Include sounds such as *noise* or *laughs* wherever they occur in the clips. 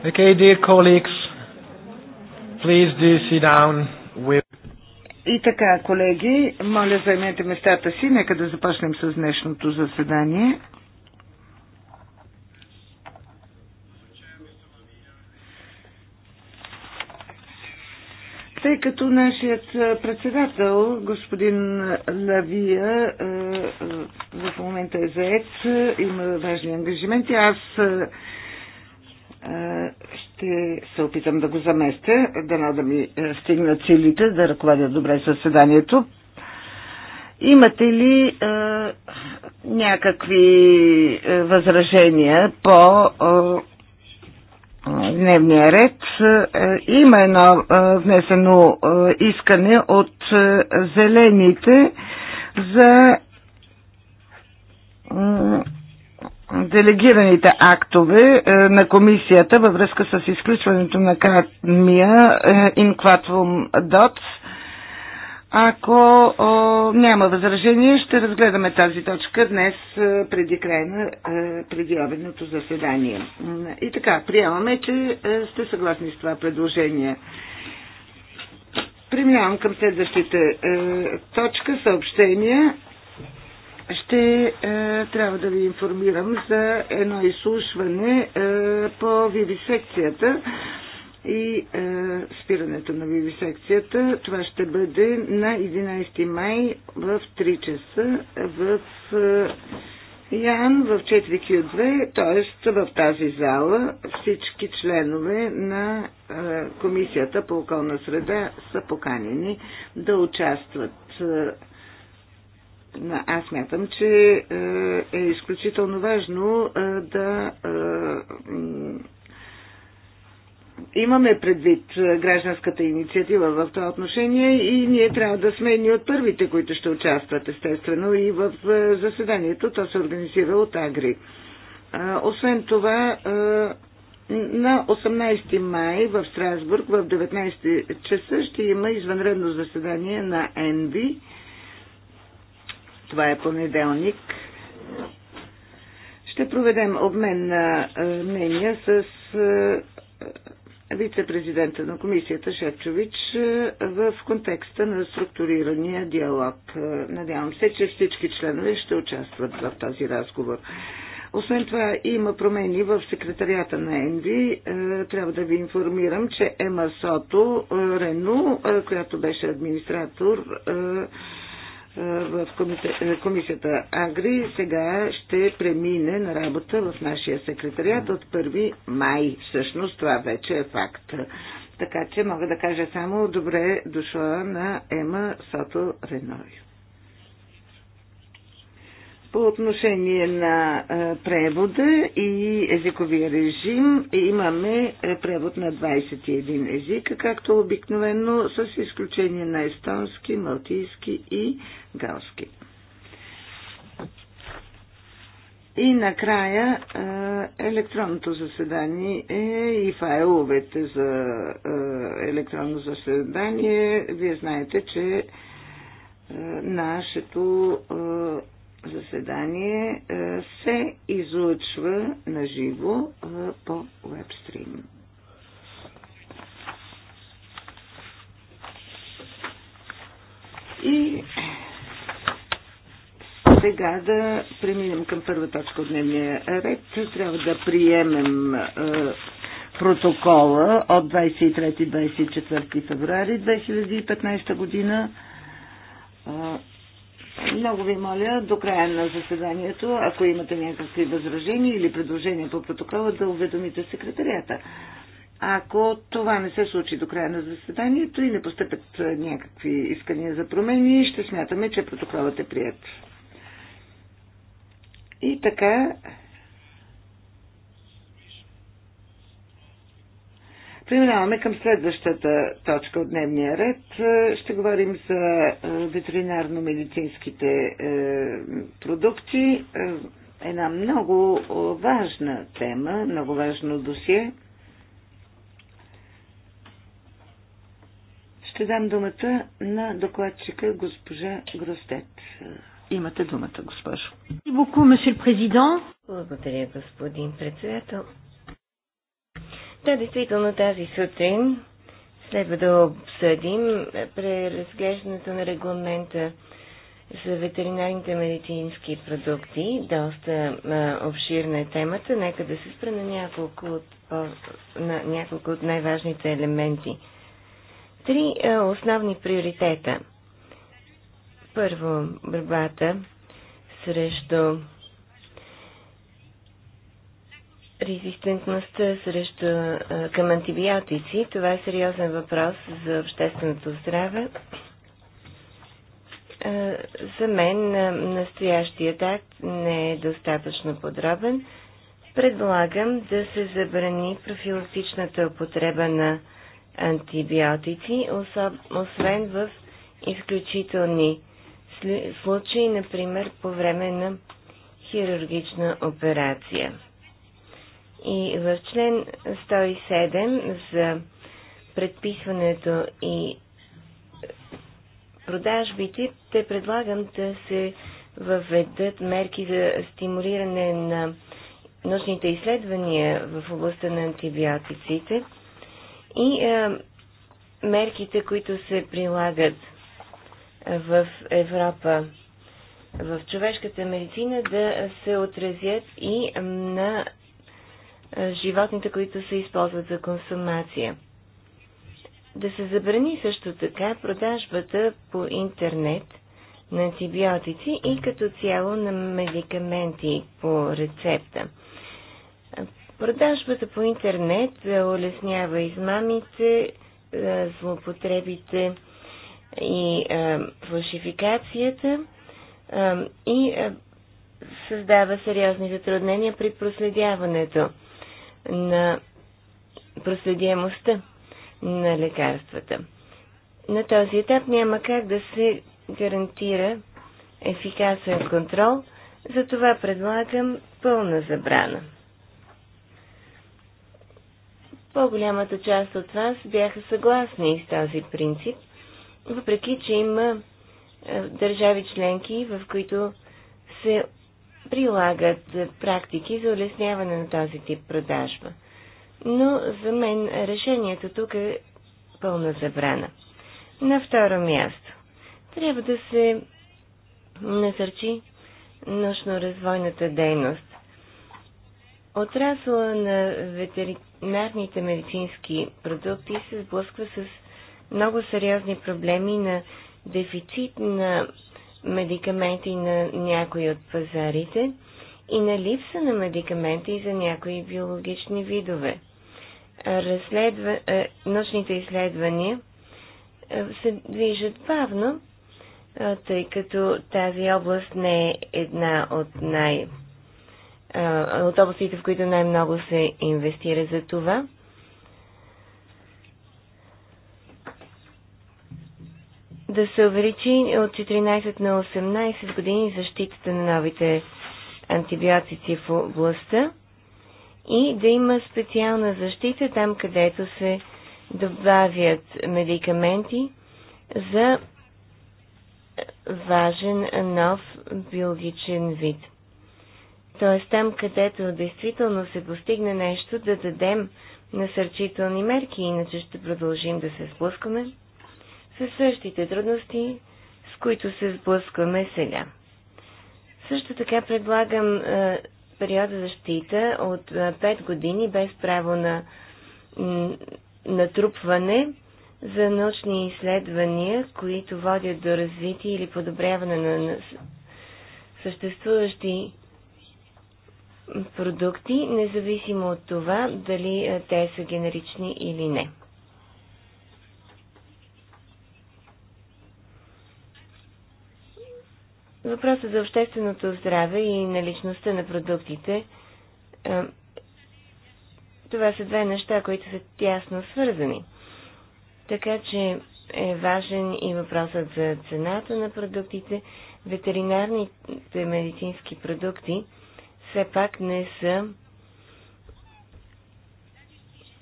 Okay, dear colleagues, please do sit down. With... И така, колеги, моля займете местата си. Нека да започнем с днешното заседание. Тъй като нашият председател, господин Лавия, в момента е заед, има важни ангажименти, аз е, ще се опитам да го заместя, не да ми е, стигнат силите да ръководя добре съседанието. Имате ли е, някакви е, възражения по е, дневния ред? Е, има едно е, внесено е, искане от е, зелените за е, делегираните актове е, на комисията във връзка с изключването на кадмия инкватвум е, ДОЦ. Ако о, няма възражение, ще разгледаме тази точка днес е, преди край на преди обедното заседание. И така, приемаме, че сте съгласни с това предложение. Преминавам към следващите е, точка съобщения ще е, трябва да ви информирам за едно изслушване е, по вивисекцията и е, спирането на вивисекцията. Това ще бъде на 11 май в 3 часа в е, Ян в 4Q2, т.е. в тази зала всички членове на е, Комисията по околна среда са поканени да участват. Е, аз мятам, че е, е изключително важно е, да е, имаме предвид гражданската инициатива в това отношение и ние трябва да сме едни от първите, които ще участват естествено и в заседанието. То се организира от Агри. Освен това, на 18 май в Страсбург в 19 часа ще има извънредно заседание на ЕНВИ това е понеделник. Ще проведем обмен на мнения с вице-президента на комисията Шепчович в контекста на структурирания диалог. Надявам се, че всички членове ще участват в този разговор. Освен това има промени в секретарията на ЕНВИ. Трябва да ви информирам, че Ема Сото Рену, която беше администратор в е, комисията Агри сега ще премине на работа в нашия секретариат от 1 май. Всъщност това вече е факт. Така че мога да кажа само добре дошла на Ема Сато Ренови. По отношение на превода и езиковия режим имаме превод на 21 езика, както обикновено, с изключение на естонски, малтийски и галски. И накрая електронното заседание е и файловете за електронно заседание. Вие знаете, че нашето заседание е, се излъчва на живо е, по вебстрим. И сега да преминем към първа точка от дневния ред. Трябва да приемем е, протокола от 23-24 феврари 2015 година. Много ви моля до края на заседанието, ако имате някакви възражения или предложения по протокола, да уведомите секретарията. Ако това не се случи до края на заседанието и не постъпят някакви искания за промени, ще смятаме, че протоколът е прият. И така, Преминаваме към следващата точка от дневния ред. Е, ще говорим за е, ветеринарно-медицинските е, продукти. Една много важна тема, много важно досие. Ще дам думата на докладчика госпожа Гростет. Имате думата, госпожо. Благодаря, господин председател неща. Действително тази сутрин следва да обсъдим преразглеждането на регламента за ветеринарните медицински продукти. Доста а, обширна е темата. Нека да се спра на няколко от, на няколко от най-важните елементи. Три а, основни приоритета. Първо, борбата срещу резистентността срещу, към антибиотици. Това е сериозен въпрос за общественото здраве. За мен настоящият акт не е достатъчно подробен. Предлагам да се забрани профилактичната употреба на антибиотици, освен в изключителни случаи, например по време на хирургична операция. И в член 107 за предписването и продажбите, те предлагам да се въведат мерки за стимулиране на научните изследвания в областта на антибиотиците и а, мерките, които се прилагат в Европа в човешката медицина да се отразят и на е, животните, които се използват за консумация. Да се забрани също така продажбата по интернет на антибиотици и като цяло на медикаменти по рецепта. Продажбата по интернет е, улеснява измамите, е, злоупотребите и фалшификацията и създава сериозни затруднения при проследяването на проследяемостта на лекарствата. На този етап няма как да се гарантира ефикасен контрол, затова предлагам пълна забрана. По-голямата част от вас бяха съгласни с този принцип, въпреки че има е, държави членки, в които се прилагат практики за улесняване на този тип продажба. Но за мен решението тук е пълна забрана. На второ място, трябва да се насърчи нощно развойната дейност. Отрасла на ветеринарните медицински продукти се сблъсква с много сериозни проблеми на дефицит на медикаменти на някои от пазарите и на липса на медикаменти за някои биологични видове. Разследва, е, научните изследвания е, се движат бавно, е, тъй като тази област не е една от най- е, от областите, в които най-много се инвестира за това. да се увеличи от 14 на 18 години защитата на новите антибиотици в областта и да има специална защита там, където се добавят медикаменти за важен нов биологичен вид. Тоест там, където действително се постигне нещо, да дадем насърчителни мерки, иначе ще продължим да се спускаме със същите трудности, с които се сблъскваме сега. Също така предлагам е, периода защита от е, 5 години без право на натрупване за научни изследвания, които водят до развитие или подобряване на, на съществуващи продукти, независимо от това дали е, те са генерични или не. Въпросът за общественото здраве и наличността на продуктите, това са две неща, които са тясно свързани. Така че е важен и въпросът за цената на продуктите. Ветеринарните медицински продукти все пак не са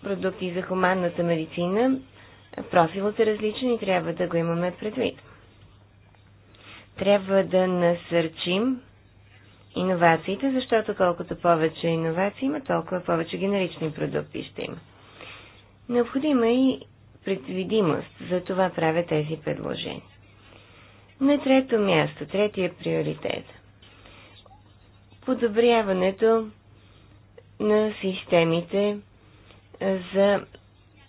продукти за хуманната медицина. Профилът е различен и трябва да го имаме предвид. Трябва да насърчим иновациите, защото колкото повече иновации има, толкова повече генерични продукти ще има. Необходима и предвидимост, за това правя тези предложения. На трето място, третия приоритет. Подобряването на системите за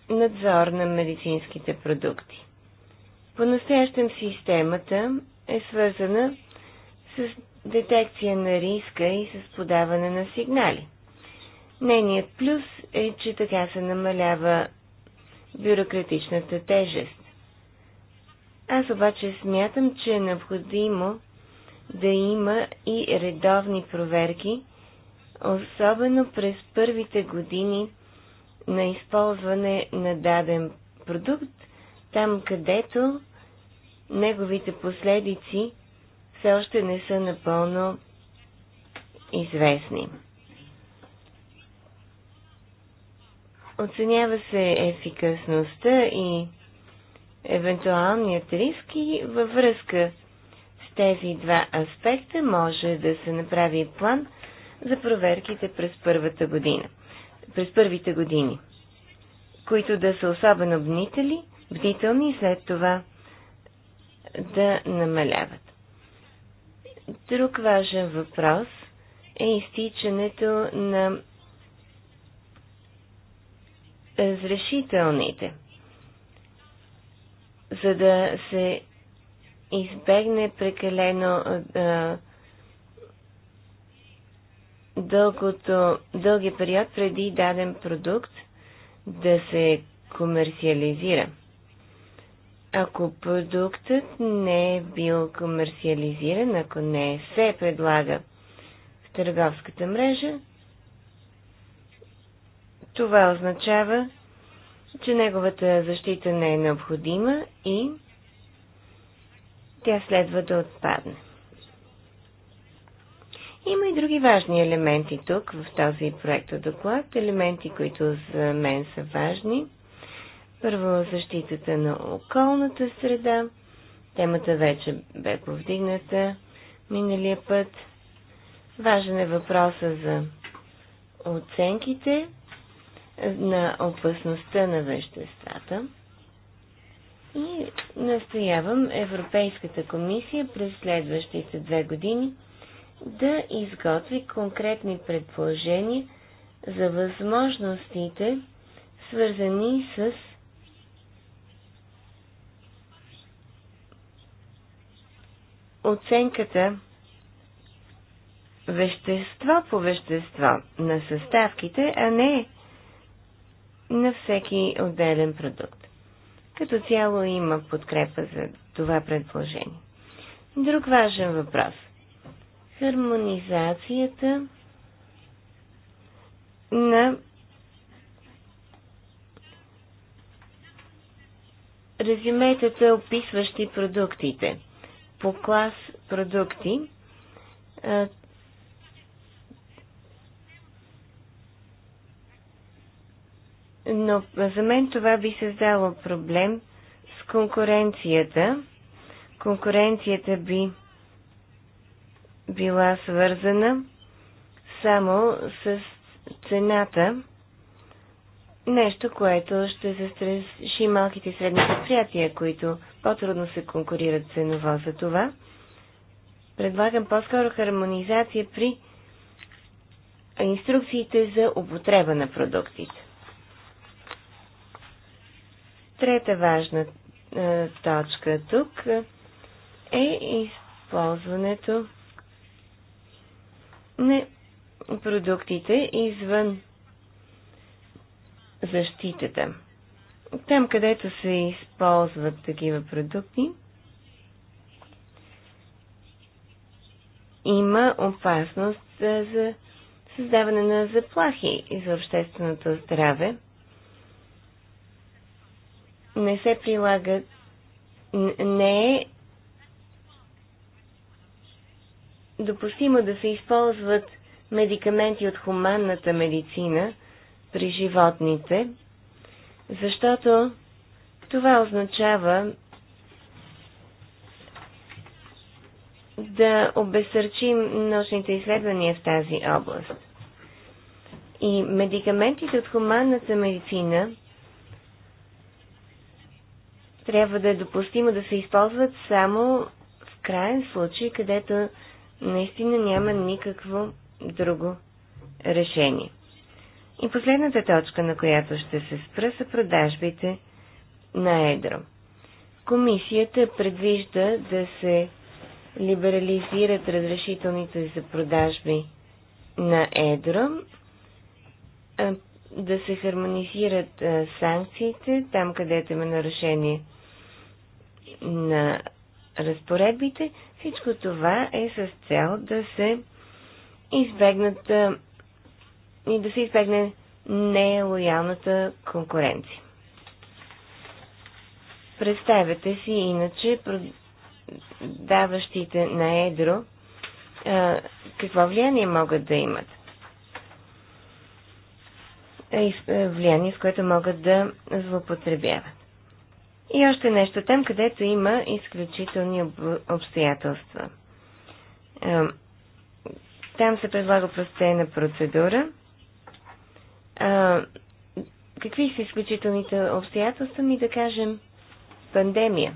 надзор на медицинските продукти. По-настоящем системата е свързана с детекция на риска и с подаване на сигнали. Нейният плюс е, че така се намалява бюрократичната тежест. Аз обаче смятам, че е необходимо да има и редовни проверки, особено през първите години на използване на даден продукт, там където неговите последици все още не са напълно известни. Оценява се ефикасността и евентуалният риск и във връзка с тези два аспекта може да се направи план за проверките през първата година. През първите години, които да са особено бнители, бдителни и след това – да намаляват. Друг важен въпрос е изтичането на разрешителните. За да се избегне прекалено а, дългото, дълги период преди даден продукт да се комерциализира. Ако продуктът не е бил комерциализиран, ако не се предлага в търговската мрежа, това означава, че неговата защита не е необходима и тя следва да отпадне. Има и други важни елементи тук в този проект доклад, елементи, които за мен са важни – първо, защитата на околната среда. Темата вече бе повдигната миналия път. Важен е въпроса за оценките на опасността на веществата. И настоявам Европейската комисия през следващите две години да изготви конкретни предположения за възможностите, свързани с оценката вещество по вещество на съставките, а не на всеки отделен продукт. Като цяло има подкрепа за това предложение. Друг важен въпрос. Хармонизацията на резюметата, описващи продуктите по клас продукти. Но за мен това би създало проблем с конкуренцията. Конкуренцията би била свързана само с цената, нещо, което ще застраши малките и средни предприятия, които по-трудно се конкурират ценово. За това предлагам по-скоро хармонизация при инструкциите за употреба на продуктите. Трета важна е, точка тук е използването на продуктите извън защитата там, където се използват такива продукти, има опасност за създаване на заплахи за общественото здраве. Не се прилага, не е допустимо да се използват медикаменти от хуманната медицина при животните – защото това означава да обесърчим научните изследвания в тази област. И медикаментите от хуманната медицина трябва да е допустимо да се използват само в крайен случай, където наистина няма никакво друго решение. И последната точка, на която ще се спра, са продажбите на едро. Комисията предвижда да се либерализират разрешителните за продажби на едро, да се хармонизират санкциите там, където има нарушение на разпоредбите. Всичко това е с цел да се избегнат и да се избегне нелоялната конкуренция. Представете си иначе продаващите на едро какво влияние могат да имат. Влияние, с което могат да злоупотребяват. И още нещо там, където има изключителни обстоятелства. Там се предлага простена процедура – а, какви са изключителните обстоятелства ми, да кажем, пандемия?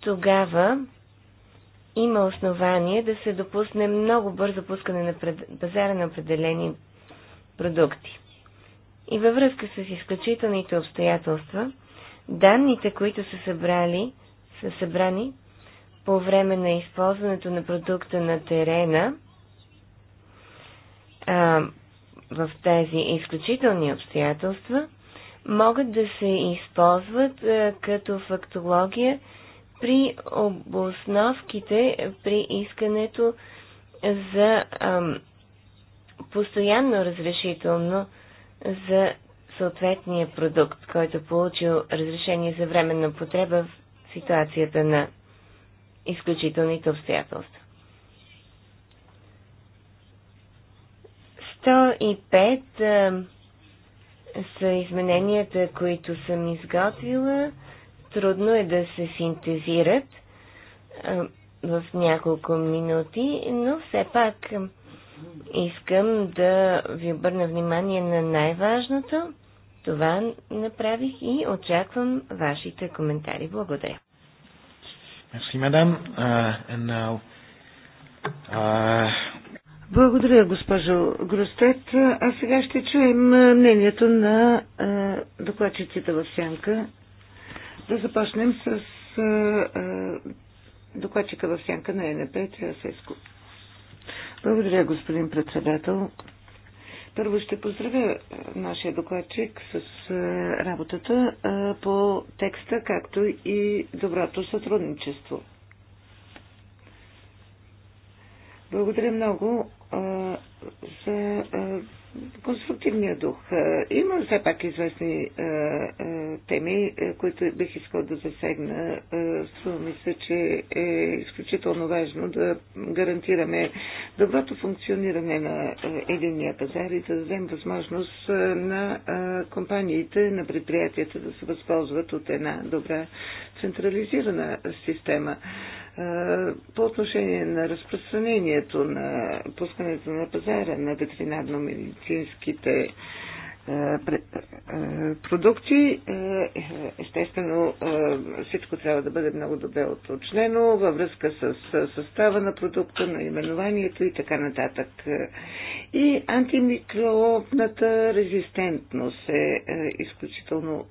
Тогава има основание да се допусне много бързо пускане на пазара на определени продукти. И във връзка с изключителните обстоятелства, данните, които са събрали, са събрани по време на използването на продукта на терена, а, в тези изключителни обстоятелства могат да се използват а, е, като фактология при обосновките при искането за а, постоянно разрешително за съответния продукт, който получил разрешение за временна потреба в ситуацията на изключителните обстоятелства. 105 са измененията, които съм изготвила. Трудно е да се синтезират в няколко минути, но все пак искам да ви обърна внимание на най-важното. Това направих и очаквам вашите коментари. Благодаря. Merci, madame. Uh, and now, uh, благодаря, госпожо Гростет. А сега ще чуем мнението на докладчиците в Сянка. Да започнем с докладчика в Сянка на ЕНП Трясеско. Благодаря, господин председател. Първо ще поздравя нашия докладчик с работата по текста, както и доброто сътрудничество Благодаря много а, за а, конструктивния дух. Има все пак известни а, а, теми, а, които бих искал да засегна. Струва ми се, че е изключително важно да гарантираме доброто функциониране на единния пазар и да дадем възможност на а, компаниите, на предприятията да се възползват от една добра централизирана система. А, по отношение на разпространението на пускането на пазара на ветеринарно-медицинските продукти. Естествено, всичко трябва да бъде много добре оточнено във връзка с състава на продукта, на именованието и така нататък. И антимикробната резистентност е, е изключително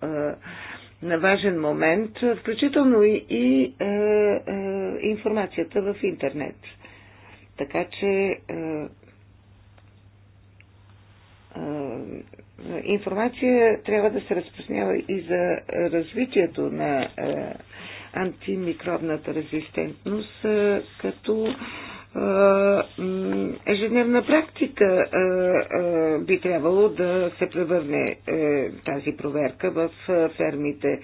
на важен момент, включително и, и е, е, информацията в интернет. Така че е, е, информация трябва да се разпространява и за развитието на е, антимикробната резистентност е, като ежедневна практика би трябвало да се превърне е, тази проверка в фермите,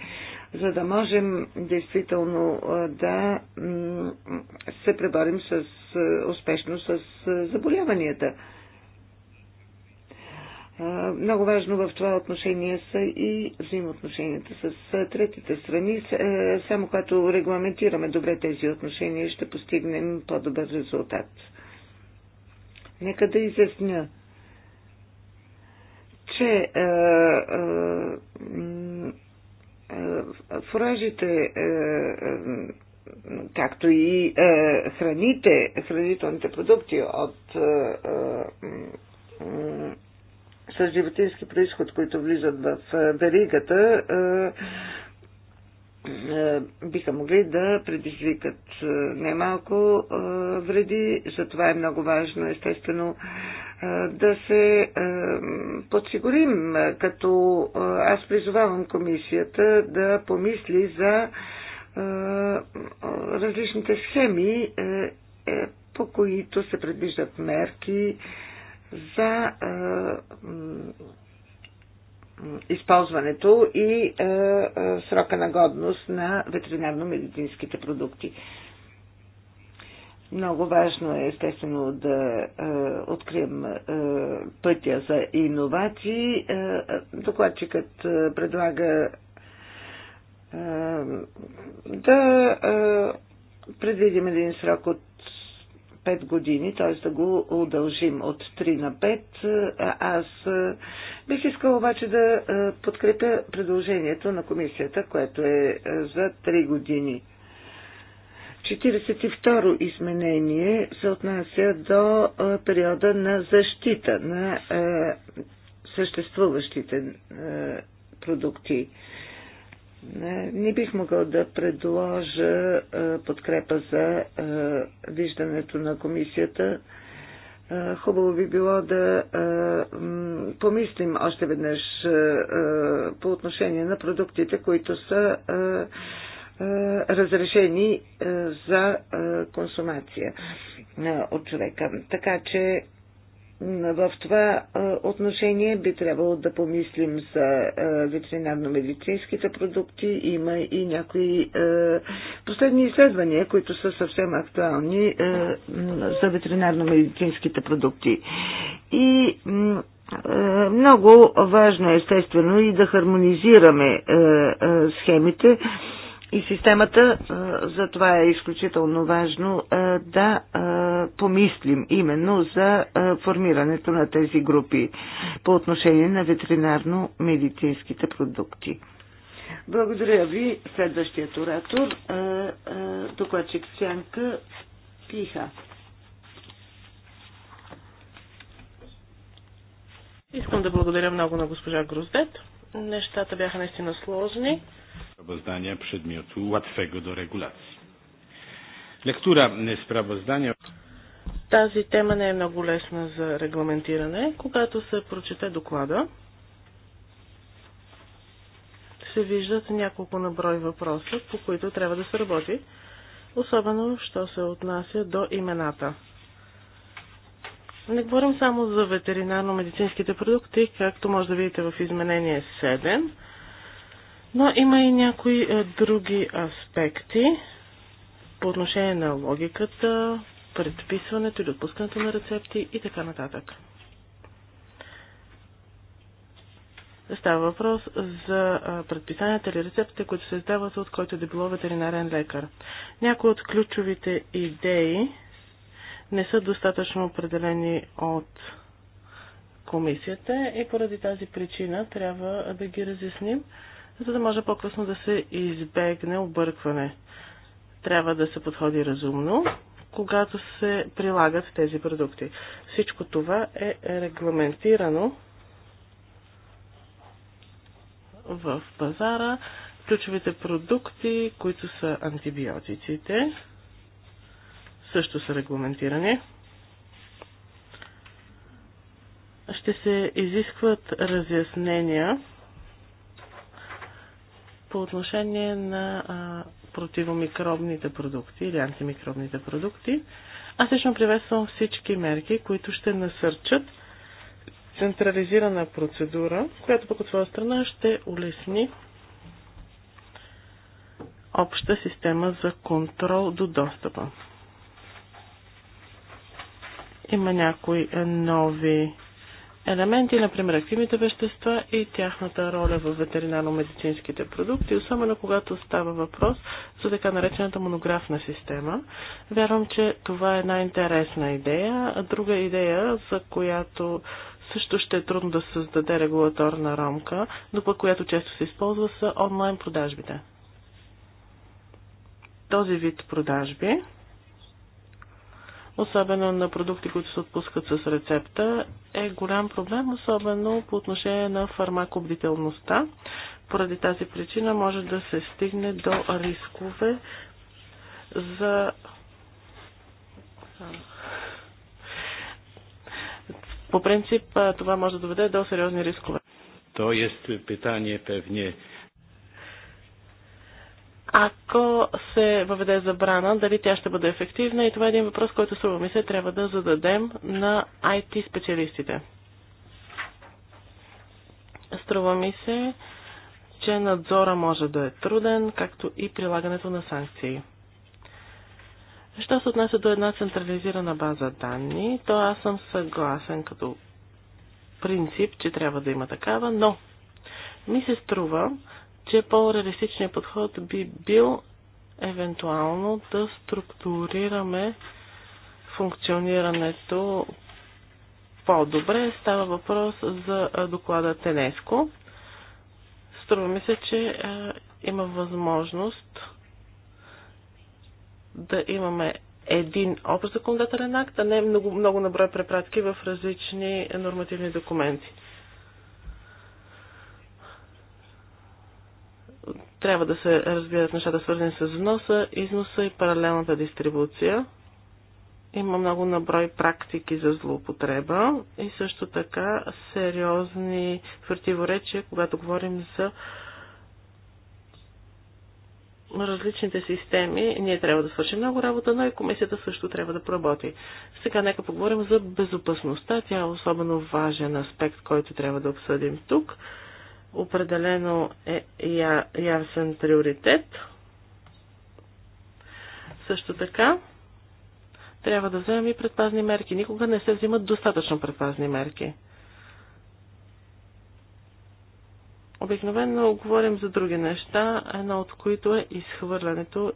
за да можем действително да се преборим с успешно с заболяванията. Много важно в това отношение са и взаимоотношенията с третите страни. Е, само когато регламентираме добре тези отношения, ще постигнем по-добър резултат. Нека да изясня, че е, е, е фуражите, както и храните, хранителните продукти от с животински происход, които влизат в веригата, биха могли да предизвикат немалко вреди. Затова е много важно, естествено, да се подсигурим, като аз призовавам комисията да помисли за различните схеми, е, по които се предвиждат мерки, за използването и срока на годност на ветеринарно-медицинските продукти. Много важно е, естествено, да е, открием е, пътя за иновации. Е, докладчикът е, предлага е, да е, предвидим един срок от 5 години, т.е. да го удължим от 3 на 5. Аз бих искал обаче да подкрепя предложението на комисията, което е за 3 години. 42 изменение се отнася до периода на защита на съществуващите продукти. Не не бих могъл да предложа подкрепа за виждането на комисията. Хубаво би било да помислим още веднъж по отношение на продуктите, които са разрешени за консумация от човека. Така че в това отношение би трябвало да помислим за ветеринарно-медицинските продукти. Има и някои последни изследвания, които са съвсем актуални за ветеринарно-медицинските продукти. И много важно е, естествено, и да хармонизираме схемите и системата. За това е изключително важно да помислим именно за формирането на тези групи по отношение на ветеринарно-медицинските продукти. Благодаря ви. Следващият оратор, докладчик Сянка Пиха. Искам да благодаря много на госпожа Груздет. Нещата бяха наистина сложни. Sprawozdania przedmiotu łatwego do regulacji. Lektura sprawozdania. Тази тема не е много лесна за регламентиране. Когато се прочете доклада, се виждат няколко наброй въпроса, по които трябва да се работи, особено, що се отнася до имената. Не говорим само за ветеринарно-медицинските продукти, както може да видите в изменение 7, но има и някои е, други аспекти по отношение на логиката, предписването или отпускането на рецепти и така нататък. Става въпрос за предписанията или рецептите, които се издават от който е да било ветеринарен лекар. Някои от ключовите идеи не са достатъчно определени от комисията и поради тази причина трябва да ги разясним, за да може по-късно да се избегне объркване. Трябва да се подходи разумно, когато се прилагат тези продукти. Всичко това е регламентирано в пазара. Ключовите продукти, които са антибиотиците, също са регламентирани. Ще се изискват разяснения по отношение на противомикробните продукти или антимикробните продукти. Аз лично приветствам всички мерки, които ще насърчат централизирана процедура, която пък от своя страна ще улесни обща система за контрол до достъпа. Има някои нови елементи, например активните вещества и тяхната роля в ветеринарно-медицинските продукти, особено когато става въпрос за така наречената монографна система. Вярвам, че това е една интересна идея. Друга идея, за която също ще е трудно да създаде регулаторна рамка, но пък която често се използва са онлайн продажбите. Този вид продажби особено на продукти, които се отпускат с рецепта, е голям проблем, особено по отношение на фармакобдителността. Поради тази причина може да се стигне до рискове за по принцип това може да доведе до сериозни рискове. То е питание, певне ако се въведе забрана, дали тя ще бъде ефективна и това е един въпрос, който струва ми се трябва да зададем на IT специалистите. Струва ми се, че надзора може да е труден, както и прилагането на санкции. Що се отнася до една централизирана база данни, то аз съм съгласен като принцип, че трябва да има такава, но ми се струва, че по-реалистичният подход би бил евентуално да структурираме функционирането по-добре. Става въпрос за доклада Тенеско. Струва ми се, че има възможност да имаме един общ законодателен акт, а не много, много наброй препратки в различни нормативни документи. Трябва да се разбират нещата свързани с вноса, износа и паралелната дистрибуция. Има много наброй практики за злоупотреба и също така сериозни противоречия, когато говорим за различните системи, ние трябва да свършим много работа, но и комисията също трябва да проработи. Сега нека поговорим за безопасността. Тя е особено важен аспект, който трябва да обсъдим тук определено е я, ясен приоритет. Също така, трябва да вземем и предпазни мерки. Никога не се взимат достатъчно предпазни мерки. Обикновено говорим за други неща, едно от които е изхвърлянето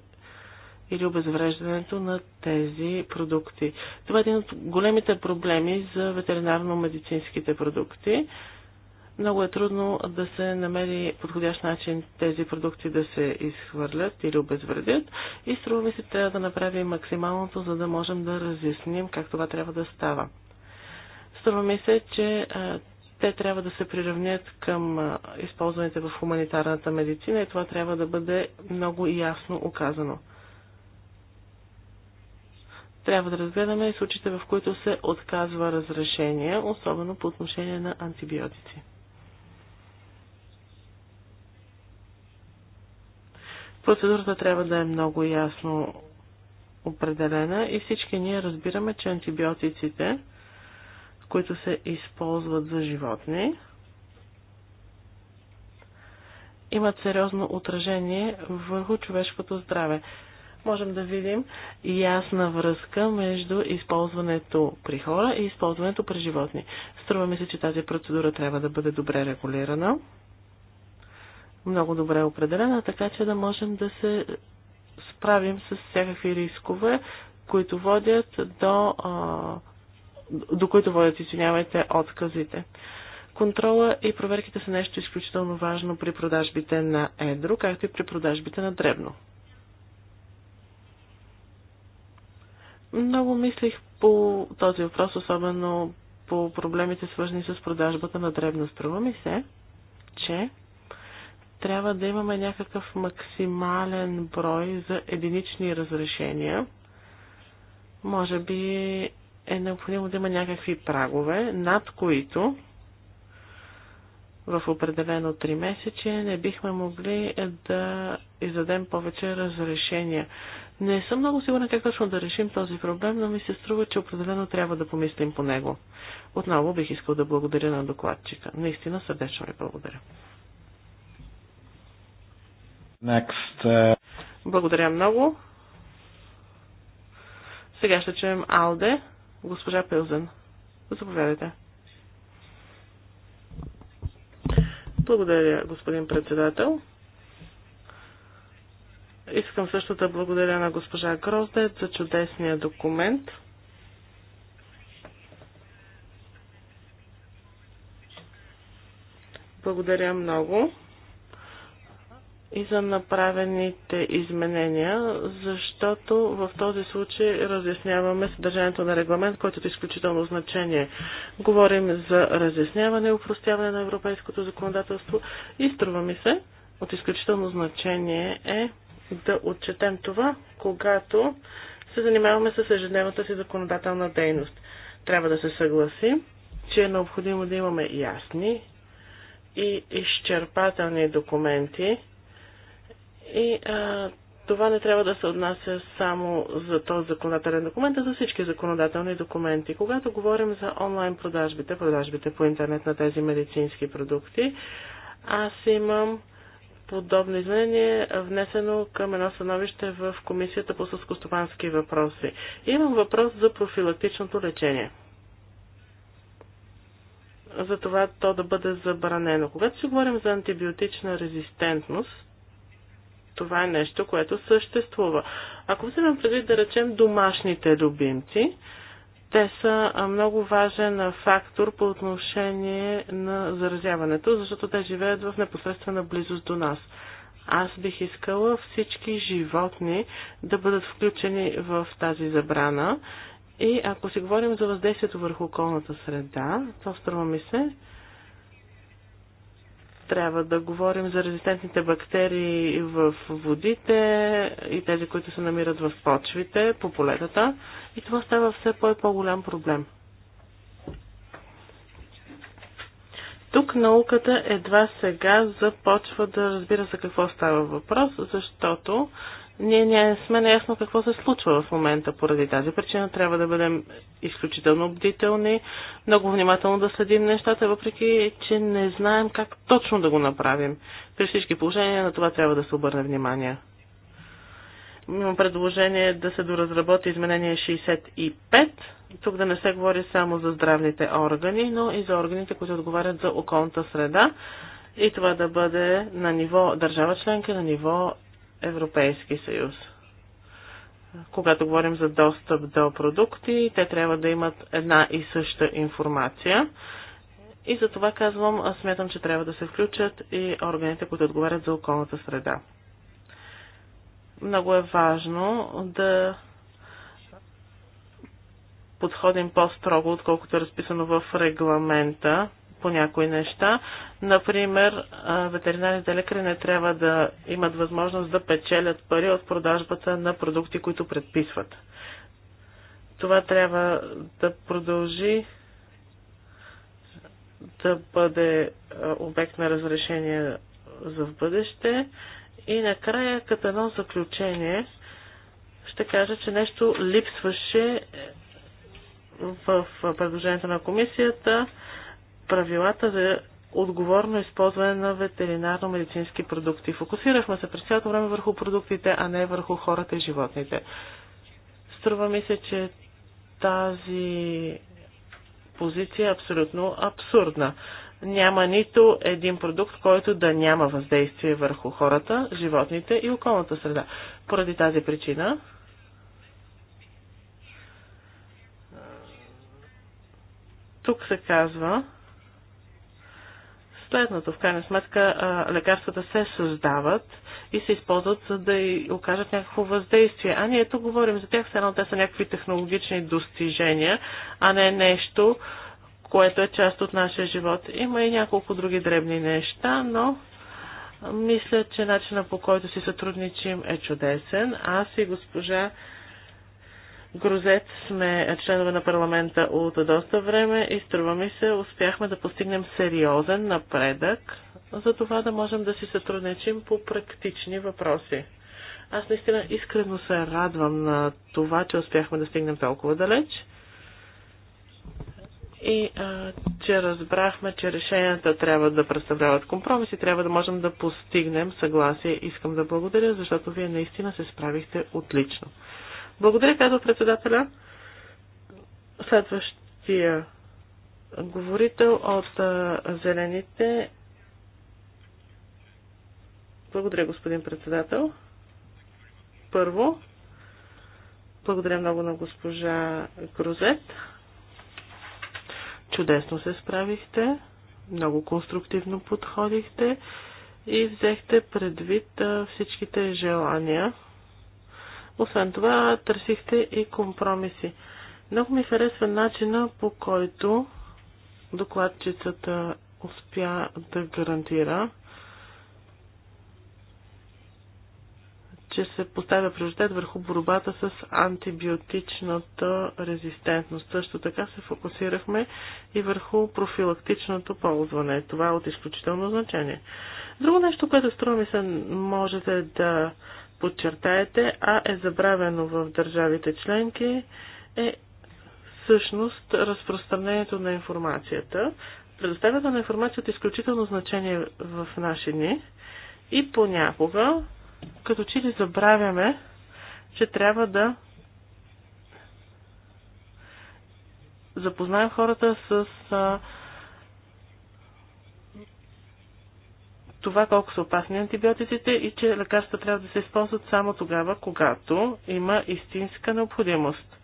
или обезвреждането на тези продукти. Това е един от големите проблеми за ветеринарно-медицинските продукти. Много е трудно да се намери подходящ начин тези продукти да се изхвърлят или обезвредят и струва ми се трябва да направим максималното, за да можем да разясним как това трябва да става. Струва ми се, че те трябва да се приравнят към използваните в хуманитарната медицина и това трябва да бъде много ясно оказано. Трябва да разгледаме и случаите, в които се отказва разрешение, особено по отношение на антибиотици. Процедурата трябва да е много ясно определена и всички ние разбираме, че антибиотиците, които се използват за животни, имат сериозно отражение върху човешкото здраве. Можем да видим ясна връзка между използването при хора и използването при животни. Струва ми се, че тази процедура трябва да бъде добре регулирана много добре определена, така че да можем да се справим с всякакви рискове, които водят до, до които водят, извинявайте, отказите. Контрола и проверките са нещо изключително важно при продажбите на едро, както и при продажбите на дребно. Много мислих по този въпрос, особено по проблемите свързани с продажбата на дребно. Струва ми се, че трябва да имаме някакъв максимален брой за единични разрешения. Може би е необходимо да има някакви прагове, над които в определено 3 месече не бихме могли да издадем повече разрешения. Не съм много сигурна как точно да решим този проблем, но ми се струва, че определено трябва да помислим по него. Отново бих искал да благодаря на докладчика. Наистина сърдечно ви благодаря. Next. Uh... Благодаря много. Сега ще чуем Алде, госпожа Пилзен. Заповядайте. Благодаря, господин председател. Искам също да благодаря на госпожа Гроздет за чудесния документ. Благодаря много и за направените изменения, защото в този случай разясняваме съдържанието на регламент, който е изключително значение. Говорим за разясняване и упростяване на европейското законодателство и струва ми се, от изключително значение е да отчетем това, когато се занимаваме с ежедневната си законодателна дейност. Трябва да се съгласим, че е необходимо да имаме ясни и изчерпателни документи, и а, това не трябва да се отнася само за този законодателен документ, а за всички законодателни документи. Когато говорим за онлайн продажбите, продажбите по интернет на тези медицински продукти, аз имам подобно изменение внесено към едно становище в Комисията по съскостопански въпроси. Имам въпрос за профилактичното лечение. За това то да бъде забранено. Когато си говорим за антибиотична резистентност, това е нещо, което съществува. Ако вземем предвид да речем домашните любимци, те са много важен фактор по отношение на заразяването, защото те живеят в непосредствена близост до нас. Аз бих искала всички животни да бъдат включени в тази забрана и ако си говорим за въздействието върху околната среда, то струва ми се, трябва да говорим за резистентните бактерии в водите и тези, които се намират в почвите, по полетата. И това става все по- и по-голям проблем. Тук науката едва сега започва да разбира за какво става въпрос, защото ние не сме наясно какво се случва в момента. Поради тази причина трябва да бъдем изключително бдителни, много внимателно да следим нещата, въпреки че не знаем как точно да го направим. При всички положения на това трябва да се обърне внимание. Имам предложение да се доразработи изменение 65. Тук да не се говори само за здравните органи, но и за органите, които отговарят за околната среда. И това да бъде на ниво държава членка, на ниво Европейски съюз. Когато говорим за достъп до продукти, те трябва да имат една и съща информация. И за това казвам, аз смятам, че трябва да се включат и органите, които отговарят за околната среда. Много е важно да подходим по-строго, отколкото е разписано в регламента по някои неща. Например, ветеринарните лекари не трябва да имат възможност да печелят пари от продажбата на продукти, които предписват. Това трябва да продължи да бъде обект на разрешение за в бъдеще. И накрая, като едно заключение, ще кажа, че нещо липсваше в предложението на комисията правилата за отговорно използване на ветеринарно-медицински продукти. Фокусирахме се през цялото време върху продуктите, а не върху хората и животните. Струва ми се, че тази позиция е абсолютно абсурдна. Няма нито един продукт, който да няма въздействие върху хората, животните и околната среда. Поради тази причина тук се казва, следното. В крайна сметка лекарствата се създават и се използват, за да окажат някакво въздействие. А ние тук говорим за тях, все едно те са някакви технологични достижения, а не нещо, което е част от нашия живот. Има и няколко други дребни неща, но мисля, че начина по който си сътрудничим е чудесен. Аз и госпожа Грузет сме членове на парламента от доста време и струва ми се, успяхме да постигнем сериозен напредък, за това да можем да си сътрудничим по практични въпроси. Аз наистина искрено се радвам на това, че успяхме да стигнем толкова далеч и а, че разбрахме, че решенията трябва да представляват компромиси, трябва да можем да постигнем съгласие. Искам да благодаря, защото вие наистина се справихте отлично. Благодаря, казва председателя. Следващия говорител от Зелените. Благодаря, господин председател. Първо, благодаря много на госпожа Грузет. Чудесно се справихте, много конструктивно подходихте и взехте предвид всичките желания освен това, търсихте и компромиси. Много ми харесва начина по който докладчицата успя да гарантира, че се поставя приоритет върху борбата с антибиотичната резистентност. Също така се фокусирахме и върху профилактичното ползване. Това е от изключително значение. Друго нещо, което струва ми се можете да подчертаете, а е забравено в държавите членки, е всъщност разпространението на информацията. Предоставянето на информацията е изключително значение в наши дни и понякога, като че ли забравяме, че трябва да запознаем хората с това колко са опасни антибиотиците и че лекарства трябва да се използват само тогава, когато има истинска необходимост.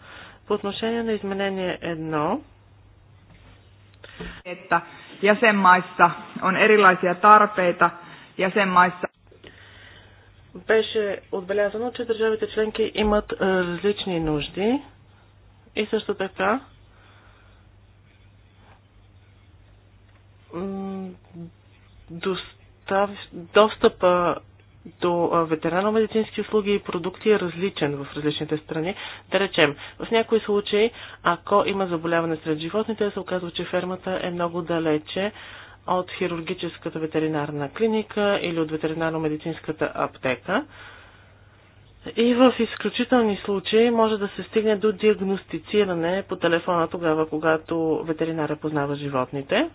По отношение на изменение 1, että jäsenmaissa on erilaisia tarpeita jäsenmaissa. Беше отбелязано, че държавите членки имат е, различни нужди и също така достатъчно достъпа до ветеринарно-медицински услуги и продукти е различен в различните страни. Да речем, в някои случаи, ако има заболяване сред животните, се оказва, че фермата е много далече от хирургическата ветеринарна клиника или от ветеринарно-медицинската аптека. И в изключителни случаи може да се стигне до диагностициране по телефона тогава, когато ветеринара познава животните.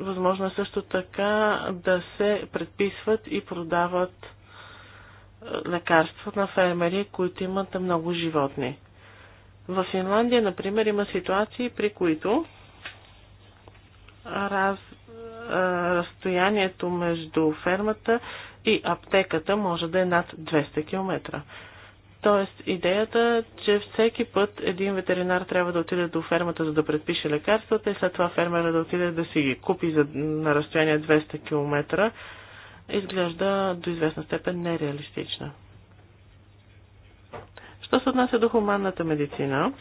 Възможно е също така да се предписват и продават е, лекарства на фермери, които имат много животни. В Финландия, например, има ситуации, при които раз, е, разстоянието между фермата и аптеката може да е над 200 км. Тоест, идеята, че всеки път един ветеринар трябва да отиде до фермата, за да предпише лекарствата и след това фермера да отиде да си ги купи за, на разстояние 200 км, изглежда до известна степен нереалистична. Що се отнася до хуманната медицина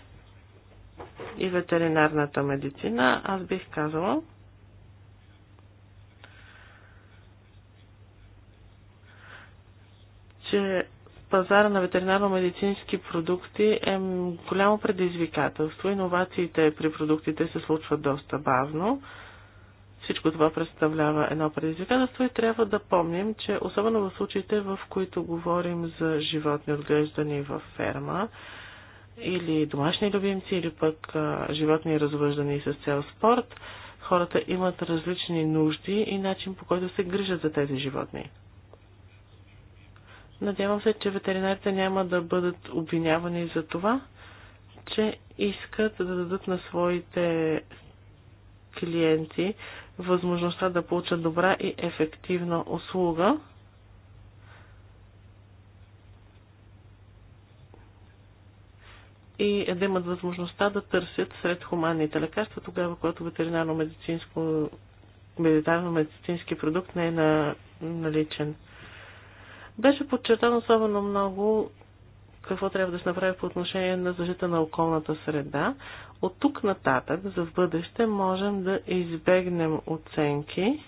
и ветеринарната медицина, аз бих казала, че пазара на ветеринарно-медицински продукти е голямо предизвикателство. Иновациите при продуктите се случват доста бавно. Всичко това представлява едно предизвикателство и трябва да помним, че особено в случаите, в които говорим за животни отглеждани във ферма, или домашни любимци, или пък а, животни развъждани с цел спорт, хората имат различни нужди и начин по който се грижат за тези животни. Надявам се, че ветеринарите няма да бъдат обвинявани за това, че искат да дадат на своите клиенти възможността да получат добра и ефективна услуга. и да имат възможността да търсят сред хуманните лекарства, тогава, когато ветеринарно-медицинско медицински продукт не е на, наличен. Беше подчертано особено много какво трябва да се направи по отношение на защита на околната среда. От тук нататък, за в бъдеще, можем да избегнем оценки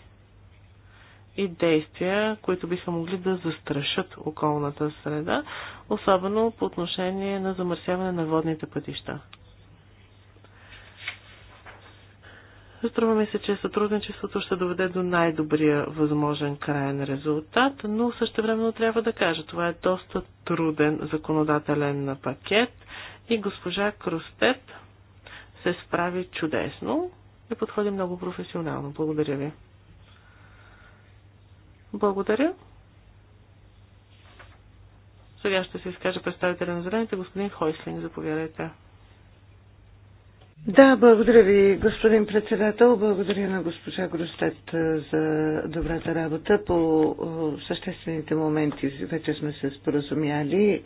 и действия, които биха могли да застрашат околната среда, особено по отношение на замърсяване на водните пътища. Струва ми се, че сътрудничеството ще доведе до най-добрия възможен крайен резултат, но също времено трябва да кажа, това е доста труден законодателен пакет и госпожа Кростет се справи чудесно и подходи много професионално. Благодаря ви. Благодаря. Сега ще се изкаже представителя на зелените, господин Хойслинг. Заповядайте. Да, благодаря ви, господин председател. Благодаря на госпожа Гростет за добрата работа. По съществените моменти вече сме се споразумяли.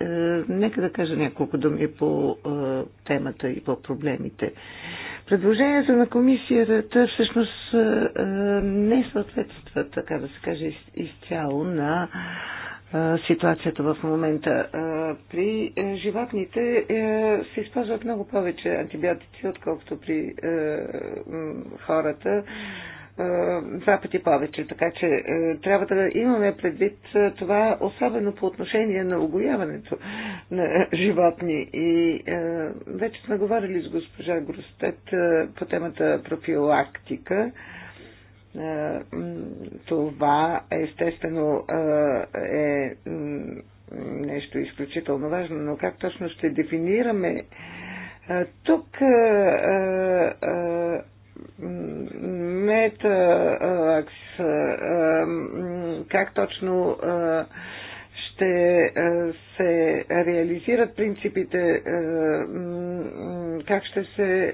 Нека да кажа няколко думи по темата и по проблемите. Предложението на комисията всъщност не съответства, така да се каже, изцяло на ситуацията в момента. При е, животните е, се използват много повече антибиотици, отколкото при е, хората. Два пъти повече. Така че трябва да имаме предвид това, особено по отношение на огояването на животни. И вече сме говорили с госпожа Гростет по темата профилактика. Е, това естествено е, е нещо изключително важно, но как точно ще дефинираме е, тук мета, как точно ще е, се реализират принципите, е, как ще се е,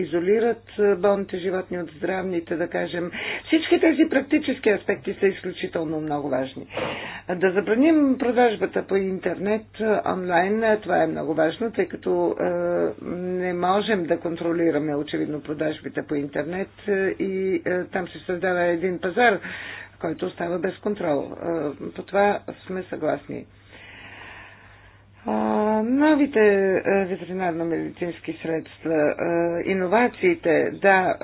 изолират болните животни от здравните, да кажем. Всички тези практически аспекти са изключително много важни. Да забраним продажбата по интернет, онлайн, това е много важно, тъй като не можем да контролираме очевидно продажбите по интернет и там се създава един пазар, който остава без контрол. Е, по това сме съгласни. Е, новите е, ветеринарно-медицински средства, иновациите, да,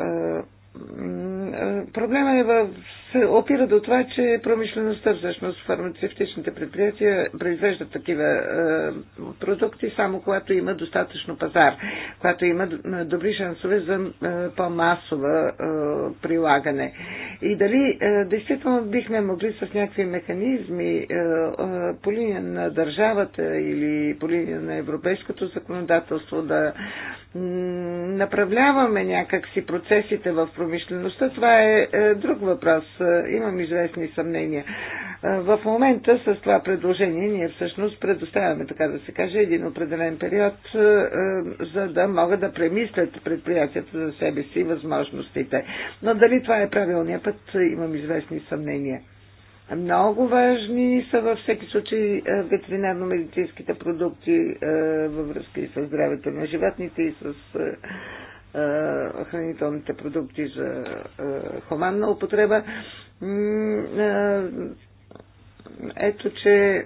проблема е в се опира до това, че промишлеността, всъщност фармацевтичните предприятия произвеждат такива е, продукти, само когато има достатъчно пазар, когато има е, добри шансове за е, по-масова е, прилагане. И дали е, действително бихме могли с някакви механизми е, е, по линия на държавата или по линия на европейското законодателство да направляваме някакси процесите в промишлеността, това е, е друг въпрос. Е, имам известни съмнения. Е, в момента с това предложение ние всъщност предоставяме, така да се каже, един определен период, е, за да могат да премислят предприятията за себе си и възможностите. Но дали това е правилният път, имам известни съмнения. Много важни са във всеки случай ветеринарно-медицинските продукти във връзка и с здравето на животните и с е, хранителните продукти за е, хуманна употреба. Е, ето, че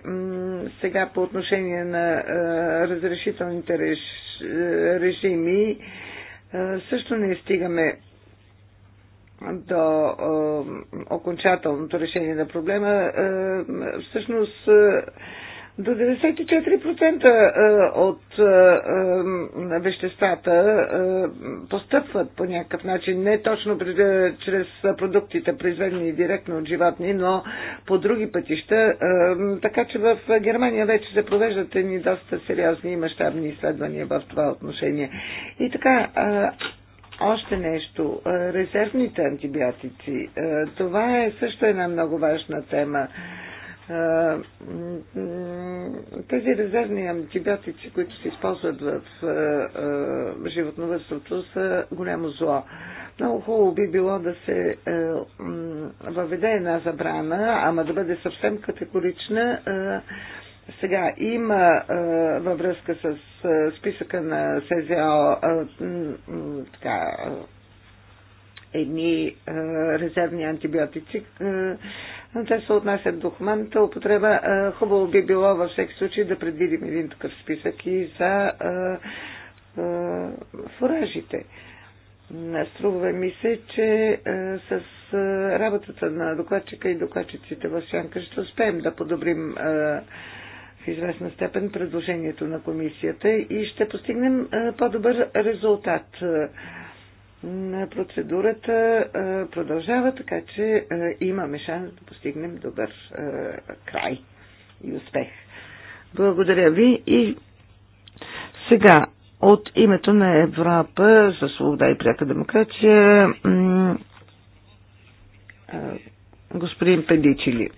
сега по отношение на разрешителните режими също не стигаме до окончателното решение на проблема. Всъщност до 94% е, от е, е, веществата постъпват по някакъв начин, не точно чрез продуктите, произведени директно от животни, но по други пътища. Така че в Германия вече се провеждат едни доста сериозни и мащабни изследвания в това отношение. И така, още нещо. Резервните антибиотици. Това е също една много важна тема тези резервни антибиотици, които се използват в е, е, животновътството, са голямо зло. Много хубаво би било да се е, въведе една забрана, ама да бъде съвсем категорична. Сега има във връзка с списъка на СЗО така, едни резервни антибиотици, но те се отнасят до хуманната употреба. Е, хубаво би било във всеки случай да предвидим един такъв списък и за е, е, фуражите. Струва ми се, че с работата на докладчика и докладчиците в Сянка ще успеем да подобрим в известна степен предложението на комисията и ще постигнем по-добър резултат на процедурата продължава, така че имаме шанс да постигнем добър край и успех. Благодаря ви и сега от името на Европа за свобода и пряка демокрация господин Педичили.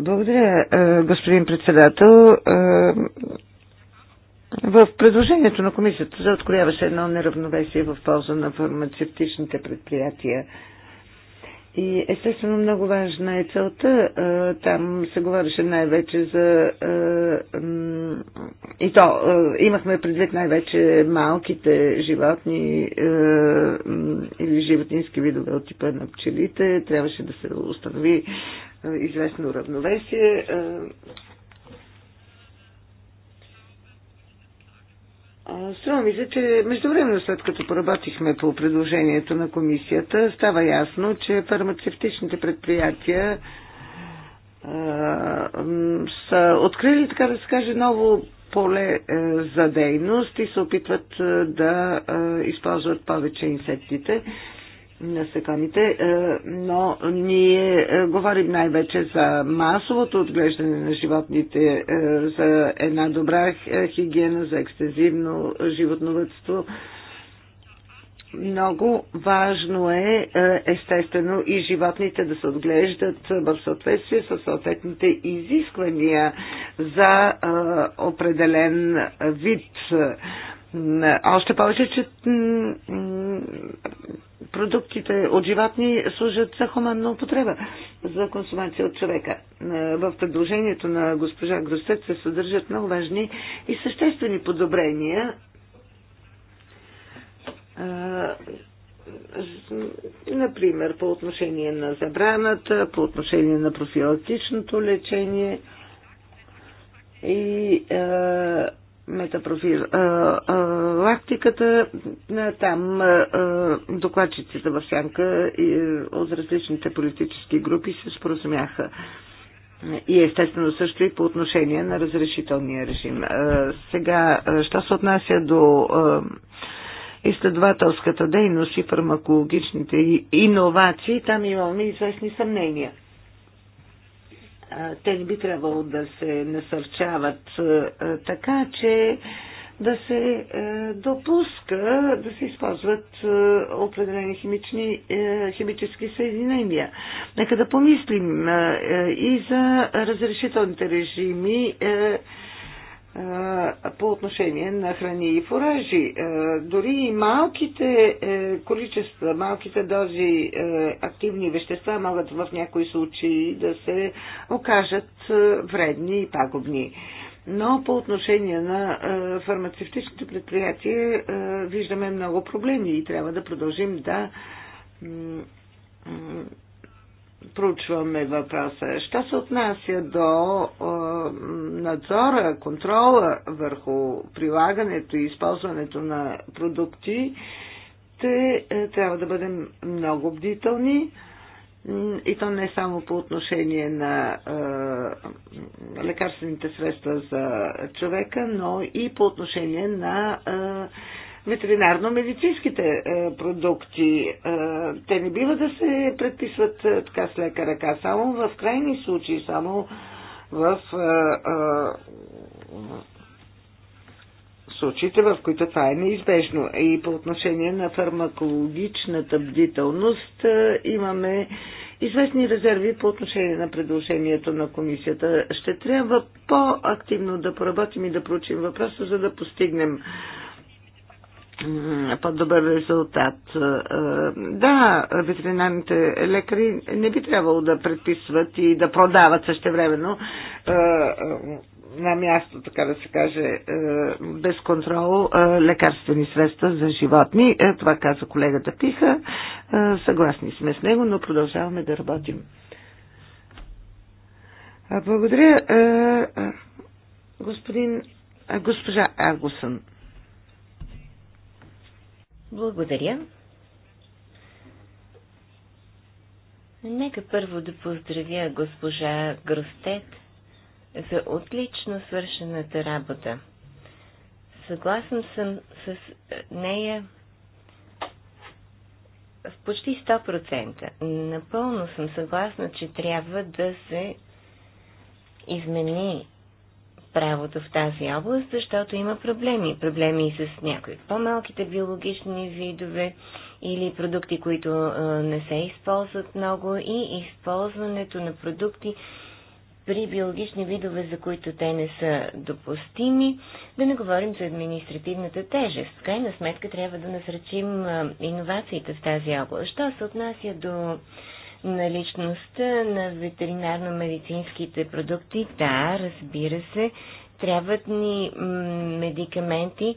Благодаря, господин председател. В предложението на комисията за открояваше едно неравновесие в полза на фармацевтичните предприятия. И естествено много важна е целта. Е, там се говореше най-вече за. Е, и то е, имахме предвид най-вече малките животни или животински видове от типа на пчелите. Трябваше да се установи известно равновесие Струва ми се, че междувременно след като поработихме по предложението на комисията, става ясно, че фармацевтичните предприятия са открили, така да се каже, ново поле е, за дейност и се опитват е, да е, използват повече инсектите насекомите, е, но ние е, говорим най-вече за масовото отглеждане на животните, е, за една добра хигиена, за екстензивно животновътство. Много важно е, естествено, и животните да се отглеждат в съответствие с съответните изисквания за определен вид още повече, че продуктите от животни служат за хуманна употреба, за консумация от човека. В предложението на госпожа Грустет се съдържат много важни и съществени подобрения например, по отношение на забраната, по отношение на профилактичното лечение и метапрофилактиката. Там докладчиците в сянка от различните политически групи се споразумяха. И естествено също и по отношение на разрешителния режим. Сега, що се отнася до изследователската дейност и фармакологичните иновации, там имаме известни съмнения те не би трябвало да се насърчават така, че да се допуска да се използват определени химични, химически съединения. Нека да помислим и за разрешителните режими по отношение на храни и фуражи. Дори и малките е, количества, малките дози е, активни вещества могат в някои случаи да се окажат е, вредни и пагубни. Но по отношение на фармацевтичните предприятия виждаме много проблеми и трябва да продължим да проучваме въпроса. Що се отнася до е, надзора, контрола върху прилагането и използването на продукти, те е, трябва да бъдем много бдителни и то не само по отношение на е, лекарствените средства за човека, но и по отношение на е, ветеринарно-медицинските е, продукти. Е, те не бива да се предписват е, така с лека ръка, само в крайни случаи, само в случаите, в които това е неизбежно. И по отношение на фармакологичната бдителност имаме известни резерви по отношение на предложението на комисията. Ще трябва по-активно да поработим и да проучим въпроса, за да постигнем по-добър резултат. Е, е, да, ветеринарните лекари не би трябвало да предписват и да продават същевременно е, на място, така да се каже, без контрол лекарствени средства за животни. Това каза колегата Пиха. Съгласни сме с него, но продължаваме да работим. Благодаря, господин, госпожа Агусън. Благодаря. Нека първо да поздравя госпожа Гростет за отлично свършената работа. Съгласен съм с нея в почти 100%. Напълно съм съгласна, че трябва да се измени правото в тази област, защото има проблеми. Проблеми и с някои по-малките биологични видове или продукти, които не се използват много и използването на продукти при биологични видове, за които те не са допустими. Да не говорим за административната тежест. В крайна сметка трябва да насръчим иновациите в тази област. Що се отнася до на личността на ветеринарно-медицинските продукти, да, разбира се, трябват ни медикаменти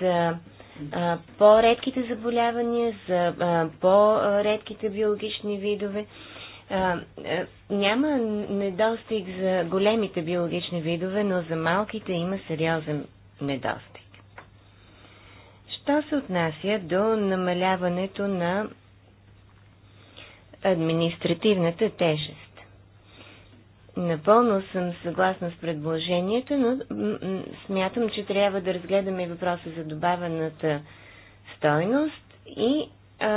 за по-редките заболявания, за по-редките биологични видове. А, а, няма недостиг за големите биологични видове, но за малките има сериозен недостиг. Що се отнася до намаляването на административната тежест. Напълно съм съгласна с предложението, но смятам, че трябва да разгледаме въпроса за добавената стойност и а,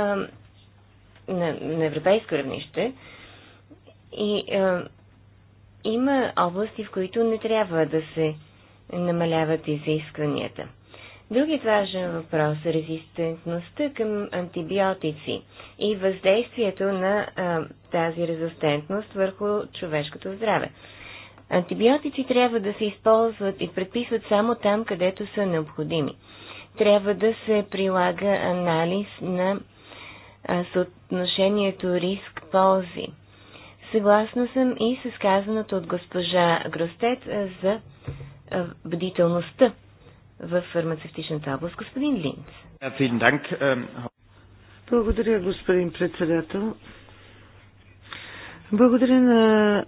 на, на европейско равнище. И а, има области, в които не трябва да се намаляват изискванията. Другият важен въпрос е резистентността към антибиотици и въздействието на а, тази резистентност върху човешкото здраве. Антибиотици трябва да се използват и предписват само там, където са необходими. Трябва да се прилага анализ на а, съотношението риск-ползи. Съгласна съм и с казаното от госпожа Гростет за бдителността в фармацевтичната област. Господин Линц. Ähm, благодаря, господин председател. Благодаря на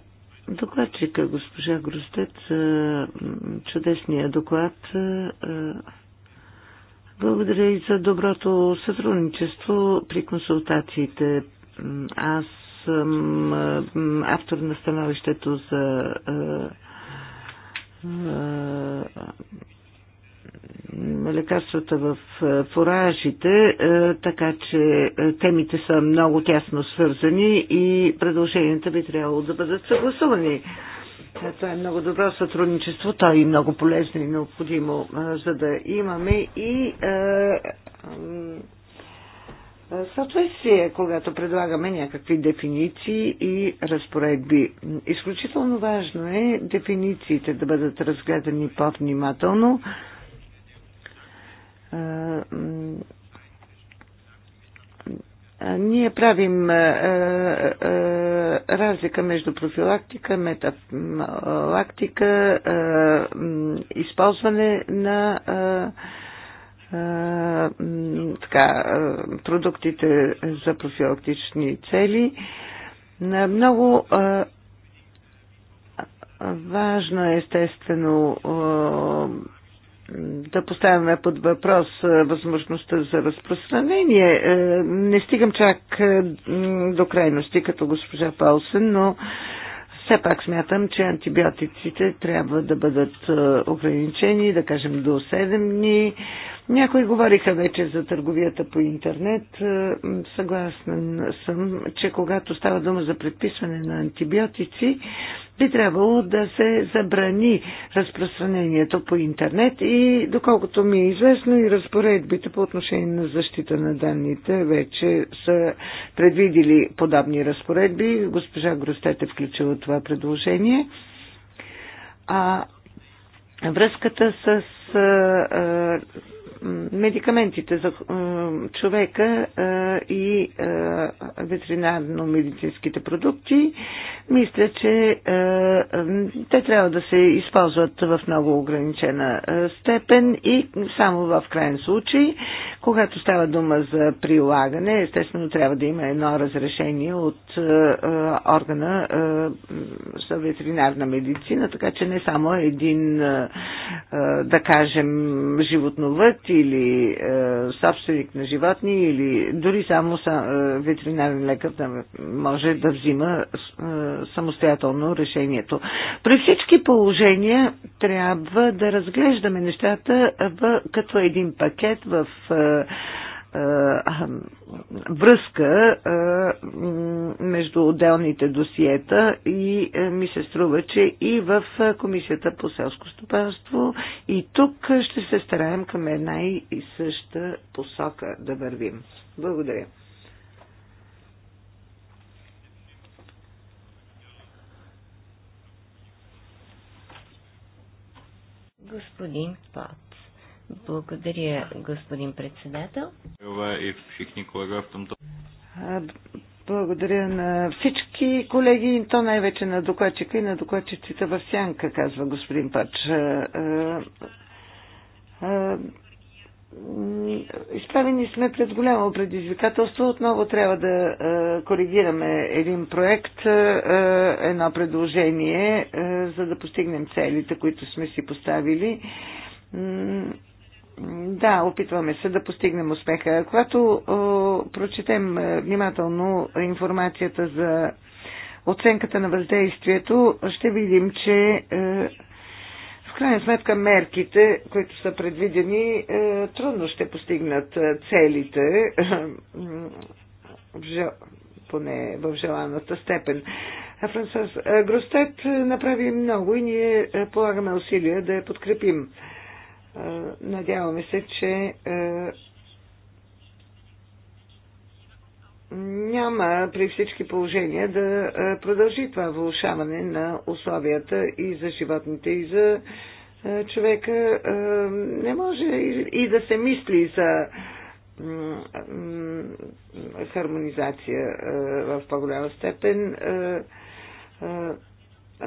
докладчика госпожа Гростет за чудесния доклад. Е, благодаря и за доброто сътрудничество при консултациите. Аз съм е, автор на становището за е, лекарствата в е, фуражите, е, така че е, темите са много тясно свързани и предложенията би трябвало да бъдат съгласувани. Това е много добро сътрудничество, то е и много полезно и необходимо, за да имаме и съответствие, когато предлагаме някакви дефиниции и разпоредби. Изключително важно е дефинициите да бъдат разгледани по-внимателно, ние правим разлика между профилактика, металактика, използване на така, продуктите за профилактични цели. Много важно е естествено да поставяме под въпрос е, възможността за разпространение. Е, не стигам чак е, до крайности като госпожа Паусен, но все пак смятам, че антибиотиците трябва да бъдат ограничени, да кажем до 7 дни. Някои говориха вече за търговията по интернет. Е, съгласен съм, че когато става дума за предписване на антибиотици, би трябвало да се забрани разпространението по интернет и, доколкото ми е известно, и разпоредбите по отношение на защита на данните вече са предвидили подобни разпоредби. Госпожа Гростет е включила това предложение. А връзката с е, е, медикаментите за е, човека е, и е, ветеринарно-медицинските продукти, мисля, че те трябва да се използват в много ограничена степен и само в крайен случай, когато става дума за прилагане, естествено трябва да има едно разрешение от органа за ветеринарна медицина, така че не само един, да кажем, животновът или е, собственик на животни или дори само са, е, ветеринарен лекар да може да взима е, самостоятелно решението. При всички положения трябва да разглеждаме нещата в, като един пакет в е, е, връзка е, между отделните досиета и е, ми се струва, че и в Комисията по селско стопанство и тук ще се стараем към една и съща посока да вървим. Благодаря. Господин Пат. Благодаря, господин председател. Благодаря на всички колеги, и то най-вече на докладчика и на докладчиците в сянка, казва господин Пач. Изправени сме пред голямо предизвикателство. Отново трябва да коригираме един проект, едно предложение, за да постигнем целите, които сме си поставили да, опитваме се да постигнем успеха. Когато о, прочетем е, внимателно информацията за оценката на въздействието, ще видим, че е, в крайна сметка мерките, които са предвидени, е, трудно ще постигнат е, целите, е, поне в желаната степен. Франсуаз е, Гростет направи много и ние полагаме усилия да я подкрепим. Е, надяваме се, че е, няма при всички положения да е, продължи това влушаване на условията и за животните, и за човека. Не може и да се мисли за хармонизация в по-голяма степен.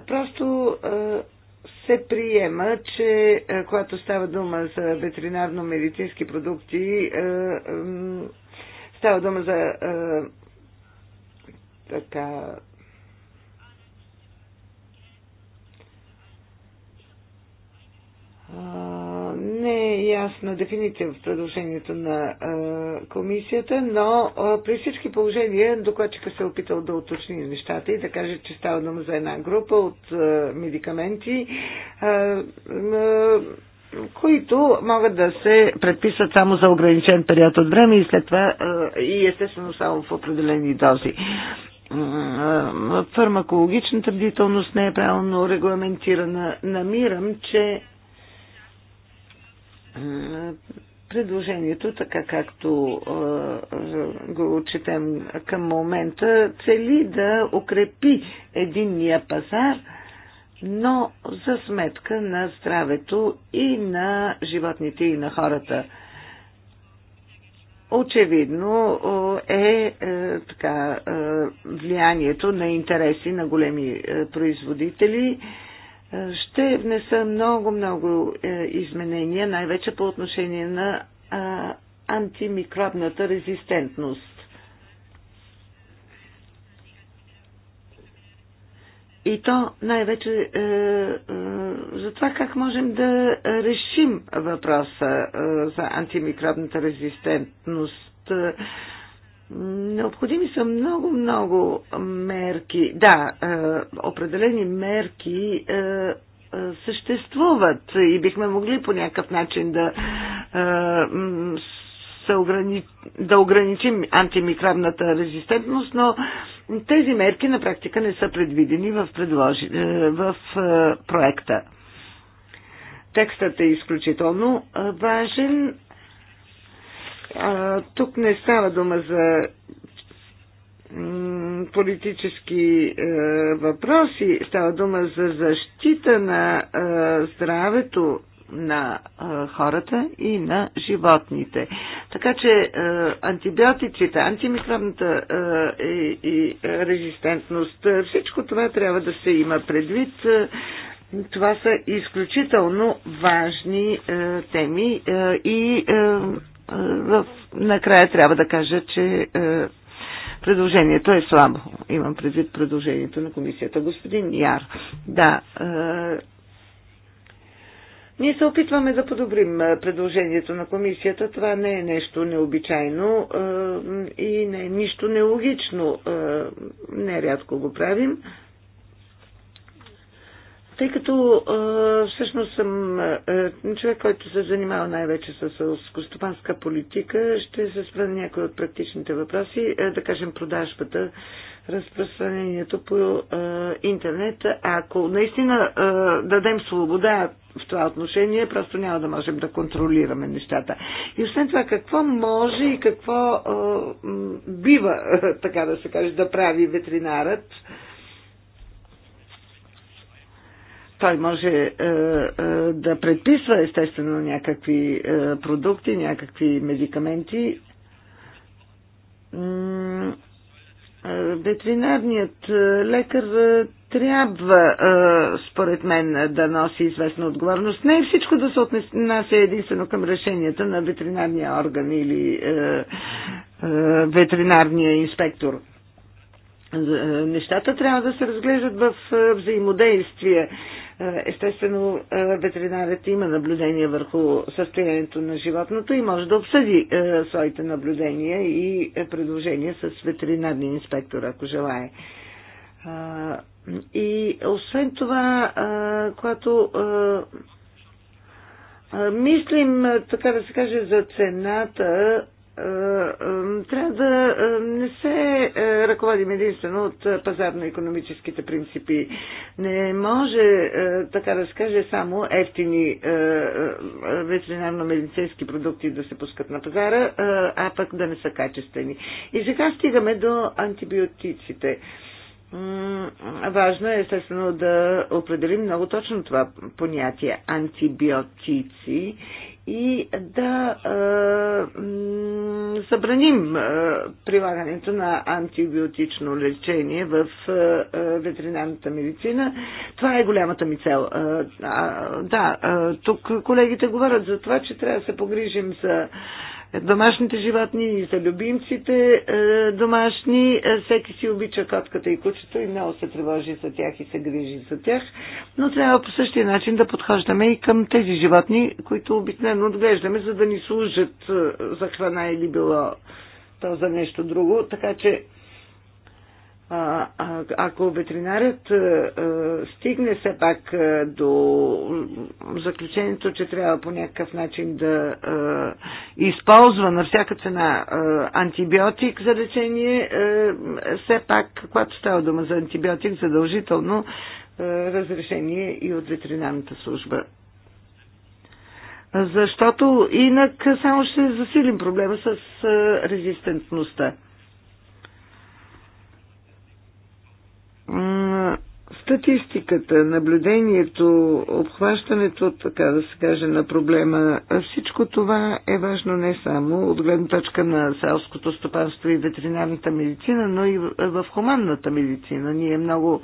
Просто се приема, че е, когато става дума за ветеринарно-медицински продукти, е, става дума за е, така а, не е ясна дефиниция в предложението на а, комисията, но а, при всички положения докладчика се е опитал да уточни нещата и да каже, че става дума за една група от а, медикаменти, а, а, които могат да се предписват само за ограничен период от време и след това а, и естествено само в определени дози фармакологичната бдителност не е правилно регламентирана. Намирам, че предложението, така както е, го четем към момента, цели да укрепи единния пазар, но за сметка на здравето и на животните и на хората. Очевидно е, е така, е, влиянието на интереси на големи е, производители. Е, ще внеса много-много е, изменения, най-вече по отношение на антимикробната резистентност. И то най-вече е, е, за това как можем да решим въпроса за антимикробната резистентност. Необходими са много, много мерки. Да, е, определени мерки е, е, съществуват и бихме могли по някакъв начин да, да ограничим антимикробната резистентност, но тези мерки на практика не са предвидени в, предложи, в проекта. Текстът е изключително важен а, тук не става дума за политически е, въпроси, става дума за защита на е, здравето на е, хората и на животните. Така че е, антибиотиците, антимикробната е, и е, резистентност, всичко това трябва да се има предвид. Е, това са изключително важни е, теми е, и е, е, в, накрая трябва да кажа, че е, предложението е слабо. Имам предвид предложението на комисията. Господин Яр, да. Е, ние се опитваме да подобрим е, предложението на комисията. Това не е нещо необичайно е, и не е нищо нелогично. Е, нерядко го правим. Е, тъй като всъщност съм е, човек, който се занимава най-вече с скостопанска политика, ще се спра някои от практичните въпроси, е, да кажем продажбата, разпространението по интернет. Ако наистина дадем свобода в това отношение, просто няма да можем да контролираме нещата. И освен това, какво може и какво бива, *laughs* така да се каже, да прави ветеринарът, той може е, е, да предписва естествено някакви е, продукти, някакви медикаменти. Е, ветеринарният е, лекар е, трябва, според мен, да носи известна отговорност. Не е всичко да се отнася единствено към решенията на ветеринарния орган или ветеринарния инспектор нещата трябва да се разглеждат в взаимодействие. Е, естествено, е, ветеринарът има наблюдение върху състоянието на животното и може да обсъди е, своите наблюдения и предложения с ветеринарния инспектор, ако желае. И освен това, когато мислим, така да се каже, за цената е, трябва да не се е, ръководим единствено от е, пазарно-економическите принципи. Не може, така да скаже само ефтини ветеринарно-медицински продукти да се пускат на пазара, а пък да не са качествени. И сега стигаме до антибиотиците. Важно е, естествено, да определим много точно това понятие антибиотици и да забраним прилагането на антибиотично лечение в ветеринарната медицина. Това е голямата ми цел. Да, тук колегите говорят за това, че трябва да се погрижим за домашните животни и за любимците е, домашни. Е, всеки си обича котката и кучето и много се тревожи за тях и се грижи за тях. Но трябва по същия начин да подхождаме и към тези животни, които обикновено отглеждаме, за да ни служат е, за храна или било то за нещо друго. Така че а, а, ако ветеринарят а, стигне все пак а, до заключението, че трябва по някакъв начин да а, използва на всяка цена а, антибиотик за лечение, а, все пак, когато става дума за антибиотик, задължително а, разрешение и от ветеринарната служба. Защото инак само ще засилим проблема с резистентността. статистиката, наблюдението, обхващането, така да се каже, на проблема, всичко това е важно не само от гледна точка на селското стопанство и ветеринарната медицина, но и в хуманната медицина. Ние много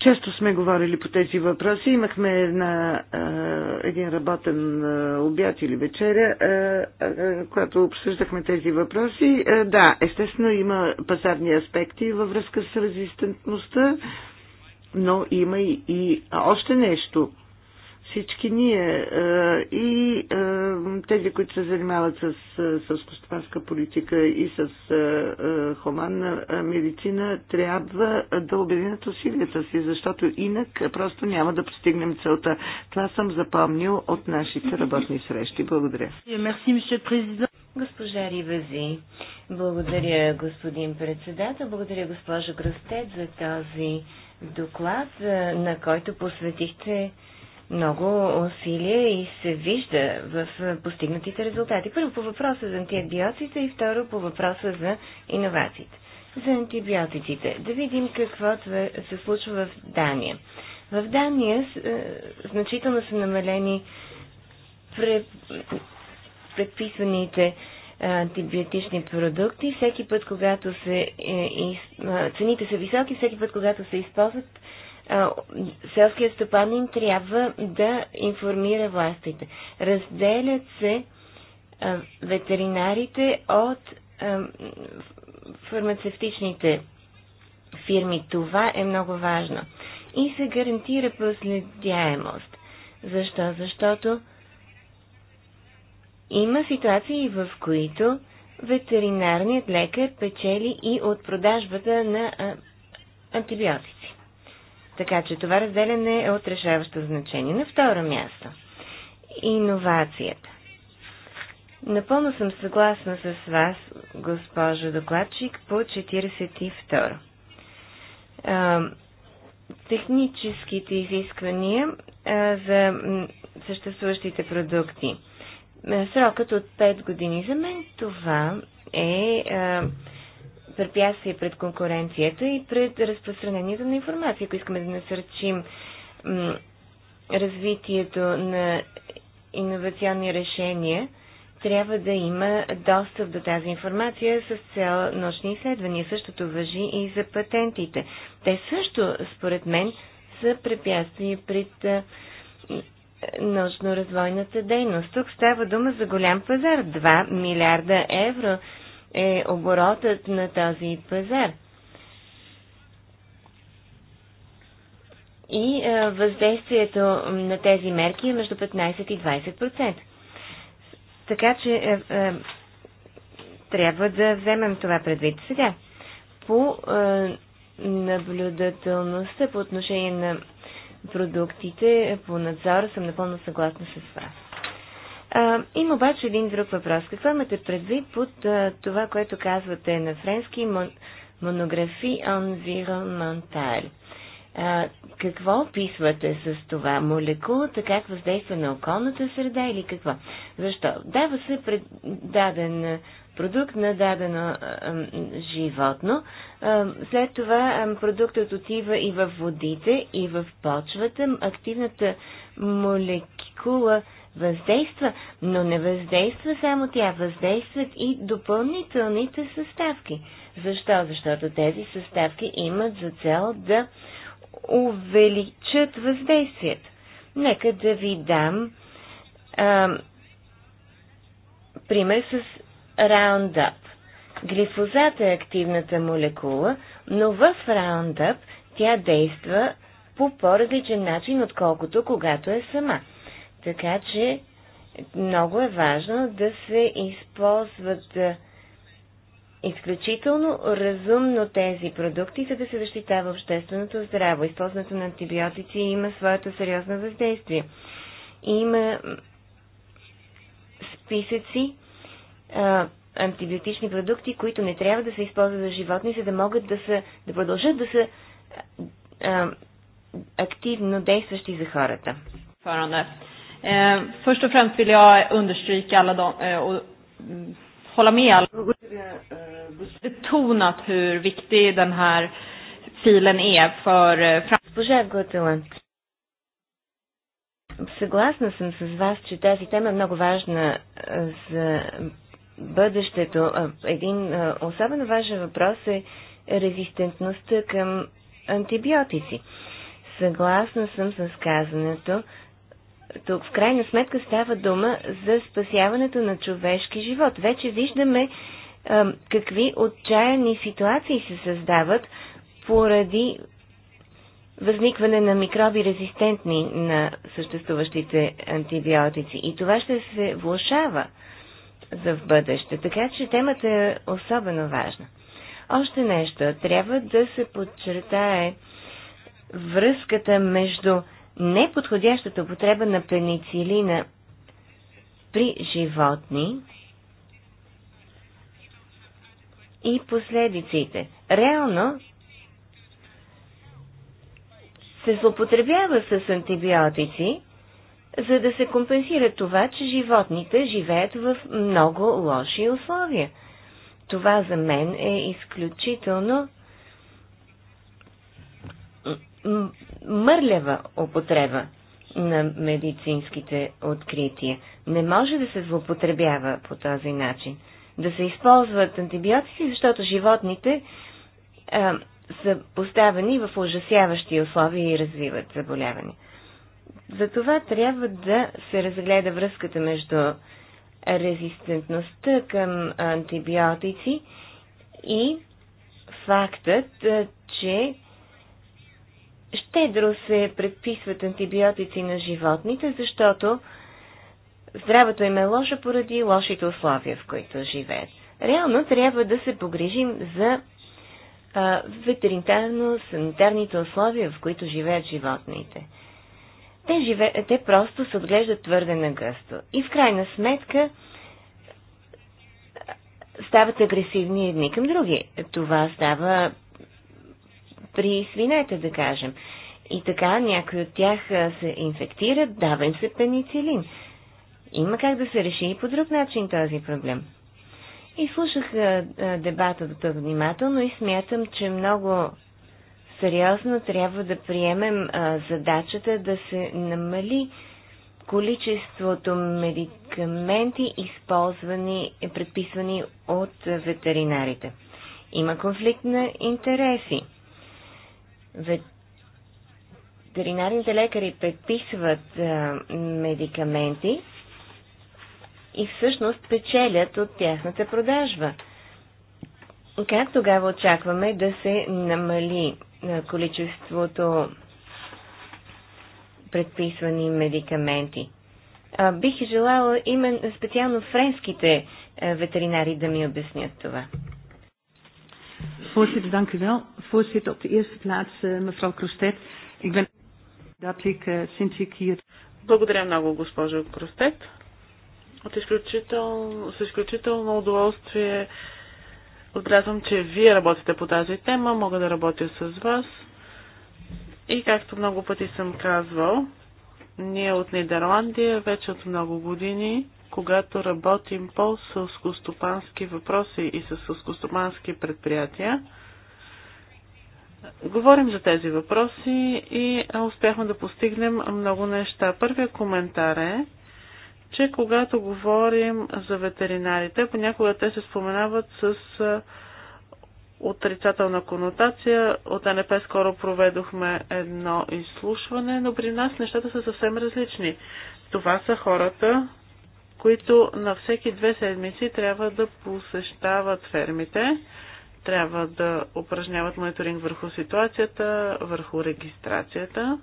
често сме говорили по тези въпроси. Имахме една, един работен обяд или вечеря, когато обсъждахме тези въпроси. Да, естествено има пазарни аспекти във връзка с резистентността, но има и, и още нещо – всички ние е, и е, тези, които се занимават с е, сълскостопанска политика и с хуманна медицина, трябва да обединят усилията си, защото инак просто няма да постигнем целта. Това съм запомнил от нашите работни срещи. Благодаря. Госпожа Ривази, благодаря господин председател, благодаря госпожа Грастет за този доклад, на който посветихте много усилия и се вижда в постигнатите резултати. Първо по въпроса за антибиотиците и второ по въпроса за иновациите. За антибиотиците. Да видим какво се случва в Дания. В Дания значително са намалени предписаните антибиотични продукти. Всеки път, когато се, е, цените са високи, всеки път, когато се използват, селският стопанин трябва да информира властите. Разделят се ветеринарите от фармацевтичните фирми. Това е много важно. И се гарантира проследяемост. Защо? Защото има ситуации, в които ветеринарният лекар печели и от продажбата на антибиотики. Така че това разделяне е от решаващо значение. На второ място – иновацията. Напълно съм съгласна с вас, госпожо докладчик, по 42. техническите изисквания за съществуващите продукти. Срокът от 5 години за мен това е а, препятствие пред конкуренцията и пред разпространението на информация. Ако искаме да насърчим развитието на иновационни решения, трябва да има достъп до тази информация с цел научни изследвания. Същото въжи и за патентите. Те също, според мен, са препятствие пред научно-развойната дейност. Тук става дума за голям пазар 2 милиарда евро е оборотът на този пазар. И е, въздействието на тези мерки е между 15 и 20%. Така че е, е, трябва да вземем това предвид сега. По е, наблюдателността по отношение на продуктите е, по надзора съм напълно съгласна с вас. А, има обаче един друг въпрос. Какво имате предвид под а, това, което казвате на френски мон, монографи environmental? какво описвате с това? Молекулата как въздейства на околната среда или какво? Защо? Дава се пред даден продукт на дадено а, животно. А, след това а, продуктът отива и в водите, и в почвата. Активната молекула въздейства, но не въздейства само тя, въздействат и допълнителните съставки. Защо? Защото тези съставки имат за цел да увеличат въздействието. Нека да ви дам а, пример с Roundup. Глифозат е активната молекула, но в Roundup тя действа по по-различен начин, отколкото когато е сама. Така че много е важно да се използват изключително разумно тези продукти, за да се защитава общественото здраво. Използването на антибиотици има своето сериозно въздействие. Има списъци а, антибиотични продукти, които не трябва да се използват за животни, за да могат да, са, да продължат да са а, а, активно действащи за хората. Eh, först och främst vill jag understryka alla de, eh, och mm, hålla med alla, betonat hur viktig den här filen är för eh, framtiden. Съгласна съм с вас, че тази тема е много важна е, за бъдещето. Е, един е, особено важен въпрос е резистентността към антибиотици. Съгласна съм с казането, тук в крайна сметка става дума за спасяването на човешки живот. Вече виждаме а, какви отчаяни ситуации се създават поради възникване на микроби резистентни на съществуващите антибиотици. И това ще се влушава за в бъдеще. Така че темата е особено важна. Още нещо. Трябва да се подчертае връзката между неподходящата употреба на пеницилина при животни и последиците. Реално се злоупотребява с антибиотици, за да се компенсира това, че животните живеят в много лоши условия. Това за мен е изключително мърлява употреба на медицинските открития. Не може да се злоупотребява по този начин. Да се използват антибиотици, защото животните а, са поставени в ужасяващи условия и развиват За Затова трябва да се разгледа връзката между резистентността към антибиотици и фактът, че щедро се предписват антибиотици на животните, защото здравето им е лошо поради лошите условия, в които живеят. Реално трябва да се погрижим за ветеринарно-санитарните условия, в които живеят животните. Те, живе... Те просто се отглеждат твърде нагъсто. И в крайна сметка стават агресивни едни към други. Това става при свинете, да кажем. И така някои от тях се инфектират, дава им се пеницилин. Има как да се реши и по друг начин този проблем. И слушах дебата до тук внимателно и смятам, че много сериозно трябва да приемем задачата да се намали количеството медикаменти, използвани, предписвани от ветеринарите. Има конфликт на интереси ветеринарните лекари предписват а, медикаменти и всъщност печелят от тяхната продажба. Как тогава очакваме да се намали количеството предписвани медикаменти? А, бих желала именно специално френските ветеринари да ми обяснят това. Voorzitter, dank u wel. Voorzitter, op de eerste plaats uh, mevrouw Krostet. Ik ben dat ik uh, eh, sinds ik hier... Благодаря много, госпожо Кростет. От изключително, с изключително удоволствие отбелязвам, че вие работите по тази тема, мога да работя с вас. И както много пъти съм казвал, ние от Нидерландия вече от много години когато работим по сълскостопански въпроси и с сълскостопански предприятия. Говорим за тези въпроси и успяхме да постигнем много неща. Първият коментар е, че когато говорим за ветеринарите, понякога те се споменават с отрицателна конотация. От НП скоро проведохме едно изслушване, но при нас нещата са съвсем различни. Това са хората, които на всеки две седмици трябва да посещават фермите, трябва да упражняват мониторинг върху ситуацията, върху регистрацията.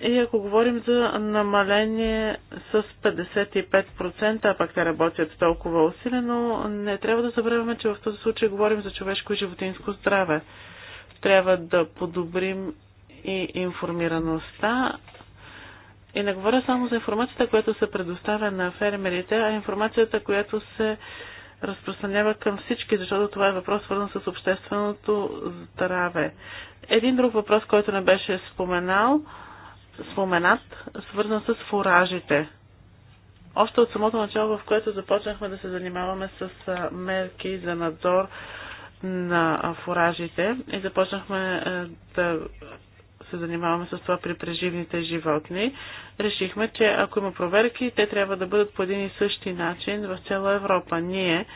И ако говорим за намаление с 55%, а пак те работят толкова усилено, не трябва да забравяме, че в този случай говорим за човешко и животинско здраве. Трябва да подобрим и информираността, и не говоря само за информацията, която се предоставя на фермерите, а информацията, която се разпространява към всички, защото това е въпрос свързан с общественото здраве. Един друг въпрос, който не беше споменал, споменат, свързан с фуражите. Още от самото начало, в което започнахме да се занимаваме с мерки за надзор на фуражите и започнахме да се занимаваме с това при преживните животни, решихме, че ако има проверки, те трябва да бъдат по един и същи начин в цяла Европа. Ние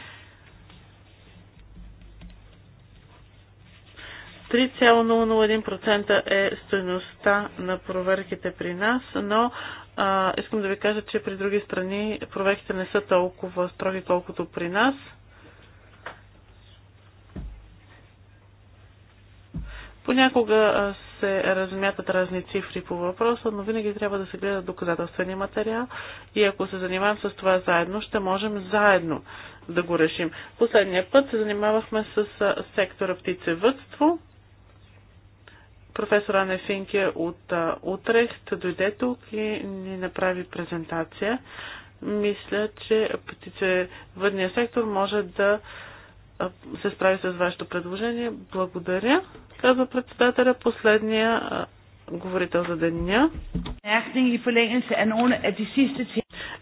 3,001% е стоеността на проверките при нас, но а, искам да ви кажа, че при други страни проверките не са толкова строги, колкото при нас. Понякога се размятат разни цифри по въпроса, но винаги трябва да се гледа доказателствения материал и ако се занимавам с това заедно, ще можем заедно да го решим. Последния път се занимавахме с сектора птицевътство. Професор Ане Финке от Утрехт дойде тук и ни направи презентация. Мисля, че птицевъдният сектор може да се справи с вашето предложение. Благодаря, казва председателя. Последния говорител за деня.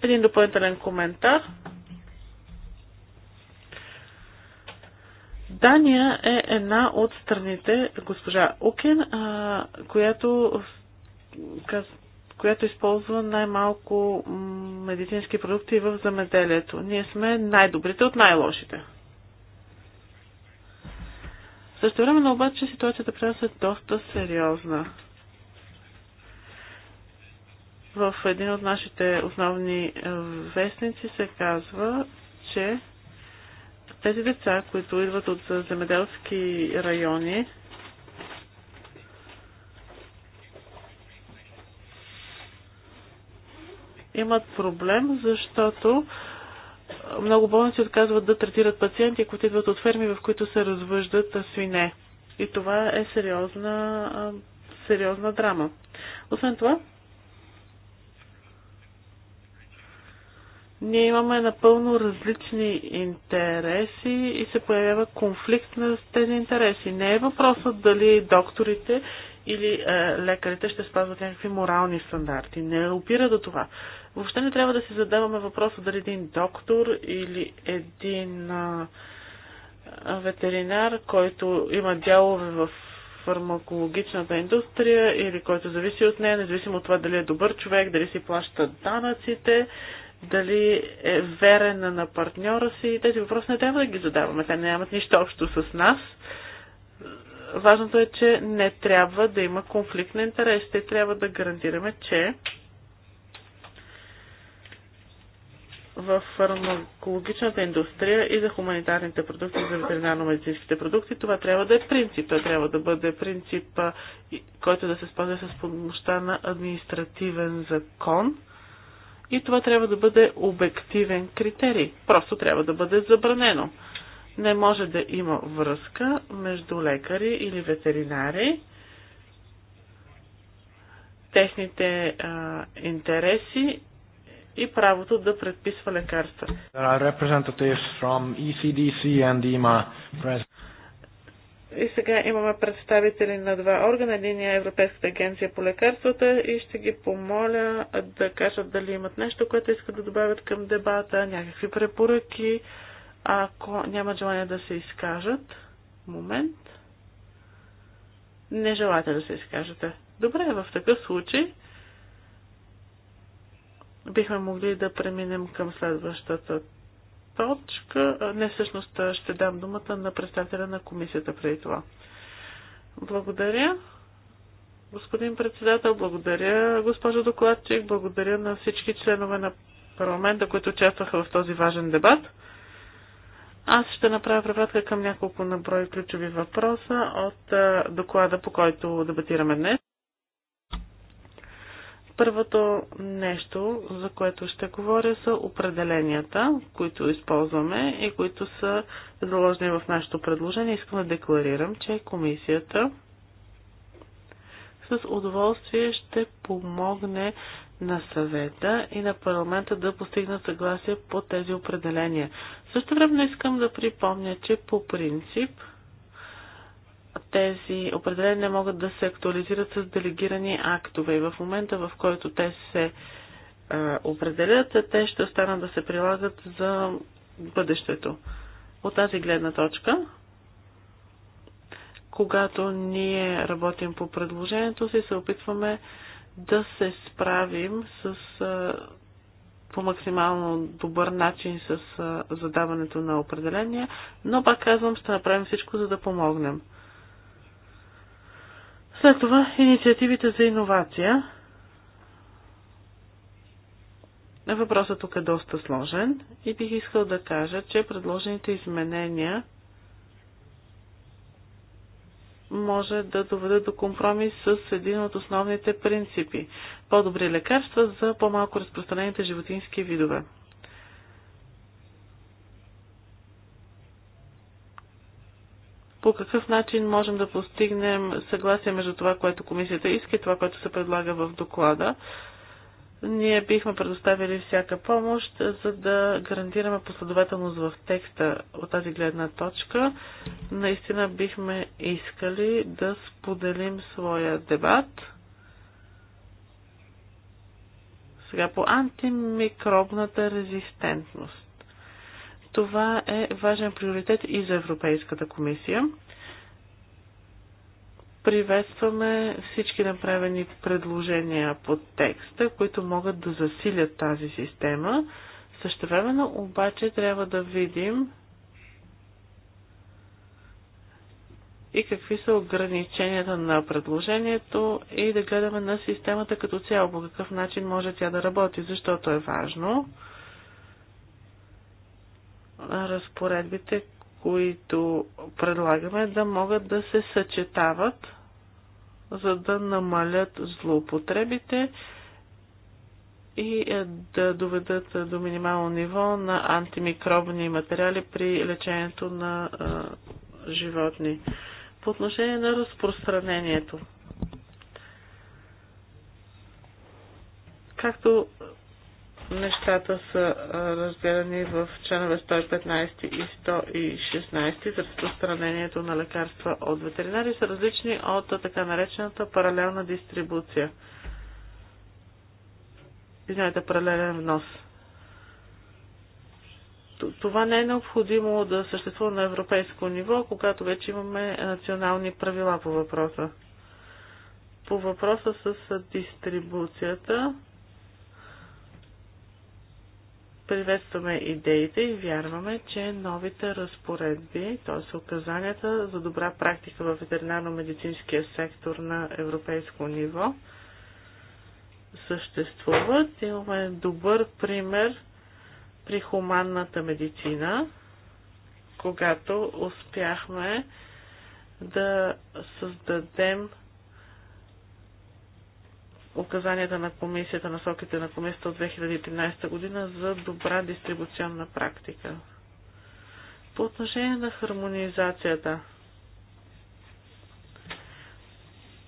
Един допълнителен коментар. Дания е една от страните, госпожа Укен, която, която използва най-малко медицински продукти в замеделието. Ние сме най-добрите от най-лошите. Също време, обаче ситуацията при нас е доста сериозна. В един от нашите основни е, вестници се казва, че тези деца, които идват от е, земеделски райони, имат проблем, защото много болници отказват да третират пациенти, които идват от ферми, в които се развъждат свине. И това е сериозна, сериозна драма. Освен това, ние имаме напълно различни интереси и се появява конфликт на тези интереси. Не е въпросът дали докторите или е, лекарите ще спазват някакви морални стандарти. Не опира до това. Въобще не трябва да си задаваме въпроса дали един доктор или един а, ветеринар, който има дялове в фармакологичната индустрия или който зависи от нея, независимо от това дали е добър човек, дали си плаща данъците, дали е верен на партньора си. Тези въпроси не трябва да ги задаваме. Те нямат нищо общо с нас. Важното е, че не трябва да има конфликт на интерес. Те трябва да гарантираме, че в фармакологичната индустрия и за хуманитарните продукти, за ветеринарно-медицинските продукти. Това трябва да е принцип. Това трябва да бъде принцип, който да се спазва с помощта на административен закон. И това трябва да бъде обективен критерий. Просто трябва да бъде забранено. Не може да има връзка между лекари или ветеринари, техните а, интереси и правото да предписва лекарства. E e и сега имаме представители на два органа. Един е Европейската агенция по лекарствата и ще ги помоля да кажат дали имат нещо, което искат да добавят към дебата, някакви препоръки, ако нямат желание да се изкажат. Момент. Не желаете да се изкажете. Добре, в такъв случай бихме могли да преминем към следващата точка. Не, всъщност ще дам думата на представителя на комисията преди това. Благодаря. Господин председател, благодаря госпожо докладчик, благодаря на всички членове на парламента, които участваха в този важен дебат. Аз ще направя превратка към няколко наброй ключови въпроса от доклада, по който дебатираме днес. Първото нещо, за което ще говоря, са определенията, които използваме и които са заложени в нашето предложение. Искам да декларирам, че комисията с удоволствие ще помогне на съвета и на парламента да постигнат съгласие по тези определения. Също време искам да припомня, че по принцип тези определения могат да се актуализират с делегирани актове и в момента, в който те се а, е, определят, те ще останат да се прилагат за бъдещето. От тази гледна точка, когато ние работим по предложението си, се опитваме да се справим с, а, е, по максимално добър начин с а, е, задаването на определения, но пак казвам, ще направим всичко, за да помогнем. След това инициативите за иновация. Въпросът тук е доста сложен и бих искал да кажа, че предложените изменения може да доведе до компромис с един от основните принципи – по-добри лекарства за по-малко разпространените животински видове. по какъв начин можем да постигнем съгласие между това, което комисията иска и това, което се предлага в доклада. Ние бихме предоставили всяка помощ, за да гарантираме последователност в текста от тази гледна точка. Наистина бихме искали да споделим своя дебат. Сега по антимикробната резистентност. Това е важен приоритет и за Европейската комисия. Приветстваме всички направени предложения по текста, които могат да засилят тази система. Същевременно обаче трябва да видим и какви са ограниченията на предложението и да гледаме на системата като цяло, по какъв начин може тя да работи, защото е важно разпоредбите, които предлагаме, да могат да се съчетават, за да намалят злоупотребите и е, да доведат е, до минимално ниво на антимикробни материали при лечението на а, е, животни. По отношение на разпространението. Както нещата са разделени в членове 115 и 116 за разпространението на лекарства от ветеринари са различни от така наречената паралелна дистрибуция. Извинете, паралелен внос. Това не е необходимо да съществува на европейско ниво, когато вече имаме национални правила по въпроса. По въпроса с дистрибуцията, Приветстваме идеите и вярваме, че новите разпоредби, т.е. указанията за добра практика в ветеринарно-медицинския сектор на европейско ниво, съществуват. Имаме добър пример при хуманната медицина, когато успяхме да създадем указанията на комисията, насоките на комисията от 2013 година за добра дистрибуционна практика. По отношение на хармонизацията,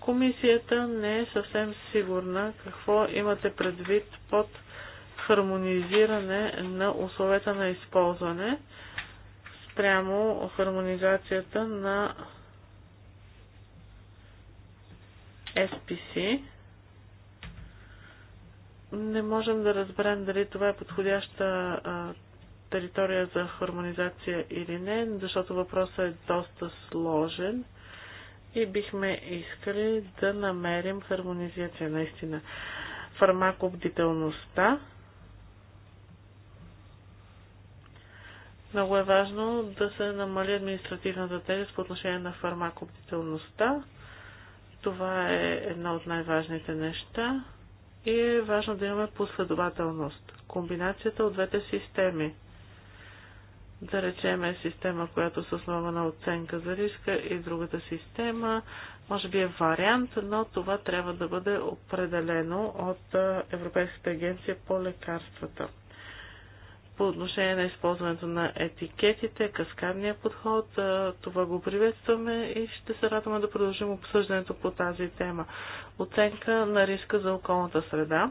комисията не е съвсем сигурна какво имате предвид под хармонизиране на условията на използване спрямо хармонизацията на SPC не можем да разберем дали това е подходяща а, територия за хармонизация или не, защото въпросът е доста сложен и бихме искали да намерим хармонизация наистина. Фармакобдителността Много е важно да се намали административната тежест по отношение на фармакобдителността. Това е едно от най-важните неща и е важно да имаме последователност. Комбинацията от двете системи. Да е система, която се основа на оценка за риска и другата система, може би е вариант, но това трябва да бъде определено от Европейската агенция по лекарствата по отношение на използването на етикетите, каскадния подход. Това го приветстваме и ще се радваме да продължим обсъждането по тази тема. Оценка на риска за околната среда.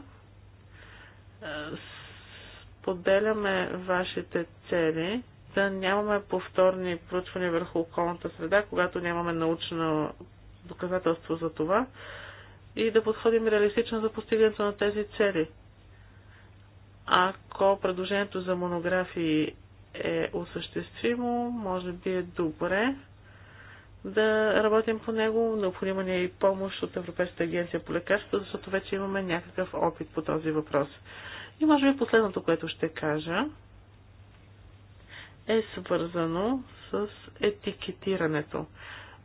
Споделяме вашите цели да нямаме повторни проучвания върху околната среда, когато нямаме научно доказателство за това и да подходим реалистично за постигането на тези цели ако предложението за монографии е осъществимо, може би е добре да работим по него. Необходима ни е и помощ от Европейската агенция по лекарства, защото вече имаме някакъв опит по този въпрос. И може би последното, което ще кажа, е свързано с етикетирането.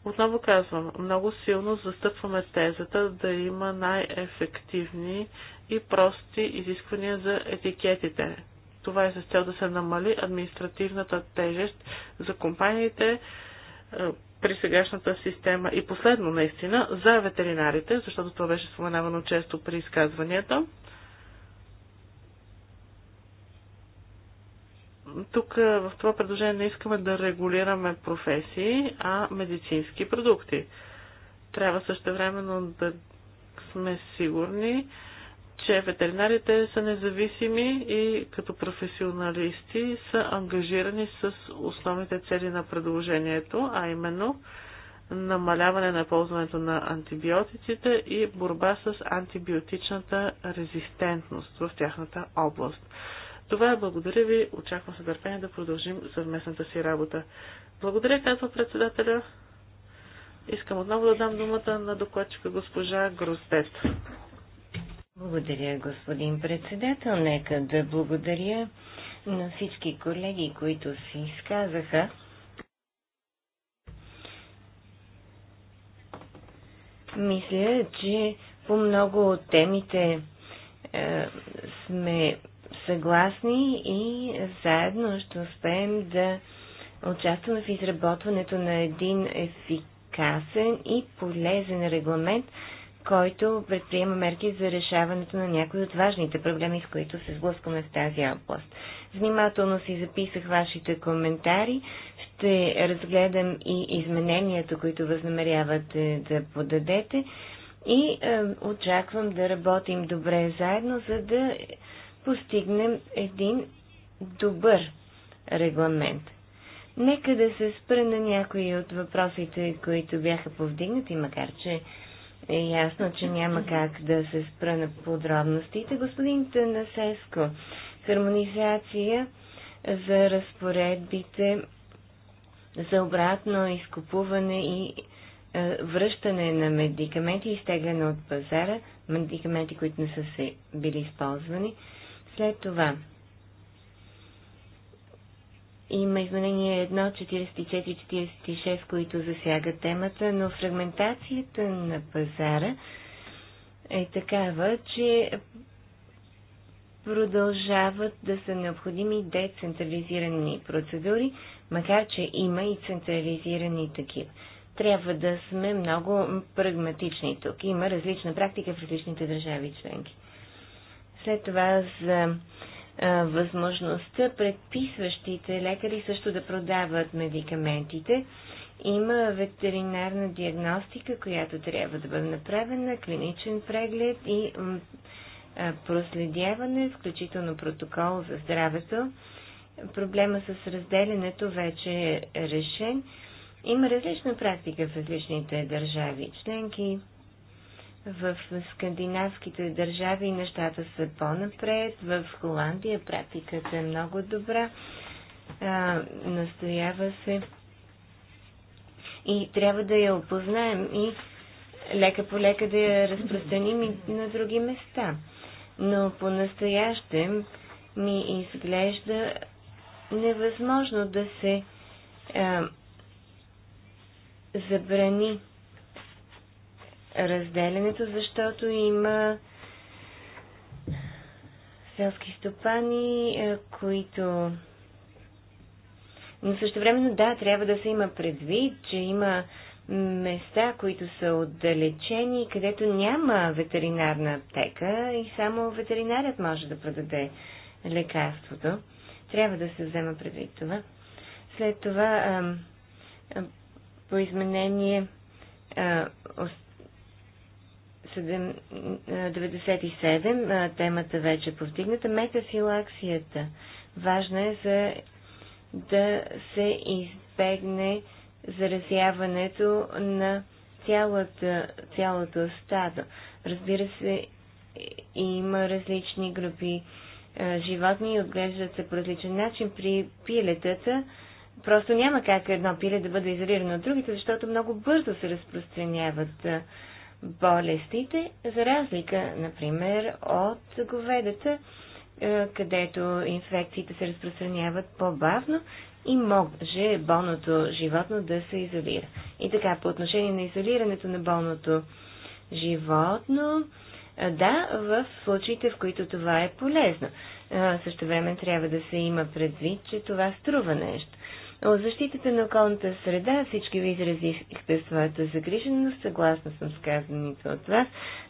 Отново казвам, много силно застъпваме тезата да има най-ефективни и прости изисквания за етикетите. Това е с цел да се намали административната тежест за компаниите е, при сегашната система. И последно, наистина, за ветеринарите, защото това беше споменавано често при изказванията. тук е, в това предложение не искаме да регулираме професии, а медицински продукти. Трябва също времено да сме сигурни, че ветеринарите са независими и като професионалисти са ангажирани с основните цели на предложението, а именно намаляване на ползването на антибиотиците и борба с антибиотичната резистентност в тяхната област. Това е благодаря ви. Очаквам с търпение да продължим съвместната си работа. Благодаря, казва председателя. Искам отново да дам думата на докладчика госпожа Гростет. Благодаря, господин председател. Нека да благодаря на всички колеги, които се изказаха. Мисля, че по много от темите е, сме съгласни и заедно ще успеем да участваме в изработването на един ефикасен и полезен регламент, който предприема мерки за решаването на някои от важните проблеми, с които се сблъскваме в тази област. Внимателно си записах вашите коментари. Ще разгледам и измененията, които възнамерявате да подадете и е, очаквам да работим добре заедно, за да постигнем един добър регламент. Нека да се спра на някои от въпросите, които бяха повдигнати, макар че е ясно, че няма как да се спра на подробностите. Господин Танасеско, хармонизация за разпоредбите за обратно изкупуване и е, връщане на медикаменти, изтегляне от пазара, медикаменти, които не са се били използвани, след това има изменения 1.44.46, 44, 46, които засягат темата, но фрагментацията на пазара е такава, че продължават да са необходими децентрализирани процедури, макар че има и централизирани такива. Трябва да сме много прагматични тук. Има различна практика в различните държави членки. След това за а, възможността предписващите лекари също да продават медикаментите. Има ветеринарна диагностика, която трябва да бъде направена, клиничен преглед и а, проследяване, включително протокол за здравето. Проблема с разделянето вече е решен. Има различна практика в различните държави членки. В скандинавските държави нещата са по-напред, в Холандия практиката е много добра. А, настоява се и трябва да я опознаем и лека по лека да я разпространим и на други места. Но по-настоящем ми изглежда невъзможно да се а, забрани разделянето, защото има селски стопани, е, които... Но също времено, да, трябва да се има предвид, че има места, които са отдалечени, където няма ветеринарна аптека и само ветеринарят може да продаде лекарството. Трябва да се взема предвид това. След това а, а, по изменение а, 97, темата вече е повдигната, метафилаксията. Важна е за да се избегне заразяването на цялата, цялото стадо. Разбира се, има различни групи животни и отглеждат се по различен начин. При пилетата просто няма как едно пиле да бъде изолирано от другите, защото много бързо се разпространяват болестите, за разлика, например, от говедата, е, където инфекциите се разпространяват по-бавно и може болното животно да се изолира. И така, по отношение на изолирането на болното животно, е, да, в случаите, в които това е полезно. Е, също време трябва да се има предвид, че това струва нещо. О защитата на околната среда всички ви изразихте своята загриженост. Съгласна съм с казаните от вас.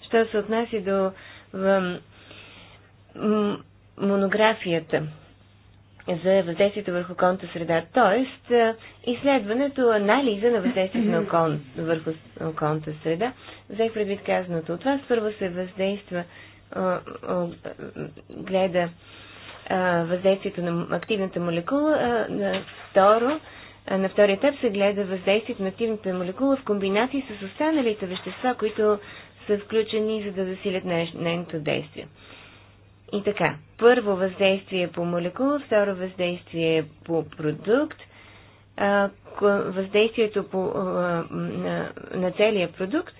Що се отнася до в, монографията за въздействието върху околната среда, т.е. изследването, анализа на въздействието на окол... върху околната среда, взех предвид казаното от вас, първо се въздейства, гледа въздействието на активната молекула. На, второ, на втори етап се гледа въздействието на активната молекула в комбинации с останалите вещества, които са включени, за да засилят нейното действие. И така, първо въздействие по молекула, второ въздействие по продукт, въздействието по, на, на целия продукт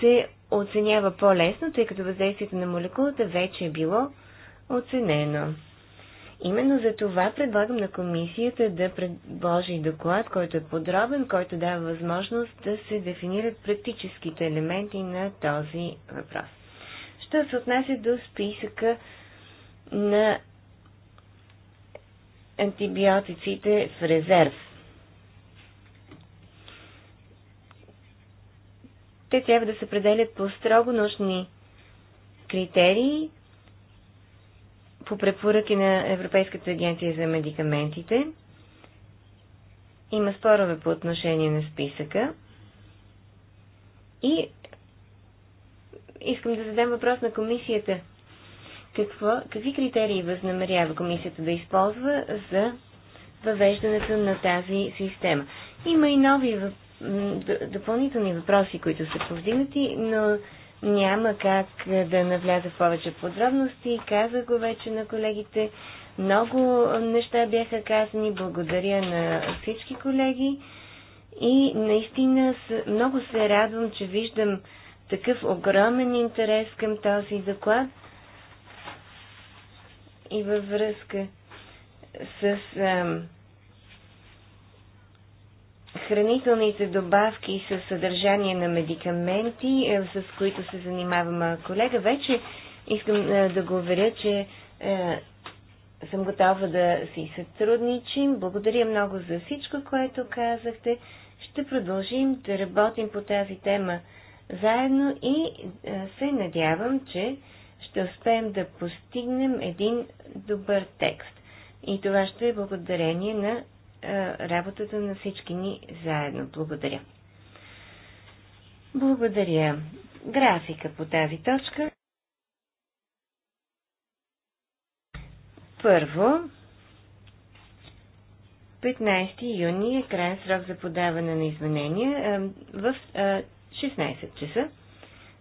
се оценява по-лесно, тъй като въздействието на молекулата вече е било оценено. Именно за това предлагам на комисията да предложи доклад, който е подробен, който дава възможност да се дефинират практическите елементи на този въпрос. Що се отнася до списъка на антибиотиците в резерв. Те трябва да се определят по строго научни критерии, по препоръки на Европейската агенция за медикаментите. Има спорове по отношение на списъка. И искам да задам въпрос на комисията. Какво, какви критерии възнамерява комисията да използва за въвеждането на тази система? Има и нови въп... допълнителни въпроси, които са повдигнати, но няма как е, да навляза в повече подробности. Казах го вече на колегите. Много неща бяха казани. Благодаря на всички колеги. И наистина много се радвам, че виждам такъв огромен интерес към този доклад. И във връзка с ам, хранителните добавки с съдържание на медикаменти, е, с които се занимава колега, вече искам е, да го уверя, че е, съм готова да си сътрудничим. Благодаря много за всичко, което казахте. Ще продължим да работим по тази тема заедно и се надявам, че ще успеем да постигнем един добър текст. И това ще е благодарение на е, работата на всички ни заедно. Благодаря. Благодаря. Графика по тази точка. Първо, 15 юни е крайен срок за подаване на изменения е, в 16 е, часа.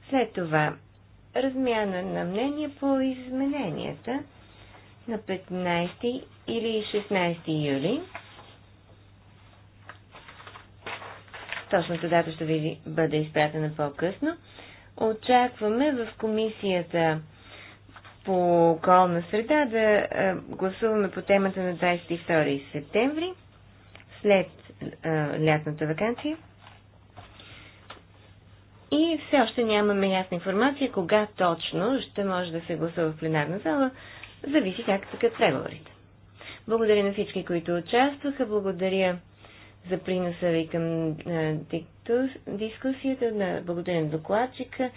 След това размяна на мнение по измененията на 15 или 16 юли. Точната дата ще ви бъде изпратена по-късно. Очакваме в комисията по околна среда да е, гласуваме по темата на 22 септември, след е, лятната вакансия. И все още нямаме ясна информация кога точно ще може да се гласува в пленарна зала, зависи как така преговорите. Благодаря на всички, които участваха, благодаря за приноса ви към дискусията. На благодаря на докладчика,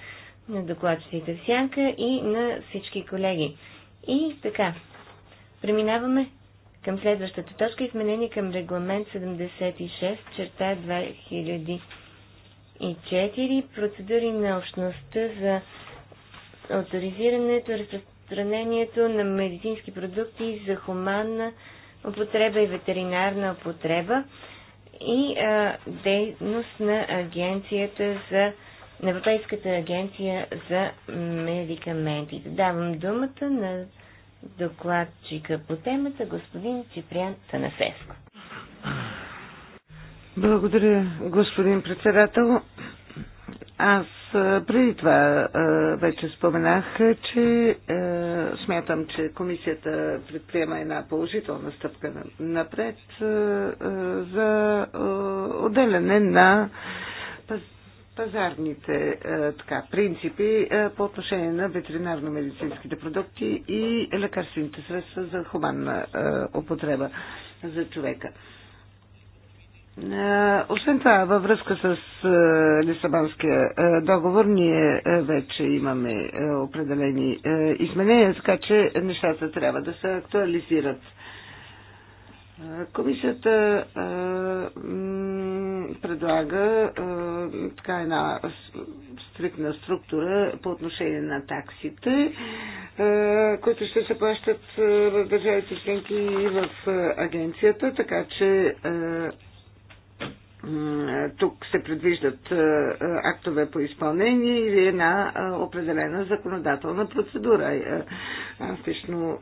на докладчиците в сянка и на всички колеги. И така, преминаваме към следващата точка. Изменение към регламент 76, черта 2004, процедури на общността за авторизирането, разпространението на медицински продукти за хуманна употреба и ветеринарна употреба и а, дейност на агенцията за на Европейската агенция за медикаментите. Давам думата на докладчика по темата, господин Ципрян Танасеско. Благодаря, господин председател. Аз преди това вече споменах, че смятам, че комисията предприема една положителна стъпка напред е, е, за е, отделяне на пазарните така, принципи по отношение на ветеринарно-медицинските продукти и лекарствените средства за хуманна употреба за човека. Е, освен това, във връзка с е, Лисабонския е, договор, ние вече имаме определени изменения, така че нещата трябва да се актуализират. Комисията предлага така една стриктна структура по отношение на таксите, които ще се плащат в държавите членки и в агенцията, така че тук се предвиждат е, е, актове по изпълнение или една е, определена законодателна процедура. Аз лично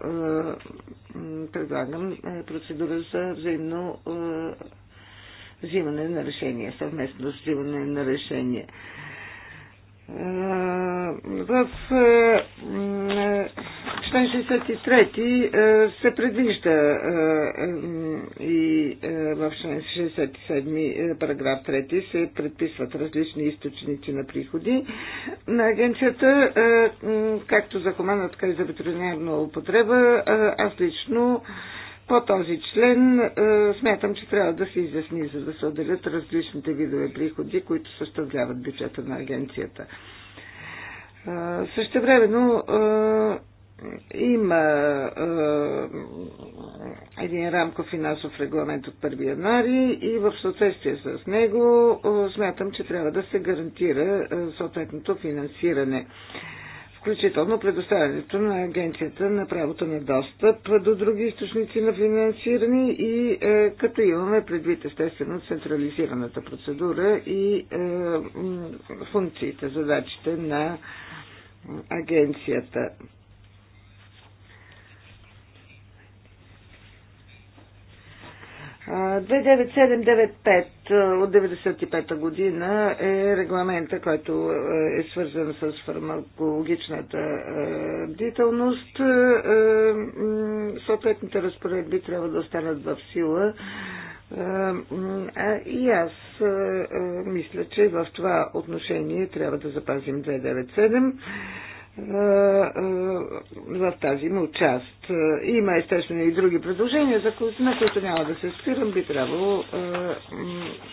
предлагам процедура за взаимно взимане на решение, съвместно взимане на решение. В член 63 се предвижда и в член 67 параграф 3 се предписват различни източници на приходи на агенцията, както за хумана, така и за ветеринарна употреба. Аз лично по този член е, смятам, че трябва да се изясни, за да се отделят различните видове приходи, които съставляват бюджета на агенцията. Е, Също времено е, има един рамков финансов регламент от 1 януари и в съответствие с него смятам, че трябва да се гарантира съответното финансиране включително предоставянето на Агенцията на правото на достъп до други източници на финансиране и е, като имаме предвид естествено централизираната процедура и е, функциите, задачите на агенцията. 29795 от 95-та година е регламента, който е свързан с фармакологичната бдителност. Съответните разпоредби трябва да останат в сила. И аз мисля, че в това отношение трябва да запазим 297 в е, тази му част. Е, има естествено и други предложения, за които, на които няма да се спирам, би трябвало е,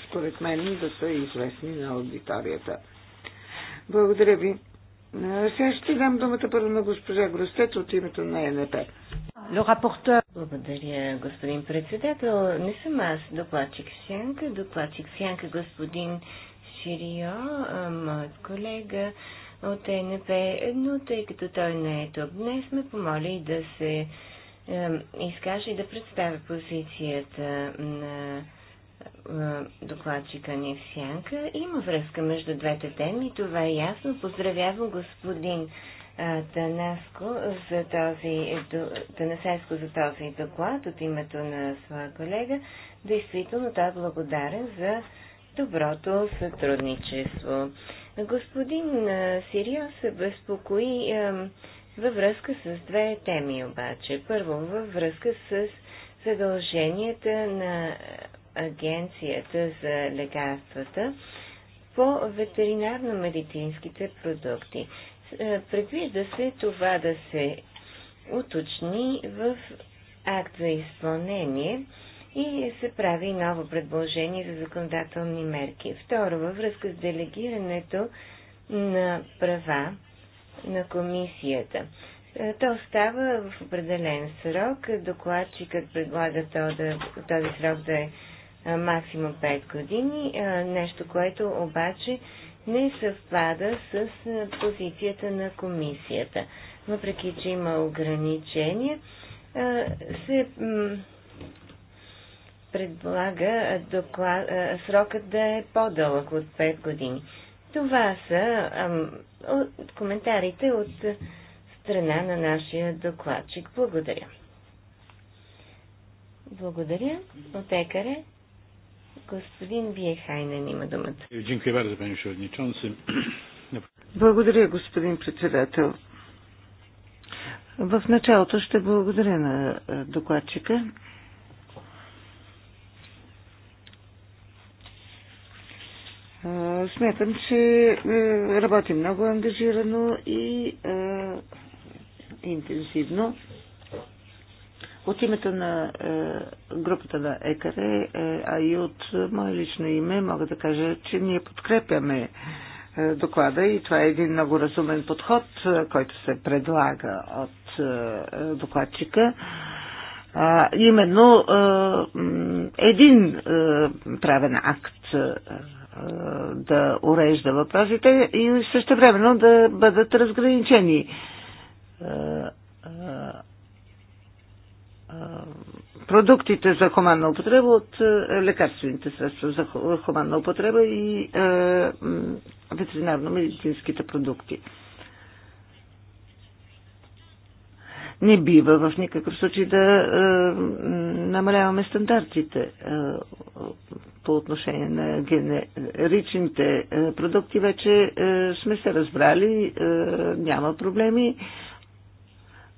според мен да са известни на аудиторията. Благодаря ви. Сега ще дам думата първо на госпожа Гростет от името на ЕНП. Благодаря, господин председател. Не съм аз докладчик Сянка. Докладчик Сянка господин Ширио, моят колега от ЕНП, но тъй като той не е тук днес, ме помоли да се е, изкаже и да представя позицията на е, докладчика ни в сянка. Има връзка между двете теми, това е ясно. Поздравявам господин е, Танаско за този, Танасеско за този доклад от името на своя колега. Действително той е благодарен за доброто сътрудничество. Господин Сирио се безпокои във връзка с две теми обаче. Първо, във връзка с задълженията на Агенцията за лекарствата по ветеринарно-медицинските продукти. Предвижда се това да се уточни в акт за изпълнение и се прави ново предложение за законодателни мерки. Второ, във връзка с делегирането на права на комисията. Е, то става в определен срок. Докладчикът предлага то да, този срок да е, е максимум 5 години, е, нещо, което обаче не съвпада с позицията на комисията. Въпреки, че има ограничения, се предлага доклад, срокът да е по-дълъг от 5 години. Това са ам, от коментарите от страна на нашия докладчик. Благодаря. Благодаря. Отекаре. Господин Хайнен, има думата. Благодаря, господин председател. В началото ще благодаря на докладчика Смятам, че е, работи много ангажирано и е, интенсивно. От името на е, групата на ЕКАРЕ, а и от мое лично име, мога да кажа, че ние подкрепяме доклада и това е един много разумен подход, който се предлага от докладчика. А, именно един правен акт да урежда въпросите и също времено да бъдат разграничени продуктите за хуманна употреба от лекарствените средства за хуманна употреба и ветеринарно-медицинските продукти. не бива в никакъв случай да е, намаляваме стандартите е, по отношение на генеричните е, продукти. Вече е, сме се разбрали, е, няма проблеми,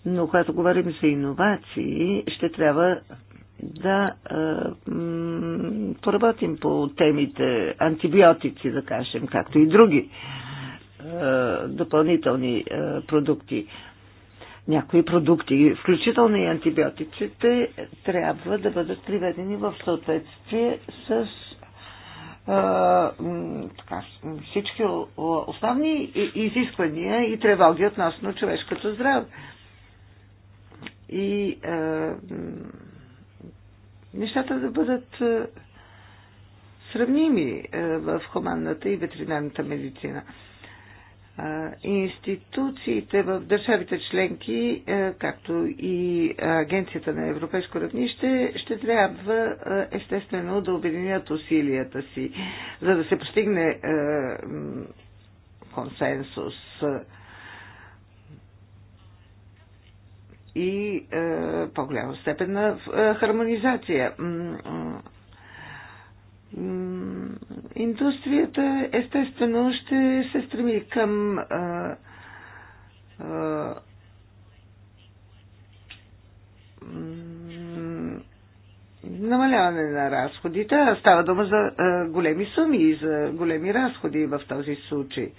но когато говорим за иновации, ще трябва да е, поработим по темите антибиотици, да кажем, както и други е, допълнителни е, продукти някои продукти, включително и антибиотиците, трябва да бъдат приведени в съответствие с а, така, всички основни изисквания и тревоги относно човешкото здраве. И а, нещата да бъдат сравними в хуманната и ветеринарната медицина институциите в държавите членки, е, както и Агенцията на европейско равнище, ще трябва е, естествено да обединят усилията си, за да се постигне е, консенсус и по-голяма степен на хармонизация индустрията естествено ще се стреми към а, а, намаляване на разходите. Става дума за а, големи суми и за големи разходи в този случай.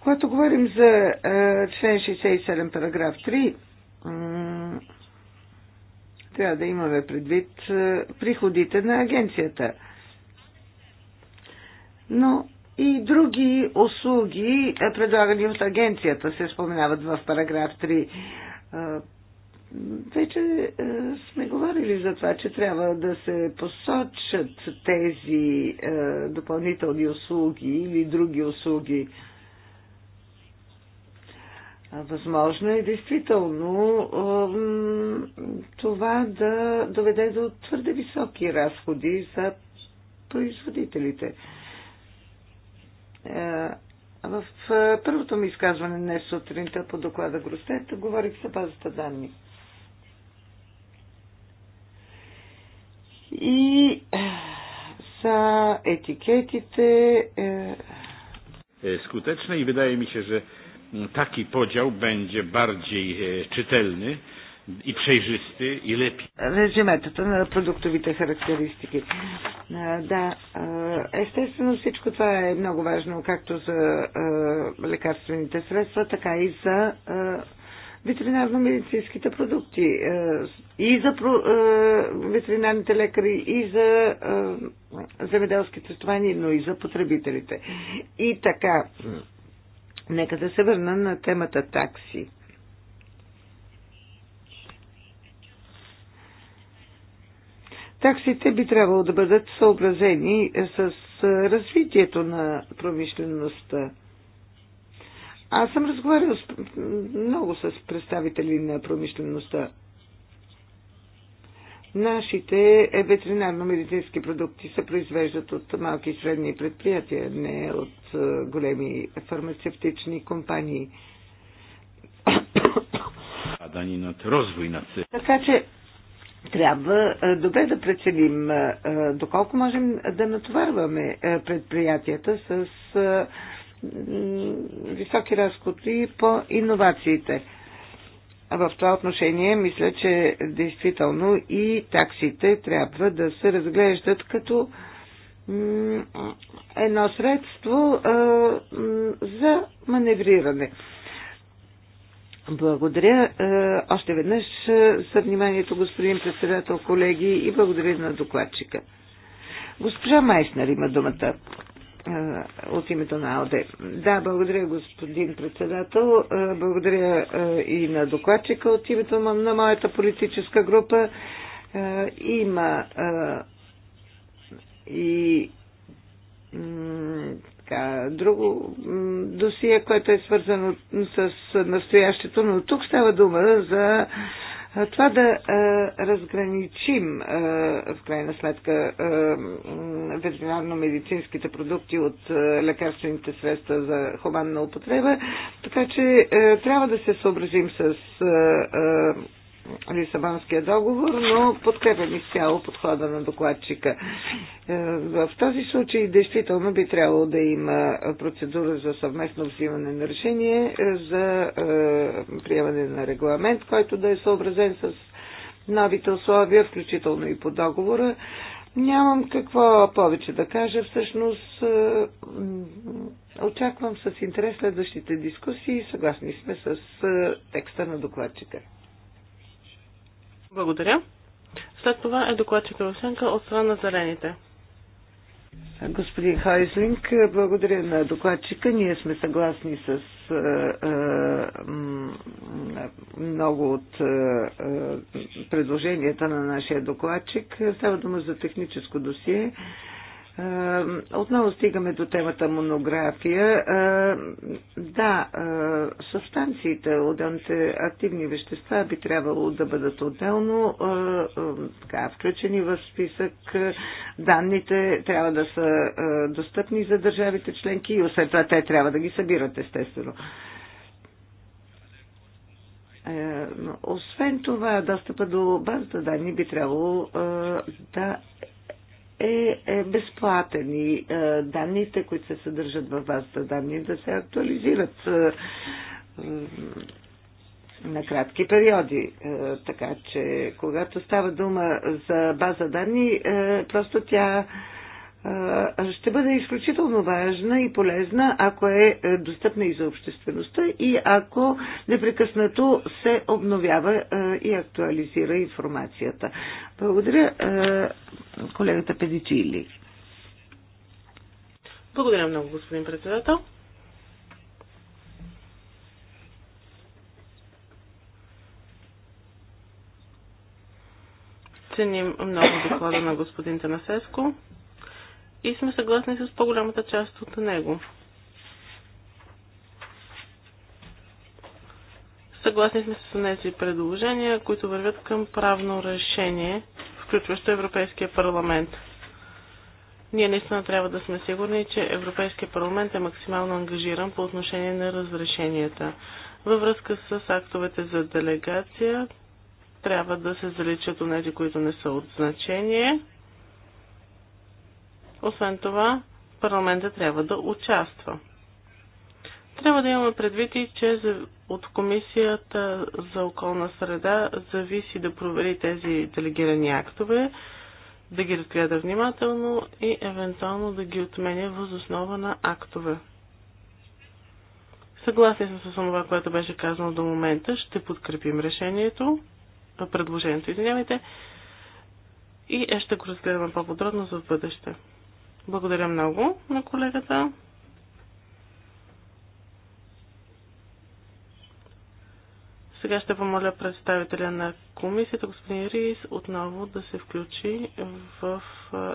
Когато говорим за а, член 67, параграф 3, трябва да имаме предвид приходите на агенцията. Но и други услуги, е, предлагани от агенцията, се споменават в параграф 3. Е, вече е, сме говорили за това, че трябва да се посочат тези допълнителни услуги или други услуги. Възможно е действително това да доведе до твърде високи разходи за производителите. Е, в първото ми изказване днес сутринта по доклада Гростет говорих за базата данни. И е, за етикетите. Skuteczne е, и wydaje се, че. że taki podział będzie bardziej e, czytelny и przejrzysty и лепи. Резюметата на продуктовите характеристики. Да, естествено всичко това е много важно, както за е, лекарствените средства, така и за е, ветеринарно-медицинските продукти. Е, и за ветеринарните лекари, и за земеделските стопани, но и за потребителите. И така, Нека да се върна на темата такси. Таксите би трябвало да бъдат съобразени с развитието на промишлеността. Аз съм разговарял с, много с представители на промишлеността Нашите е ветеринарно-медицински продукти се произвеждат от малки и средни предприятия, не от е, големи фармацевтични компании. Дани над развой на се. Така че трябва е, добре да преценим доколко можем да натоварваме предприятията с високи разходи по иновациите. В това отношение мисля, че действително и таксите трябва да се разглеждат като едно средство за маневриране. Благодаря още веднъж за вниманието, господин председател, колеги, и благодаря на докладчика. Госпожа Майснер има думата. Е, от името на АОД. Да, благодаря господин председател. Е, благодаря е, и на докладчика от името на моята политическа група. Има и така, друго досие, което е свързано с настоящето, но тук става дума за това да разграничим в крайна сметка ветеринарно-медицинските продукти от лекарствените средства за хуманна употреба, така че трябва да се съобразим с Лисабонския договор, но подкрепям изцяло подхода на докладчика. Е, в този случай действително би трябвало да има процедура за съвместно взимане на решение е, за е, приемане на регламент, който да е съобразен с новите условия, включително и по договора. Нямам какво повече да кажа. Всъщност очаквам с интерес следващите дискусии. Съгласни сме с текста на докладчика. Благодаря. След това е докладчика Русенка от страна на зелените. Господин Хайзлинг, благодаря на докладчика. Ние сме съгласни с е, е, много от е, предложенията на нашия докладчик. Става дума за техническо досие. Е, отново стигаме до темата монография. Е, да, е, субстанциите, отделните активни вещества би трябвало да бъдат отделно така, включени в списък. Данните трябва да са достъпни за държавите членки и освен това те трябва да ги събират, естествено. Освен това, достъпа до базата данни би трябвало да е, е безплатен и е, данните, които се съдържат във базата данни, да се актуализират е, е, на кратки периоди. Е, така че, когато става дума за база данни, е, просто тя ще бъде изключително важна и полезна, ако е, е достъпна и за обществеността и ако непрекъснато се обновява е, и актуализира информацията. Благодаря е, колегата Педичили. Благодаря много, господин председател. Ценим много доклада на господин Танасеско и сме съгласни с по-голямата част от него. Съгласни сме с тези предложения, които вървят към правно решение, включващо Европейския парламент. Ние наистина трябва да сме сигурни, че Европейския парламент е максимално ангажиран по отношение на разрешенията. Във връзка с актовете за делегация трябва да се заличат от тези, които не са от значение. Освен това, парламента трябва да участва. Трябва да имаме предвид и, че от Комисията за околна среда зависи да провери тези делегирани актове, да ги разгледа внимателно и евентуално да ги отменя възоснова на актове. Съгласни съм с това, което беше казано до момента. Ще подкрепим решението, предложението, извинявайте, и ще го разгледаме по-подробно за бъдеще. Благодаря много на колегата. Сега ще помоля представителя на комисията, господин Рис, отново да се включи в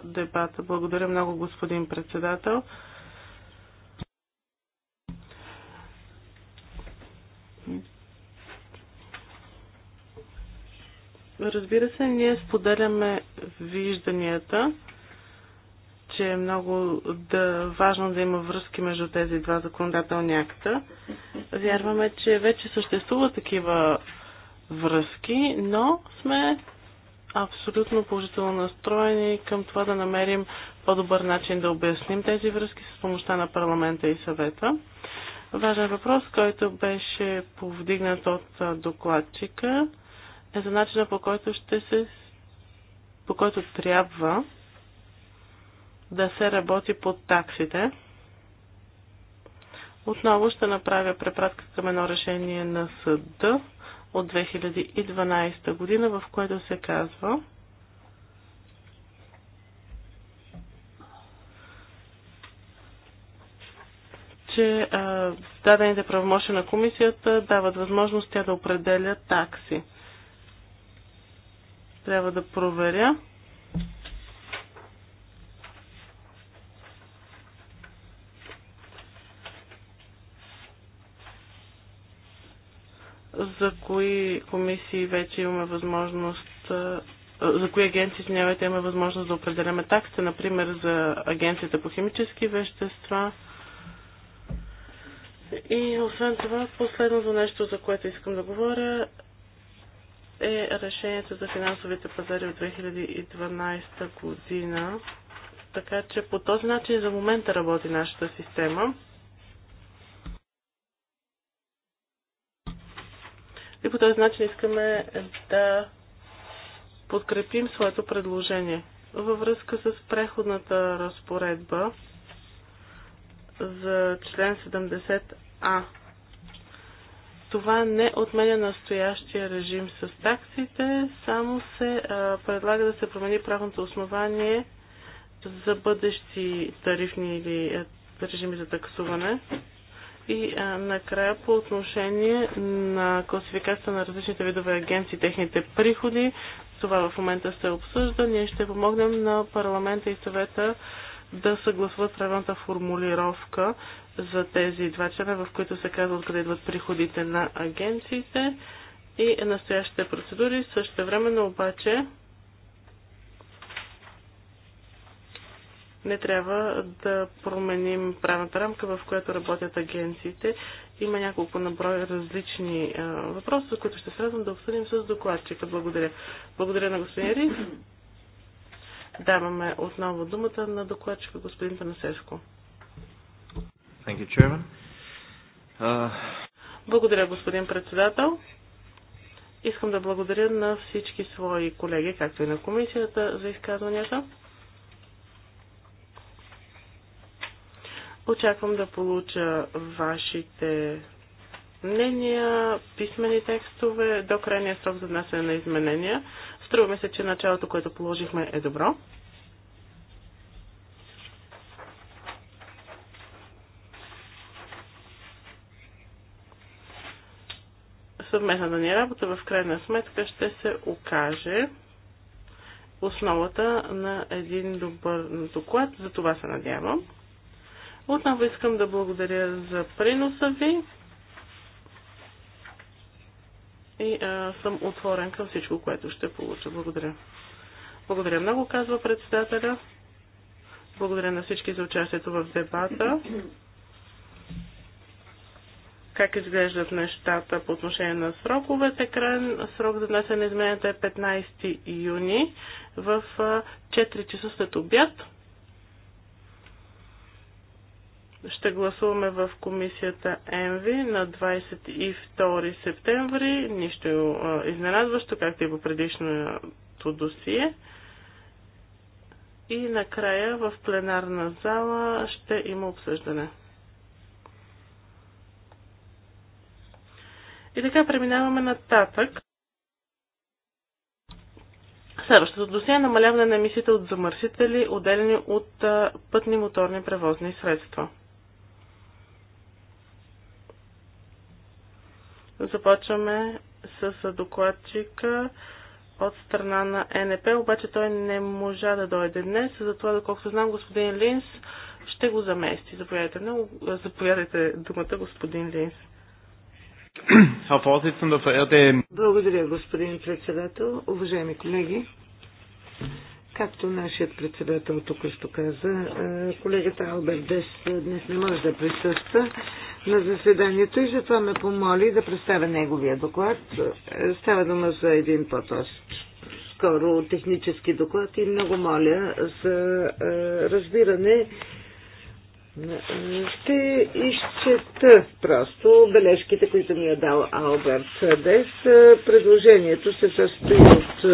дебата. Благодаря много, господин председател. Разбира се, ние споделяме вижданията че е много да, важно да има връзки между тези два законодателни акта. Вярваме, че вече съществуват такива връзки, но сме абсолютно положително настроени към това да намерим по-добър начин да обясним тези връзки с помощта на парламента и съвета. Важен въпрос, който беше повдигнат от докладчика, е за начина по който ще се по който трябва да се работи под таксите. Отново ще направя препратка към едно решение на съда от 2012 година, в което се казва, че а, дадените правомощи на комисията дават възможност тя да определя такси. Трябва да проверя за кои комисии вече имаме възможност, за кои агенции, извинявайте, имаме възможност да определяме таксите, например за агенцията по химически вещества. И освен това, последното нещо, за което искам да говоря, е решението за финансовите пазари от 2012 година. Така че по този начин за момента работи нашата система. И по този начин искаме да подкрепим своето предложение. Във връзка с преходната разпоредба за член 70а това не отменя настоящия режим с таксите, само се а, предлага да се промени правното основание за бъдещи тарифни или е, режими за таксуване. И а, накрая по отношение на класификацията на различните видове агенции, техните приходи, това в момента се обсъжда. Ние ще помогнем на парламента и съвета да съгласуват правилната формулировка за тези два члена, в които се казва откъде идват приходите на агенциите и настоящите процедури. Също времено обаче не трябва да променим правната рамка, в която работят агенциите. Има няколко наброи различни а, за които ще се радвам да обсъдим с докладчика. Благодаря. Благодаря на господин Рис. Даваме отново думата на докладчика господин Танасевско. You, uh... Благодаря, господин председател. Искам да благодаря на всички свои колеги, както и на комисията, за изказванията. Очаквам да получа вашите мнения, писмени текстове до крайния срок за внасяне на изменения. Струваме се, че началото, което положихме е добро. съвместната ни работа в крайна сметка ще се окаже основата на един добър доклад. За това се надявам. Отново искам да благодаря за приноса ви и а, съм отворен към всичко, което ще получа. Благодаря. Благодаря много, казва председателя. Благодаря на всички за участието в дебата. Как изглеждат нещата по отношение на сроковете? Крайен срок за внасяне измененията е 15 юни в 4 часа след обяд ще гласуваме в комисията ЕНВИ на 22 септември. Нищо е, е, изненадващо, както и по предишното досие. И накрая в пленарна зала ще има обсъждане. И така преминаваме нататък. Следващото досие е намаляване на емисиите от замърсители, отделени от пътни моторни превозни средства. Започваме с докладчика от страна на НП, обаче той не можа да дойде днес, затова, доколкото знам, господин Линс ще го замести. Заповядайте, много... Заповядайте думата, господин Линс. Благодаря, господин председател. Уважаеми колеги, Както нашият председател тук що каза, колегата Алберт Дес днес не може да присъства на заседанието и затова ме помоли да представя неговия доклад. Става дума за един по-тост скоро технически доклад и много моля за разбиране ще изчета просто бележките, които ми е дал Алберт Дес. Предложението се състои от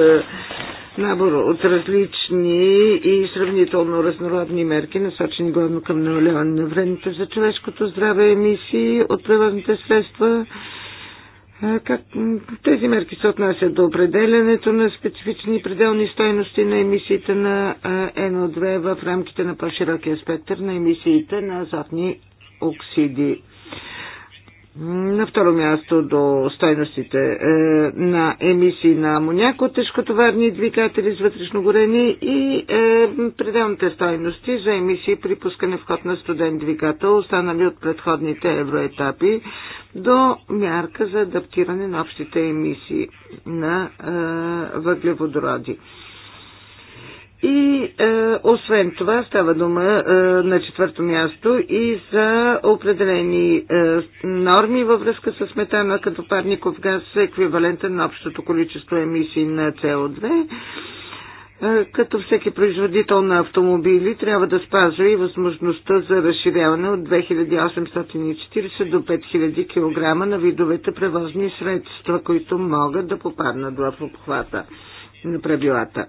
набор от различни и сравнително разнородни мерки, насочени главно към намаляване на вредните за човешкото здраве емисии от превозните средства. Как тези мерки се отнасят до определенето на специфични пределни стойности на емисиите на НО2 в рамките на по-широкия спектър на емисиите на азотни оксиди. На второ място до стойностите е, на емисии на амоняк от тежкотоварни двигатели с вътрешно горение и е, пределните стойности за емисии при пускане в ход на студен двигател, останали от предходните евроетапи, до мярка за адаптиране на общите емисии на е, въглеводороди. И е, освен това става дума е, на четвърто място и за определени е, норми във връзка с метана като парников газ, еквивалентен на общото количество емисии на co 2 е, като всеки производител на автомобили трябва да спазва и възможността за разширяване от 2840 до 5000 кг на видовете превозни средства, които могат да попаднат в обхвата на правилата.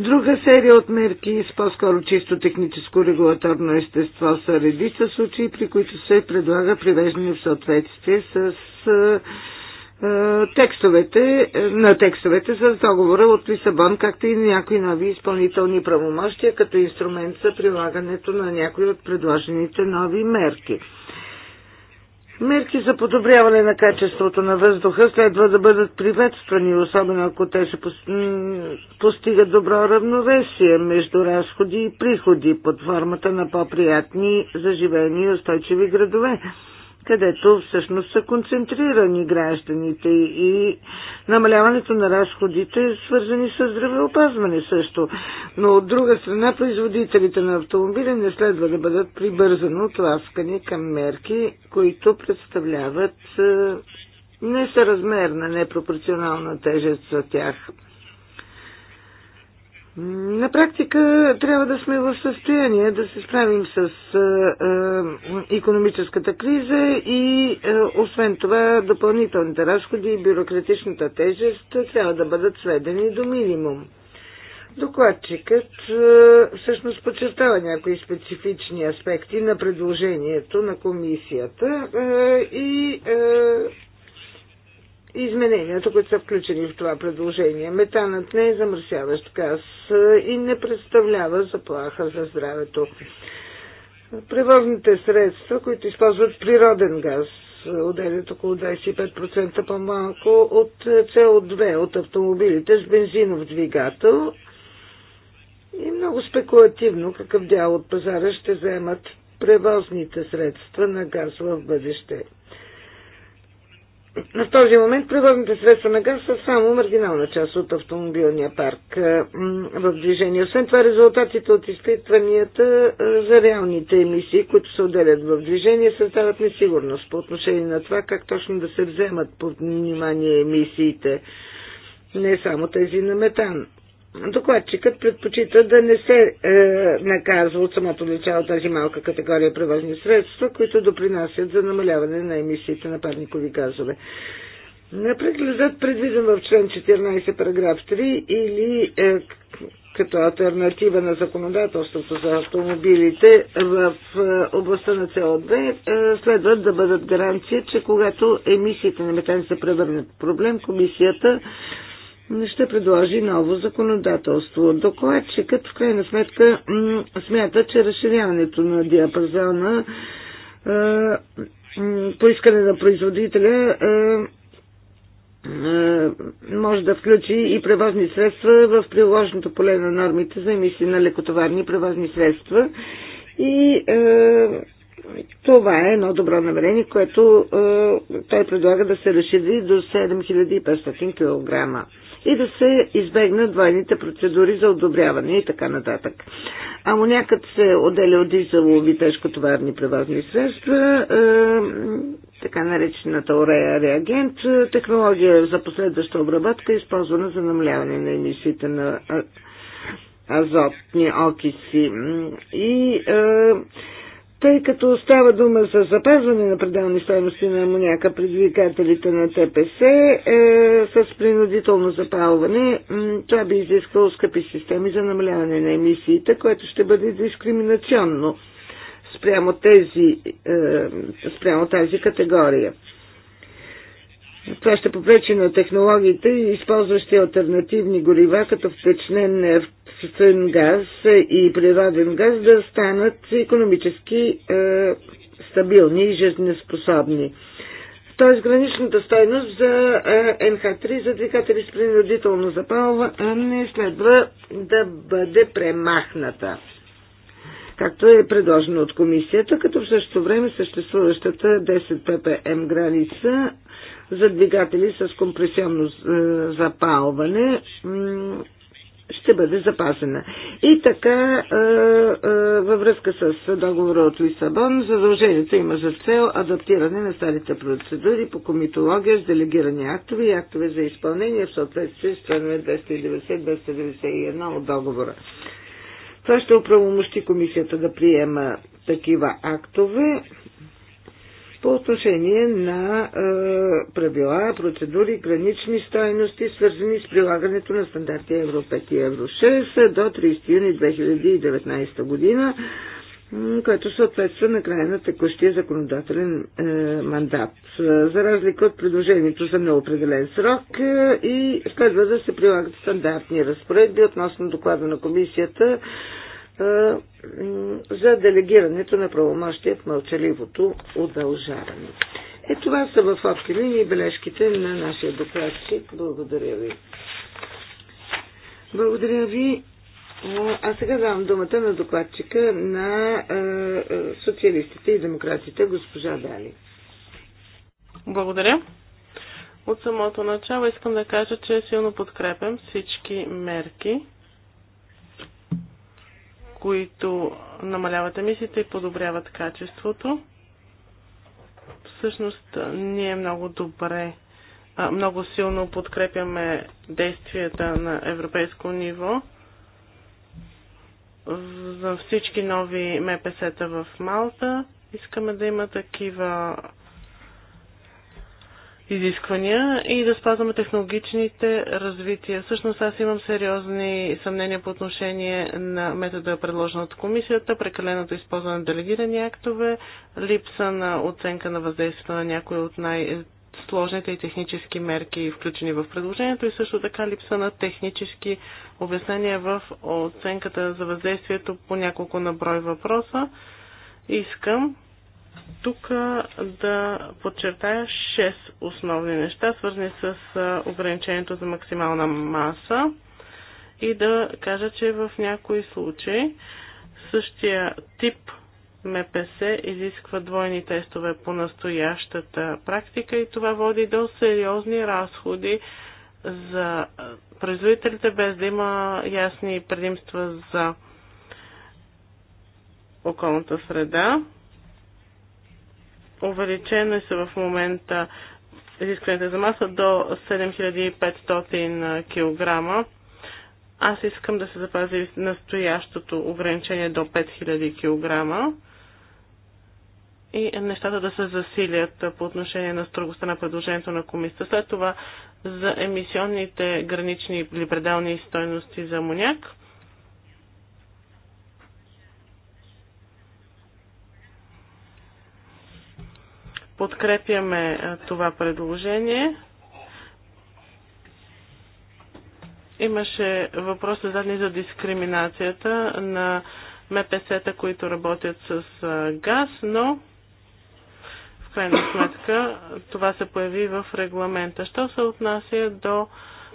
Друга серия от мерки с по-скоро чисто техническо регулаторно естество са редица случаи, при които се предлага привеждане в съответствие с е, текстовете, на текстовете с договора от Лисабон, както и някои нови изпълнителни правомощия като инструмент за прилагането на някои от предложените нови мерки. Мерки за подобряване на качеството на въздуха следва да бъдат приветствани, особено ако те се постигат добро равновесие между разходи и приходи под формата на по-приятни за и устойчиви градове където всъщност са концентрирани гражданите и намаляването на разходите, е свързани с здравеопазване също. Но от друга страна, производителите на автомобили не следва да бъдат прибързано тласкани към мерки, които представляват е, несъразмерна, непропорционална тежест за тях. На практика трябва да сме в състояние да се справим с економическата криза и освен това допълнителните разходи и бюрократичната тежест трябва да бъдат сведени до минимум. Докладчикът всъщност подчертава някои специфични аспекти на предложението на комисията и измененията, които са включени в това предложение. Метанът не е замърсяващ газ и не представлява заплаха за здравето. Превозните средства, които използват природен газ, отделят около 25% по-малко от CO2 от автомобилите с бензинов двигател и много спекулативно какъв дял от пазара ще вземат превозните средства на газ в бъдеще в този момент превозните средства на газ са само маргинална част от автомобилния парк е, в движение. Освен това, резултатите от изпитванията е, за реалните емисии, които се отделят в движение, създават несигурност по отношение на това как точно да се вземат под внимание емисиите, не само тези на метан докладчикът предпочита да не се е, наказва от самото начало тази малка категория превозни средства, които допринасят за намаляване на емисиите на парникови газове. На прегледът предвиден в член 14 параграф 3 или е, като альтернатива на законодателството за автомобилите в е, областта на CO2 е, следва да бъдат гаранция, че когато емисиите на метан се превърнат в проблем, комисията не ще предложи ново законодателство. Докладчикът в крайна сметка смята, че разширяването на диапазона е, поискане на производителя е, е, може да включи и превозни средства в приложното поле на нормите за емисии на лекотоварни превозни средства. И това е едно добро намерение, което е, той предлага да се разшири до 7500 кг и да се избегнат двойните процедури за одобряване и така нататък. Амонякът се отделя от дизелови тежкотоварни превазни средства, е, така наречената орея реагент, е, технология за последваща обработка, използвана за намаляване на емисиите на азотни окиси. И е, тъй като става дума за запазване на пределни стоености на амоняка предвикателите на ТПС е, с принудително запалване, това би изисквало скъпи системи за намаляване на емисиите, което ще бъде дискриминационно спрямо, тези, е, спрямо тази категория. Това ще попречи на технологиите, използващи альтернативни горива, като втечнен нефт естествен газ и природен газ да станат економически е, стабилни и жизнеспособни. Тоест граничната стойност за е, НХ3 за двигатели с принудително запалване следва да бъде премахната както е предложено от комисията, като в същото време съществуващата 10 ppm граница за двигатели с компресионно е, запалване ще бъде запазена. И така, във връзка с договора от Лисабон, задължението има за цел адаптиране на старите процедури по комитология с делегирани актове и актове за изпълнение в съответствие с членове 290-291 от договора. Това ще оправомощи комисията да приема такива актове по отношение на е, правила, процедури, гранични стоености, свързани с прилагането на стандарти Евро 5 и Евро 6 до 30 юни 2019 година, което съответства на края на текущия законодателен е, мандат. Е, за разлика от предложението за неопределен срок е, и следва да се прилагат стандартни разпоредби относно доклада на комисията за делегирането на правомощия в мълчаливото удължаване. Е, това са в общи линии бележките на нашия докладчик. Благодаря ви. Благодаря ви. А сега давам думата на докладчика на социалистите и демократите, госпожа Дали. Благодаря. От самото начало искам да кажа, че силно подкрепям всички мерки, които намаляват емисиите и подобряват качеството. Всъщност ние много добре, много силно подкрепяме действията на европейско ниво за всички нови МПС-та в Малта. Искаме да има такива изисквания и да спазваме технологичните развития. Всъщност аз имам сериозни съмнения по отношение на метода, предложен от комисията, прекаленото използване на делегирани актове, липса на оценка на въздействието на някои от най- сложните и технически мерки, включени в предложението и също така липса на технически обяснения в оценката за въздействието по няколко наброй въпроса. Искам тук да подчертая 6 основни неща, свързани с ограничението за максимална маса и да кажа, че в някои случаи същия тип МПС изисква двойни тестове по настоящата практика и това води до сериозни разходи за производителите, без да има ясни предимства за околната среда. Увеличено са в момента изискването за маса до 7500 кг. Аз искам да се запази настоящото ограничение до 5000 кг и нещата да се засилят по отношение на строгостта на предложението на комисията. След това за емисионните гранични или предални стойности за амоняк. Подкрепяме е, това предложение. Имаше въпрос, задни за дискриминацията на МПС-та, които работят с е, газ, но в крайна сметка това се появи в регламента. Що се отнася до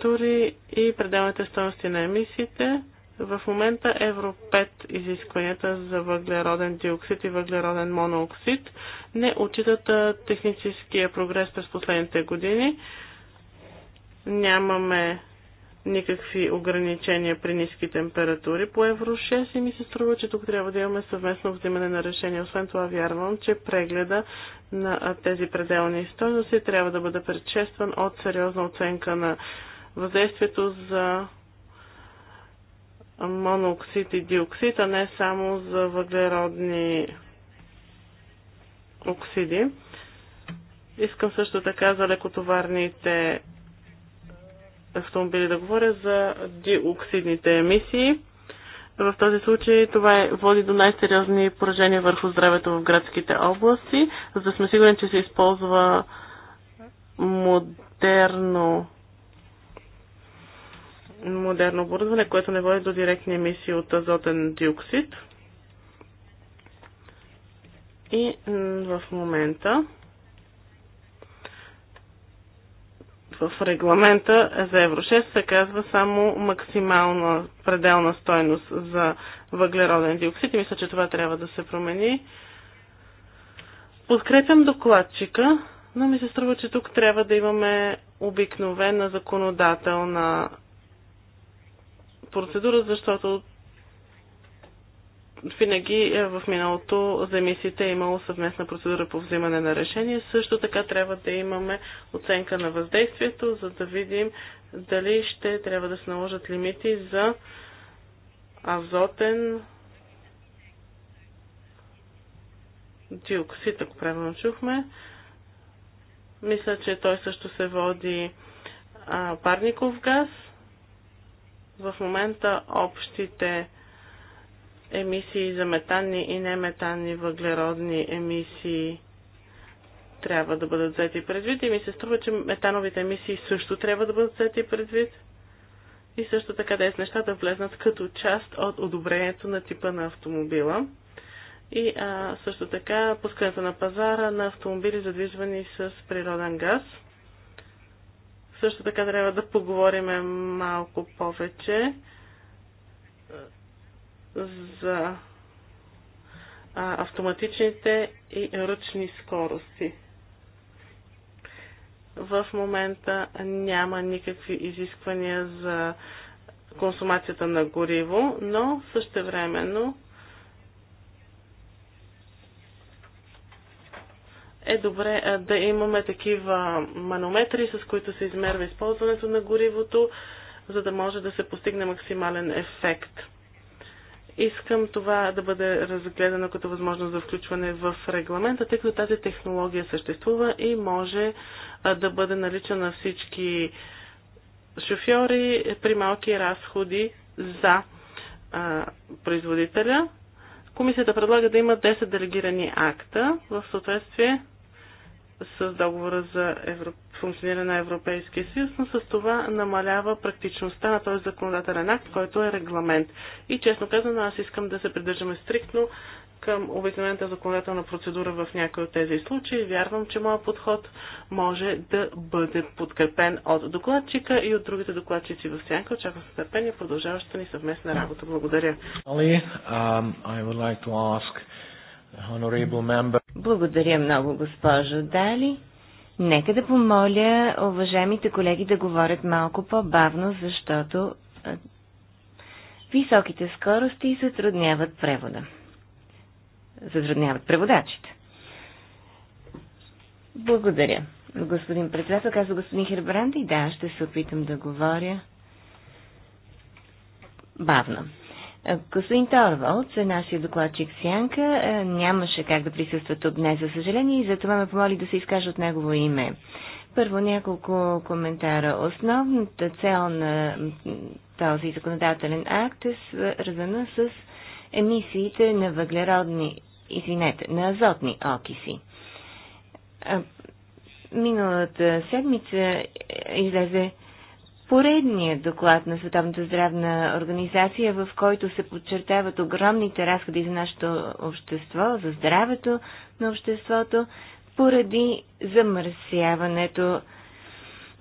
тури и пределните стоености на емисиите, в момента Евро 5 изискванията за въглероден диоксид и въглероден монооксид не отчитат техническия прогрес през последните години. Нямаме никакви ограничения при ниски температури по Евро 6 и ми се струва, че тук трябва да имаме съвместно взимане на решение. Освен това вярвам, че прегледа на тези пределни стойности трябва да бъде предшестван от сериозна оценка на въздействието за монооксид и диоксид, а не само за въглеродни оксиди. Искам също така за лекотоварните автомобили да говоря за диоксидните емисии. В този случай това е- води до най-сериозни поражения върху здравето в градските области. За да сме сигурни, че се използва модерно модерно оборудване, което не води до директни емисии от азотен диоксид. И в момента в регламента за Евро 6 се казва само максимална пределна стойност за въглероден диоксид и мисля, че това трябва да се промени. Подкрепям докладчика, но ми се струва, че тук трябва да имаме обикновена законодателна процедура, защото винаги е, в миналото за емисиите е имало съвместна процедура по взимане на решение. Също така трябва да имаме оценка на въздействието, за да видим дали ще трябва да се наложат лимити за азотен диоксид, ако правилно чухме. Мисля, че той също се води парников газ – в момента общите емисии за метанни и неметанни въглеродни емисии трябва да бъдат взети предвид и ми се струва, че метановите емисии също трябва да бъдат взети предвид и също така да е с нещата влезнат като част от одобрението на типа на автомобила и а, също така пускането на пазара на автомобили задвижвани с природен газ – също така трябва да поговорим малко повече за автоматичните и ръчни скорости. В момента няма никакви изисквания за консумацията на гориво, но също времено. е добре да имаме такива манометри, с които се измерва използването на горивото, за да може да се постигне максимален ефект. Искам това да бъде разгледано като възможност за включване в регламента, тъй като тази технология съществува и може да бъде налична на всички шофьори при малки разходи за а, производителя. Комисията предлага да има 10 делегирани акта в съответствие с договора за Евро... функциониране на Европейския съюз, но с това намалява практичността на този законодателен акт, който е регламент. И честно казано, аз искам да се придържаме стриктно към обикновената законодателна процедура в някои от тези случаи. Вярвам, че моят подход може да бъде подкрепен от докладчика и от другите докладчици в сянка. Очаквам с търпение продължаващата ни съвместна работа. Благодаря. Um, благодаря много, госпожо Дали. Нека да помоля уважаемите колеги да говорят малко по-бавно, защото високите скорости затрудняват превода. Затрудняват преводачите. Благодаря. Господин председател, казва господин Хербрант и да, ще се опитам да говоря бавно. Е, Господин Торвалд, нашия докладчик Сянка, е, нямаше как да присъства тук днес, за съжаление, и затова ме помоли да се изкажа от негово име. Първо няколко коментара. Основната цел на този законодателен акт е свързана с емисиите на въглеродни, извинете, на азотни окиси. Е, Миналата седмица излезе поредния доклад на Световната здравна организация, в който се подчертават огромните разходи за нашето общество, за здравето на обществото, поради замърсяването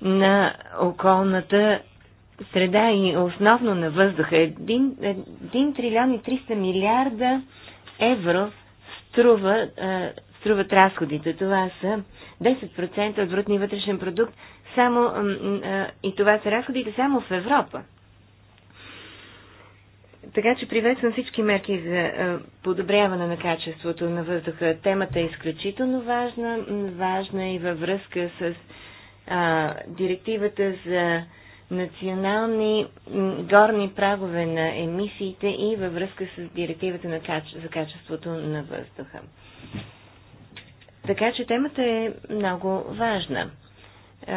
на околната среда и основно на въздуха. 1, 1 трилион и 300 милиарда евро струва, струват разходите. Това са 10% от брутния вътрешен продукт само, и това са разходите само в Европа. Така че приветствам всички мерки за подобряване на качеството на въздуха. Темата е изключително важна, важна и във връзка с а, директивата за национални горни прагове на емисиите и във връзка с директивата на каче... за качеството на въздуха. Така че темата е много важна. Е,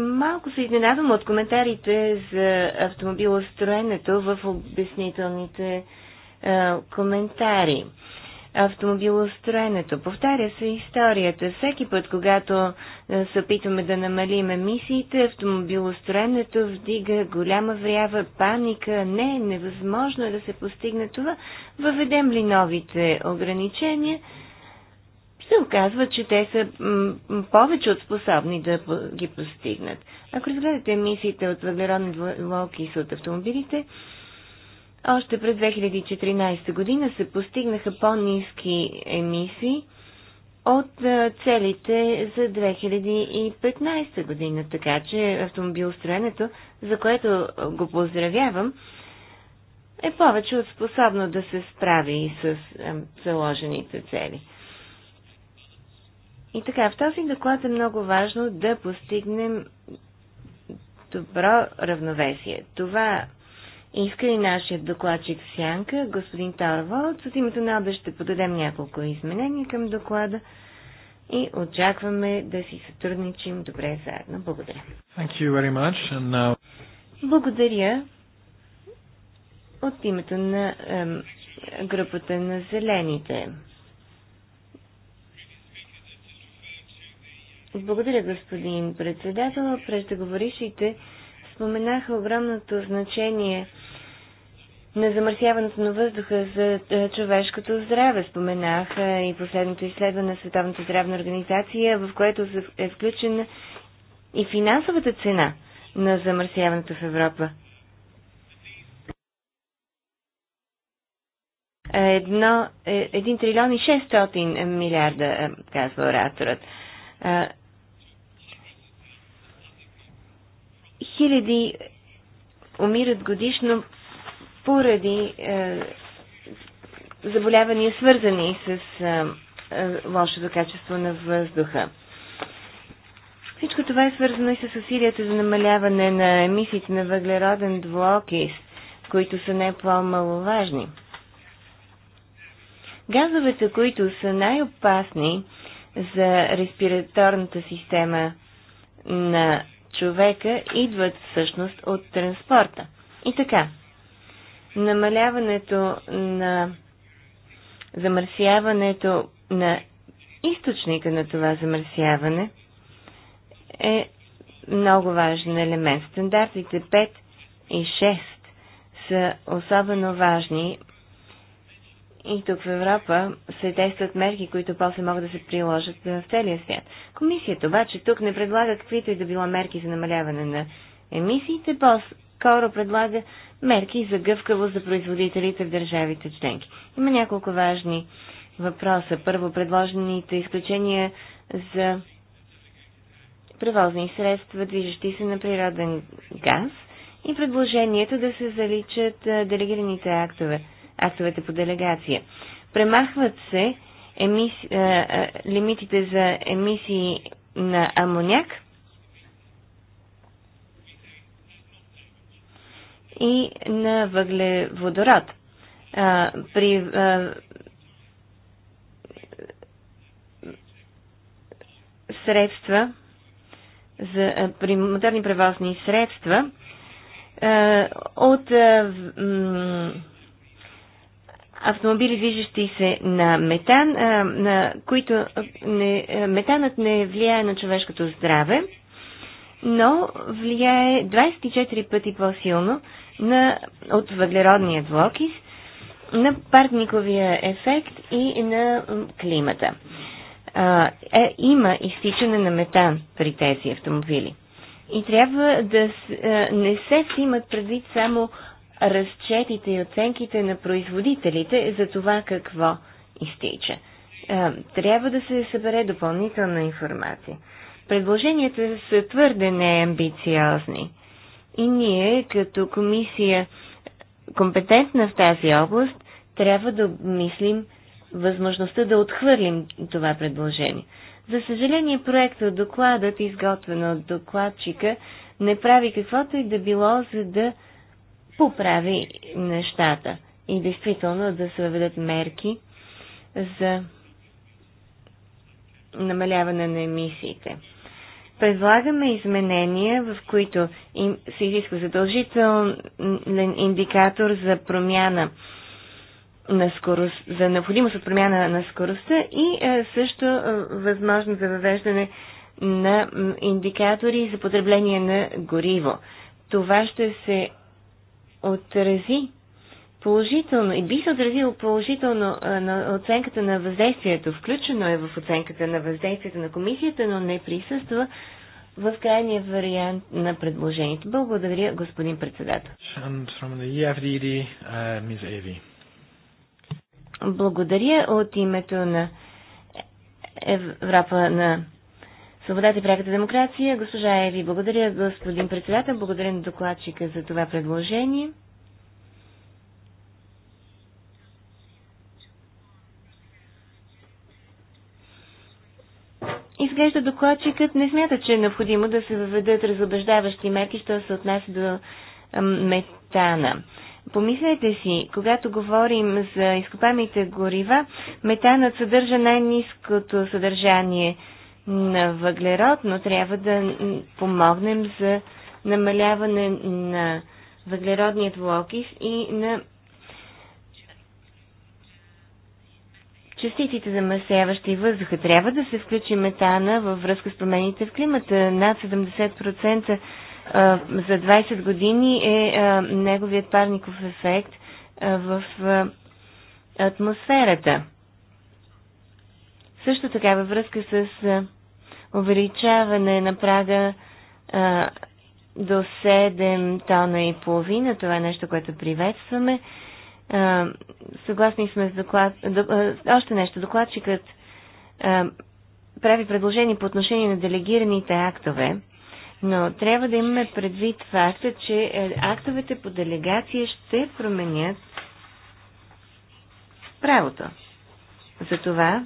малко се изненадвам от коментарите за автомобилостроенето в обяснителните е, коментари. Автомобилостроенето. Повтаря се историята. Всеки път, когато е, се опитваме да намалим емисиите, автомобилостроенето вдига голяма врява, паника. Не, невъзможно е да се постигне това. Въведем ли новите ограничения? се оказва, че те са повече от способни да ги постигнат. Ако разгледате емисиите от въглеродни двуокис от автомобилите, още през 2014 година се постигнаха по-низки емисии от целите за 2015 година. Така че автомобилостроенето, за което го поздравявам, е повече от способно да се справи и с заложените цели. И така, в този доклад е много важно да постигнем добро равновесие. Това иска и нашия докладчик Сянка, господин Торвалд. От името на обе ще подадем няколко изменения към доклада и очакваме да си сътрудничим добре заедно. Благодаря. Thank you very much. And now... Благодаря от името на ем, групата на зелените. Благодаря, господин председател. Преждеговорившите споменаха огромното значение на замърсяването на въздуха за е, човешкото здраве. Споменаха и последното изследване на Световната здравна организация, в което е включена и финансовата цена на замърсяването в Европа. Едно, е, един трилион и 600 милиарда, е, казва ораторът. Хиляди умират годишно поради е, заболявания, свързани с е, е, лошото качество на въздуха. Всичко това е свързано и с усилията за намаляване на емисиите на въглероден двуокис, които са не по-маловажни. Газовете, които са най-опасни за респираторната система на човека идват всъщност от транспорта. И така, намаляването на замърсяването на източника на това замърсяване е много важен елемент. Стандартите 5 и 6 са особено важни и тук в Европа се действат мерки, които после могат да се приложат в целия свят. Комисията обаче тук не предлага каквито и да било мерки за намаляване на емисиите, по-скоро предлага мерки за гъвкавост за производителите в държавите членки. Има няколко важни въпроса. Първо, предложените изключения за превозни средства, движещи се на природен газ и предложението да се заличат делегираните актове – актовете по делегация. Премахват се емис... а, е, а, е, лимитите за емисии на амоняк и на въглеводород. А, при а, средства, за, а, при моторни превозни средства, от автомобили, движещи се на метан, а, на които не, метанът не влияе на човешкото здраве, но влияе 24 пъти по-силно на, от въглеродния двуокис, на парниковия ефект и на климата. А, е, има изтичане на метан при тези автомобили. И трябва да не се взимат предвид само разчетите и оценките на производителите за това какво изтича. Е, трябва да се събере допълнителна информация. Предложенията са твърде неамбициозни. И ние, като комисия, компетентна в тази област, трябва да мислим възможността да отхвърлим това предложение. За съжаление, проектът докладът, изготвен от докладчика, не прави каквото и да било, за да поправи нещата и действително да се въведат мерки за намаляване на емисиите. Предлагаме изменения, в които им се изисква задължителен индикатор за промяна на скорост, за необходимост от промяна на скоростта и е, също е, възможно за въвеждане на индикатори за потребление на гориво. Това ще се отрази положително и би се отразило положително на оценката на въздействието. Включено е в оценката на въздействието на комисията, но не присъства в крайния вариант на предложението. Благодаря, господин председател. Благодаря от името на Европа на Свободата и пряката демокрация. Госпожа Еви, благодаря господин председател, благодаря на докладчика за това предложение. Изглежда докладчикът не смята, че е необходимо да се въведат разобеждаващи мерки, що се отнася до метана. Помислете си, когато говорим за изкопамите горива, метанът съдържа най-низкото съдържание на въглерод, но трябва да помогнем за намаляване на въглеродният влокис и на частиците замърсяващи въздуха. Трябва да се включи метана във връзка с промените в климата. Над 70% за 20 години е неговият парников ефект в атмосферата. Също така във връзка с увеличаване на прага а, до 7 тона и половина. Това е нещо, което приветстваме. А, съгласни сме с доклад... До, а, още нещо. Докладчикът а, прави предложение по отношение на делегираните актове, но трябва да имаме предвид факта, че е, актовете по делегация ще променят правото. Затова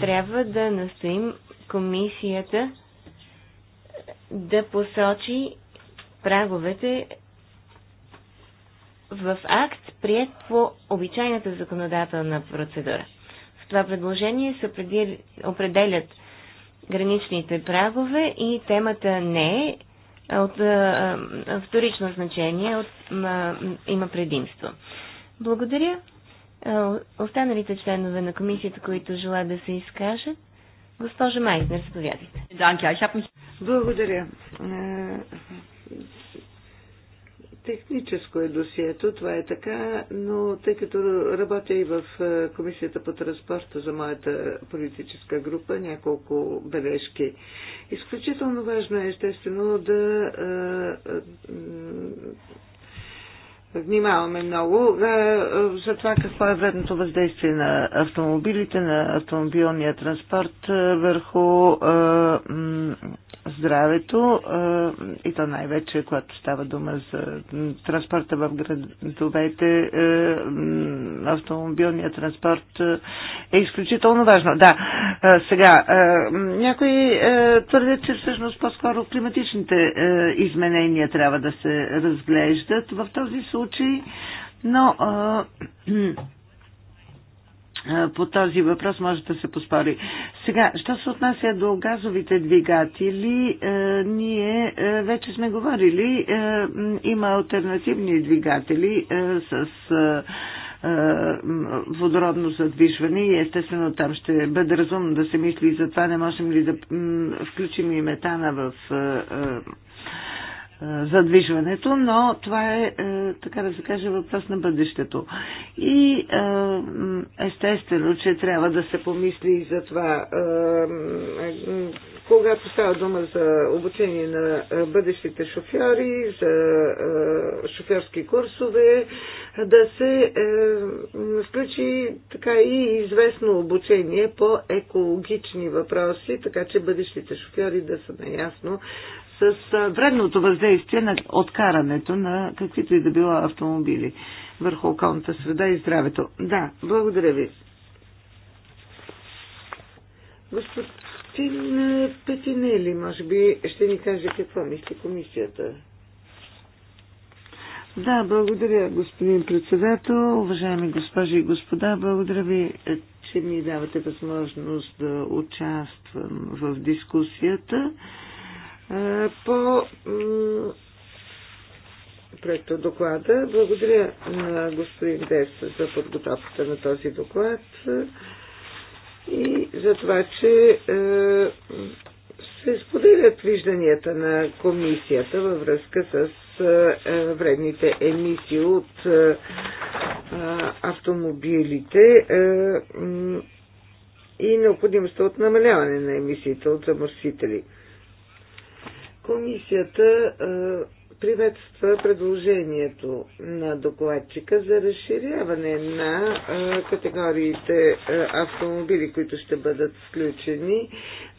трябва да настоим комисията да посочи праговете в акт, прият по обичайната законодателна процедура. В това предложение се определят граничните прагове и темата не е от а, вторично значение, от, а, има предимство. Благодаря. Останалите членове на комисията, които желаят да се изкажат, Госпожа Майснер, заповядайте. Благодаря. Е, техническо е досието, това е така, но тъй като работя и в е, Комисията по транспорта за моята политическа група, няколко бележки. Изключително важно е, естествено, да е, внимаваме много е, е, за това какво е вредното въздействие на автомобилите, на автомобилния транспорт е, върху здравето и то най-вече, когато става дума за транспорта в градовете, автомобилния транспорт е изключително важно. Да, сега, някои твърдят, че всъщност по-скоро климатичните изменения трябва да се разглеждат. В този случай случай, но *clears throat* а, по този въпрос може да се поспори. Сега, що се отнася до газовите двигатели, е, ние е, вече сме говорили, е, има альтернативни двигатели е, с е, водородно задвижване и естествено там ще бъде разумно да се мисли и за това не можем ли да включим и метана в е, задвижването, но това е, е, така да се каже, въпрос на бъдещето. И естествено, че трябва да се помисли и за това, когато става дума за обучение на бъдещите шофьори, за шофьорски курсове, да се е, включи така и известно обучение по екологични въпроси, така че бъдещите шофьори да са наясно с вредното въздействие на откарането на каквито и да било автомобили върху околната среда и здравето. Да, благодаря ви. Господин Петинели, може би ще ни каже какво мисли комисията. Да, благодаря, господин председател. Уважаеми госпожи и господа, благодаря ви, че ми давате възможност да участвам в дискусията по проекта доклада. Благодаря на господин Дес за подготовката на този доклад и за това, че е, се споделят вижданията на комисията във връзка с е, е, вредните емисии от автомобилите и необходимостта от намаляване на емисиите от замърсители. Комисията приветства предложението на докладчика за разширяване на категориите автомобили, които ще бъдат включени,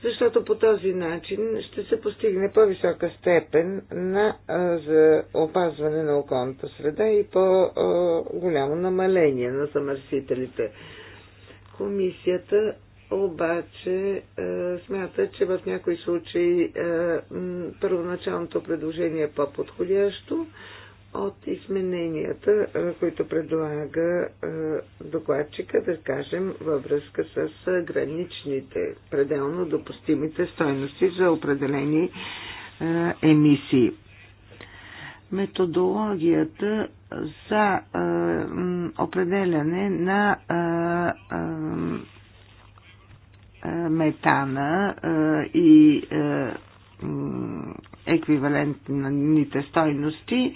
защото по този начин ще се постигне по-висока степен на, за опазване на околната среда и по-голямо намаление на замърсителите. Комисията обаче е, смята, че в някои случаи е, първоначалното предложение е по-подходящо от измененията, е, които предлага докладчика, да кажем, във връзка с граничните, пределно допустимите стойности за определени емисии. Методологията за определяне на е, метана е, и е, еквивалентните стойности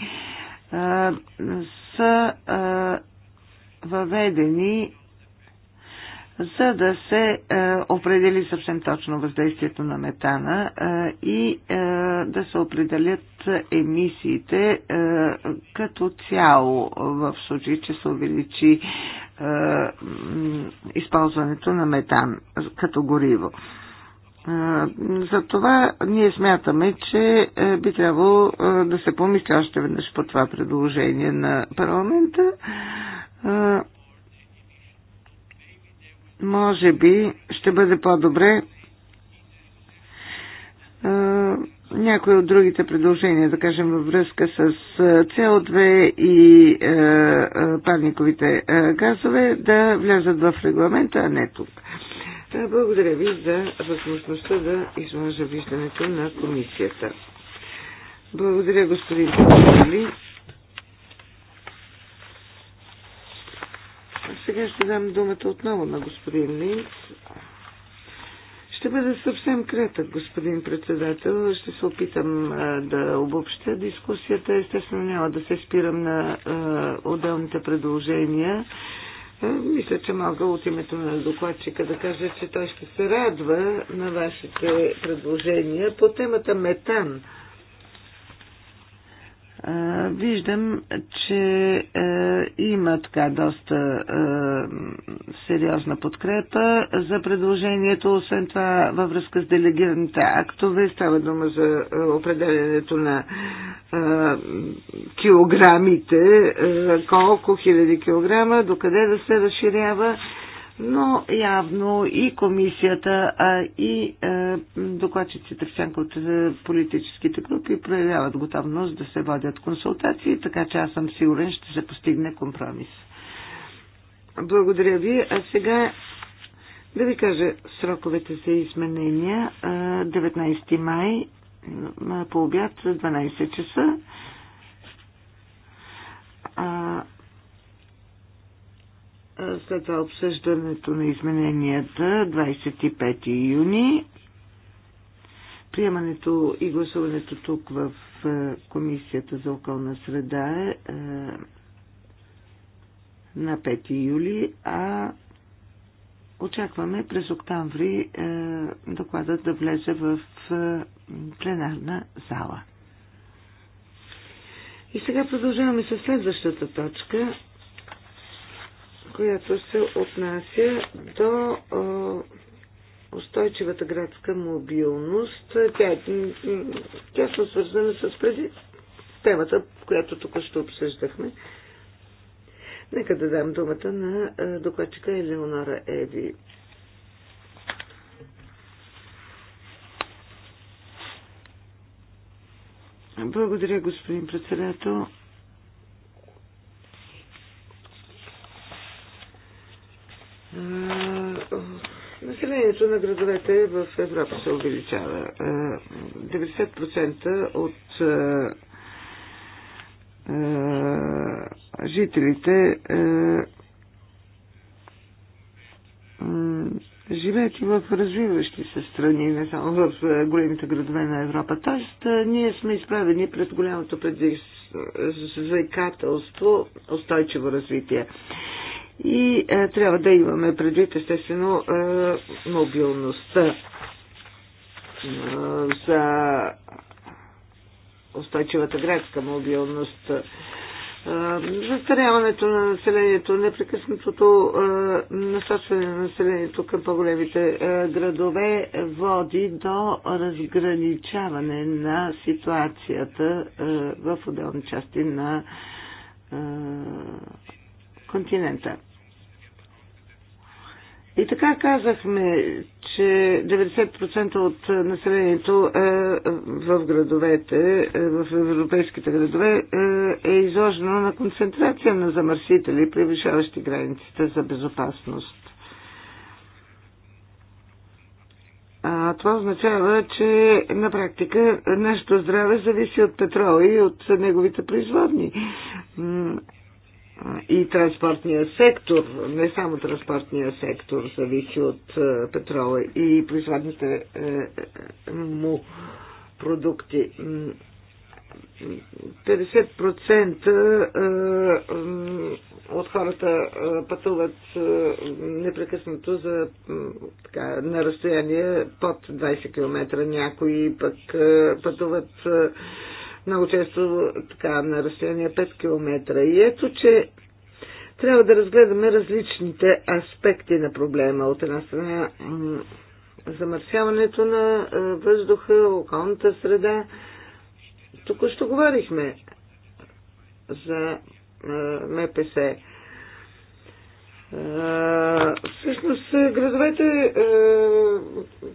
са въведени за да се е, определи съвсем точно въздействието на метана е, и е, да се определят емисиите е, като цяло в случай, че се увеличи е, използването на метан като гориво. Е, Затова ние смятаме, че е, би трябвало да се помисля още веднъж по това предложение на парламента. Може би ще бъде по-добре някои от другите предложения, да кажем във връзка с CO2 и е, е, парниковите е, газове, да влязат в регламента, а не тук. Да, благодаря ви за възможността да изложа виждането на комисията. Благодаря, господин Павли. Сега ще дам думата отново на господин Линц. Ще бъда съвсем кратък, господин председател. Ще се опитам а, да обобща дискусията. Естествено няма да се спирам на а, отделните предложения. А, мисля, че мога от името на докладчика да кажа, че той ще се радва на вашите предложения по темата метан виждам, че е, има така доста е, сериозна подкрепа за предложението. Освен това, във връзка с делегираните актове, става дума за е, определенето на е, килограмите, е, колко хиляди килограма, докъде да се разширява. Но явно и комисията, а и е, докладчиците в сянката от политическите групи проявяват готовност да се водят консултации, така че аз съм сигурен, ще се постигне компромис. Благодаря ви. А сега да ви кажа сроковете за изменения. 19 май по обяд 12 часа. След това обсъждането на измененията 25 юни Приемането и гласуването тук в е, Комисията за околна среда е, е на 5 юли, а очакваме през октомври е, докладът да влезе в пленарна зала. И сега продължаваме с следващата точка, която се отнася до устойчивата градска мобилност. Тя е тясно свързана с преди темата, която тук ще обсъждахме. Нека да дам думата на е, докладчика Елеонора Еви. Благодаря, господин председател. Е, Населението на градовете в Европа се увеличава. 90% е, от е, е, жителите живеят и в развиващи се страни, не само в големите градове на Европа. Тоест, ние сме изправени пред голямото предизвикателство устойчиво развитие и е, трябва да имаме предвид естествено е, мобилността е, за устойчивата градска мобилност. Е, застаряването на населението, непрекъснатото е, насочване на населението към по-големите е, градове води до разграничаване на ситуацията е, в отделни части на е, континента. И така казахме, че 90% от населението е, е, в градовете, е, в европейските градове е изложено на концентрация на замърсители, превишаващи границите за безопасност. А, това означава, че на практика нашето здраве зависи от петрола и от неговите производни и транспортния сектор, не само транспортния сектор, зависи от е, петрола и производните е, е, му продукти. 50% от хората пътуват непрекъснато за, така, на разстояние под 20 км. Някои пък пътуват много често така на разстояние 5 км. И ето, че трябва да разгледаме различните аспекти на проблема. От една страна замърсяването на въздуха, околната среда. Тук още говорихме за МПС. Всъщност градовете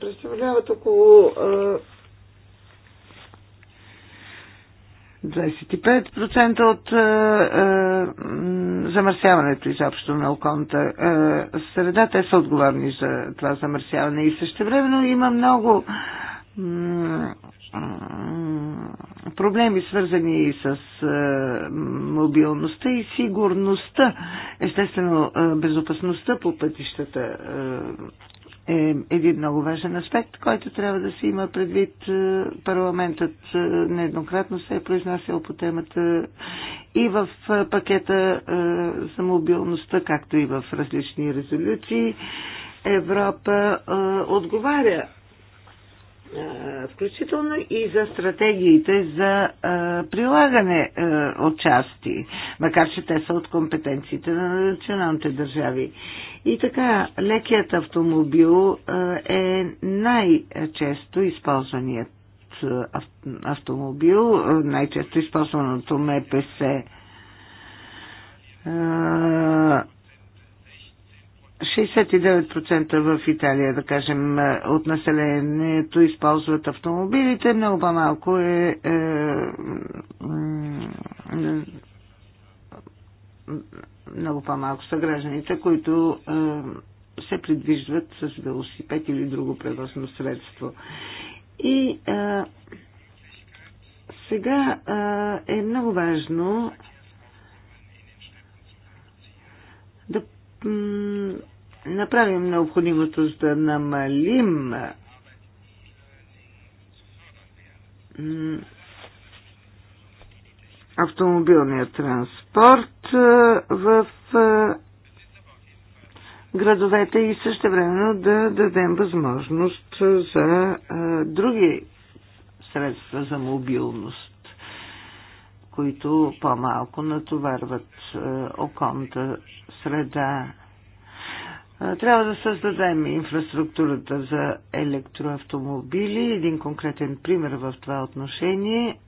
представляват около 25% от е, е, замърсяването изобщо на околната е, среда. Те са отговорни за това замърсяване. И същевременно има много проблеми, свързани и с е, мобилността и сигурността, естествено е, безопасността по пътищата е, е един много важен аспект, който трябва да се има предвид. Е, парламентът е, нееднократно се е произнасял по темата и в е, пакета за мобилността, както и в различни резолюции. Европа отговаря включително и за стратегиите за прилагане от части, макар че те са от компетенциите на националните държави. И така, лекият автомобил е най-често използваният автомобил, най-често използваното МПС 69% в Италия, да кажем, е, от населението използват автомобилите, много по малко е, е, е много по-малко са гражданите, които е, се придвижват с велосипед или друго превозно средство. И е, сега е, е много важно направим необходимото, за да намалим автомобилния транспорт е, в е, градовете и също времено да дадем възможност за е, други средства за мобилност които по-малко натоварват е, околната среда. Е, трябва да създадем инфраструктурата за електроавтомобили. Един конкретен пример в това отношение.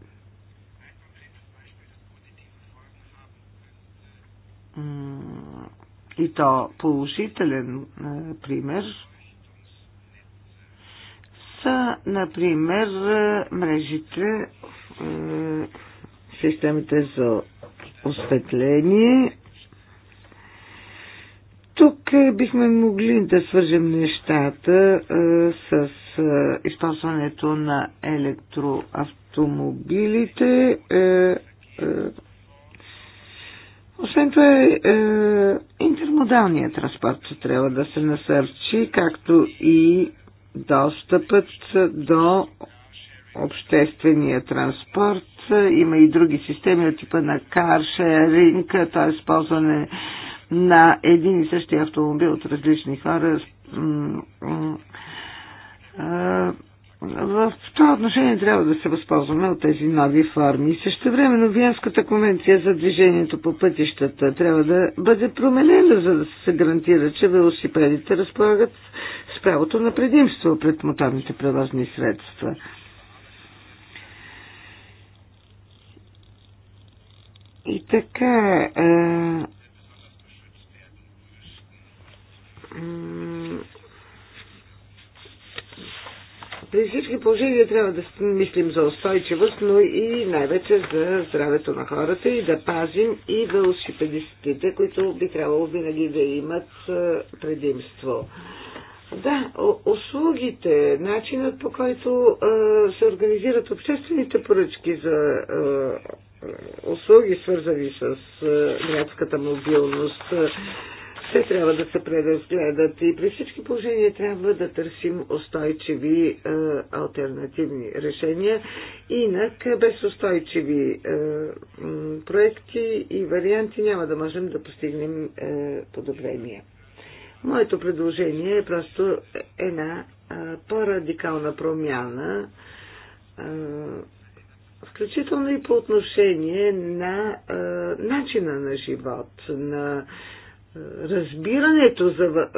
И то положителен е, пример са, например, мрежите системите за осветление. Тук е, бихме могли да свържем нещата е, с е, използването на електроавтомобилите. Освен това, е, интермодалният транспорт трябва да се насърчи, както и достъпът до обществения транспорт. Има и други системи от типа на каршеринг, т.е. ползване на един и същи автомобил от различни хора. В това отношение трябва да се възползваме от тези нови форми. Също времено Виенската конвенция за движението по пътищата трябва да бъде променена, за да се гарантира, че велосипедите разполагат с правото на предимство пред моторните превозни средства. И така, при всички положения трябва да мислим за устойчивост, но и най-вече за здравето на хората и да пазим и велосипедистите, които би трябвало винаги да имат предимство. Да, услугите, начинът по който се организират обществените поръчки за услуги, свързани с е, градската мобилност, е, те трябва да се преразгледат и при всички положения трябва да търсим устойчиви е, альтернативни решения. Инак е, без устойчиви е, проекти и варианти няма да можем да постигнем е, подобрение. Моето предложение е просто една е, по-радикална промяна е, включително и по отношение на а, начина на живот, на а, разбирането за а,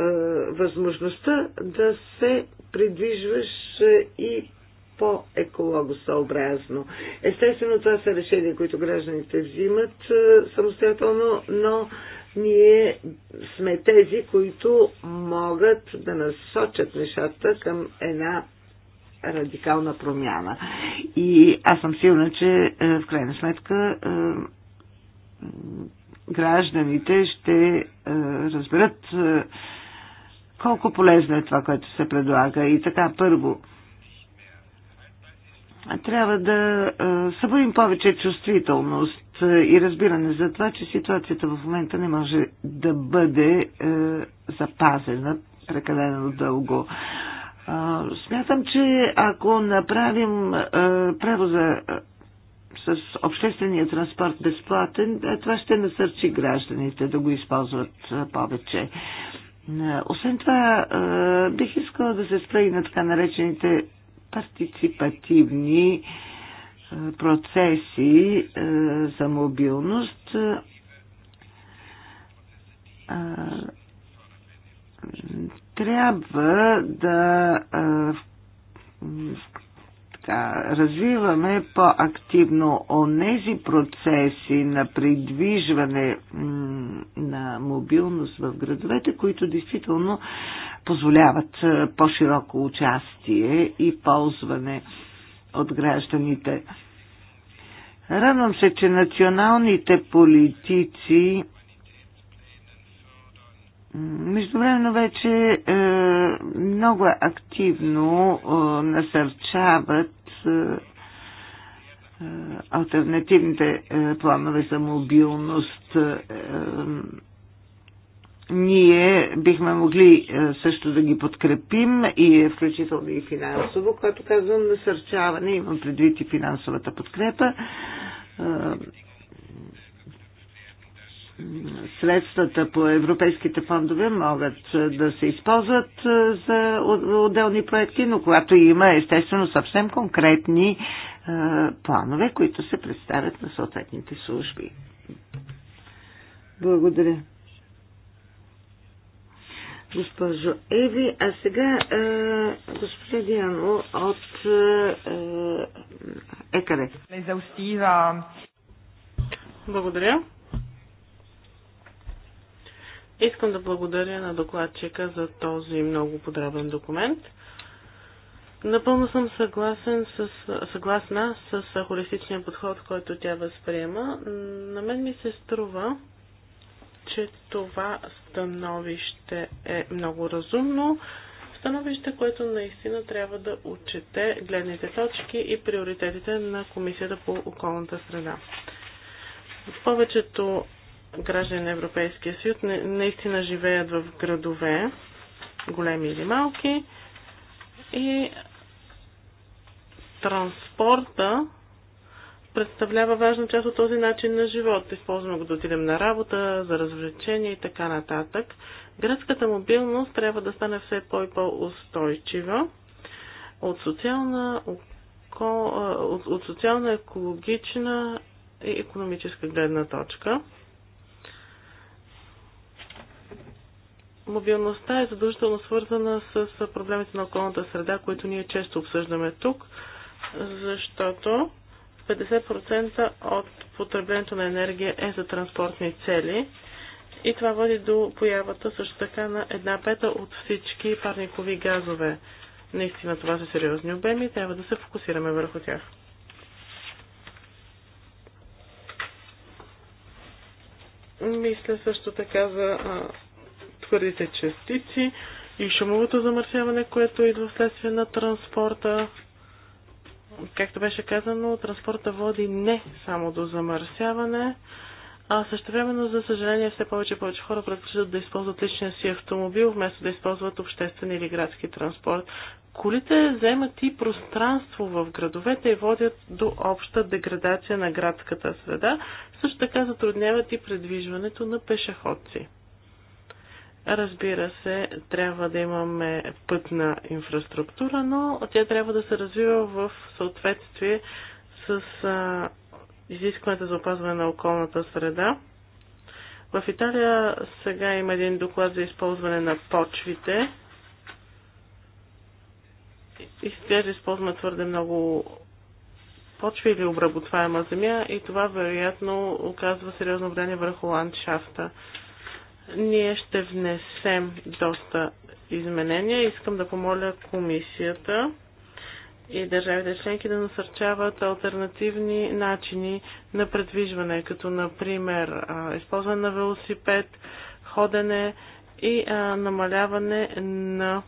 възможността да се придвижваш и по-екологосъобразно. Естествено, това са решения, които гражданите взимат самостоятелно, но ние сме тези, които могат да насочат нещата към една радикална промяна. И аз съм сигурна, че е, в крайна сметка е, гражданите ще е, разберат колко полезно е това, което се предлага. И така, първо, трябва да събудим повече чувствителност и разбиране за това, че ситуацията в момента не може да бъде запазена прекалено дълго. Смятам, че ако направим превоза с обществения транспорт безплатен, е, това ще насърчи гражданите да го използват повече. Освен това, бих искала да се спра и на така наречените партиципативни процеси за мобилност трябва да а, така, развиваме по-активно онези процеси на придвижване на мобилност в градовете, които действително позволяват по-широко участие и ползване от гражданите. Радвам се, че националните политици Междувременно вече е, много е активно е, насърчават е, е альтернативните е, планове за мобилност. Е, е, ние бихме могли е, също да ги подкрепим и включително и финансово, което казвам насърчаване, имам предвид и финансовата подкрепа. Е, средствата по европейските фондове могат да се използват за отделни проекти, но когато има естествено съвсем конкретни планове, които се представят на съответните служби. Благодаря. Госпожо Еви, а сега е, госпожа Диано от е, Екаре. Благодаря. Искам да благодаря на докладчика за този много подробен документ. Напълно съм съгласен с, съгласна с холистичния подход, който тя възприема. На мен ми се струва, че това становище е много разумно. Становище, което наистина трябва да отчете гледните точки и приоритетите на Комисията по околната среда. В повечето граждани на Европейския съюз наистина живеят в градове, големи или малки, и транспорта представлява важна част от този начин на живот. Използваме го да отидем на работа, за развлечение и така нататък. Градската мобилност трябва да стане все по- и по-устойчива от социална, от, от социална, екологична и економическа гледна точка. Мобилността е задължително свързана с проблемите на околната среда, които ние често обсъждаме тук, защото 50% от потреблението на енергия е за транспортни цели и това води до появата също така на една пета от всички парникови газове. Наистина това са сериозни обеми и трябва да се фокусираме върху тях. Мисля също така за твърдите частици и шумовото замърсяване, което идва вследствие на транспорта. Както беше казано, транспорта води не само до замърсяване, а също времено, за съжаление, все повече и повече хора предпочитат да използват личния си автомобил, вместо да използват обществен или градски транспорт. Колите вземат и пространство в градовете и водят до обща деградация на градската среда, също така затрудняват и предвижването на пешеходци. Разбира се, трябва да имаме пътна инфраструктура, но тя трябва да се развива в съответствие с а, изискването за опазване на околната среда. В Италия сега има един доклад за използване на почвите. Изглежда използваме твърде много почва или обработваема земя и това вероятно оказва сериозно влияние върху ландшафта. Ние ще внесем доста изменения. Искам да помоля комисията и държавите членки да насърчават альтернативни начини на предвижване, като например използване на велосипед, ходене и намаляване на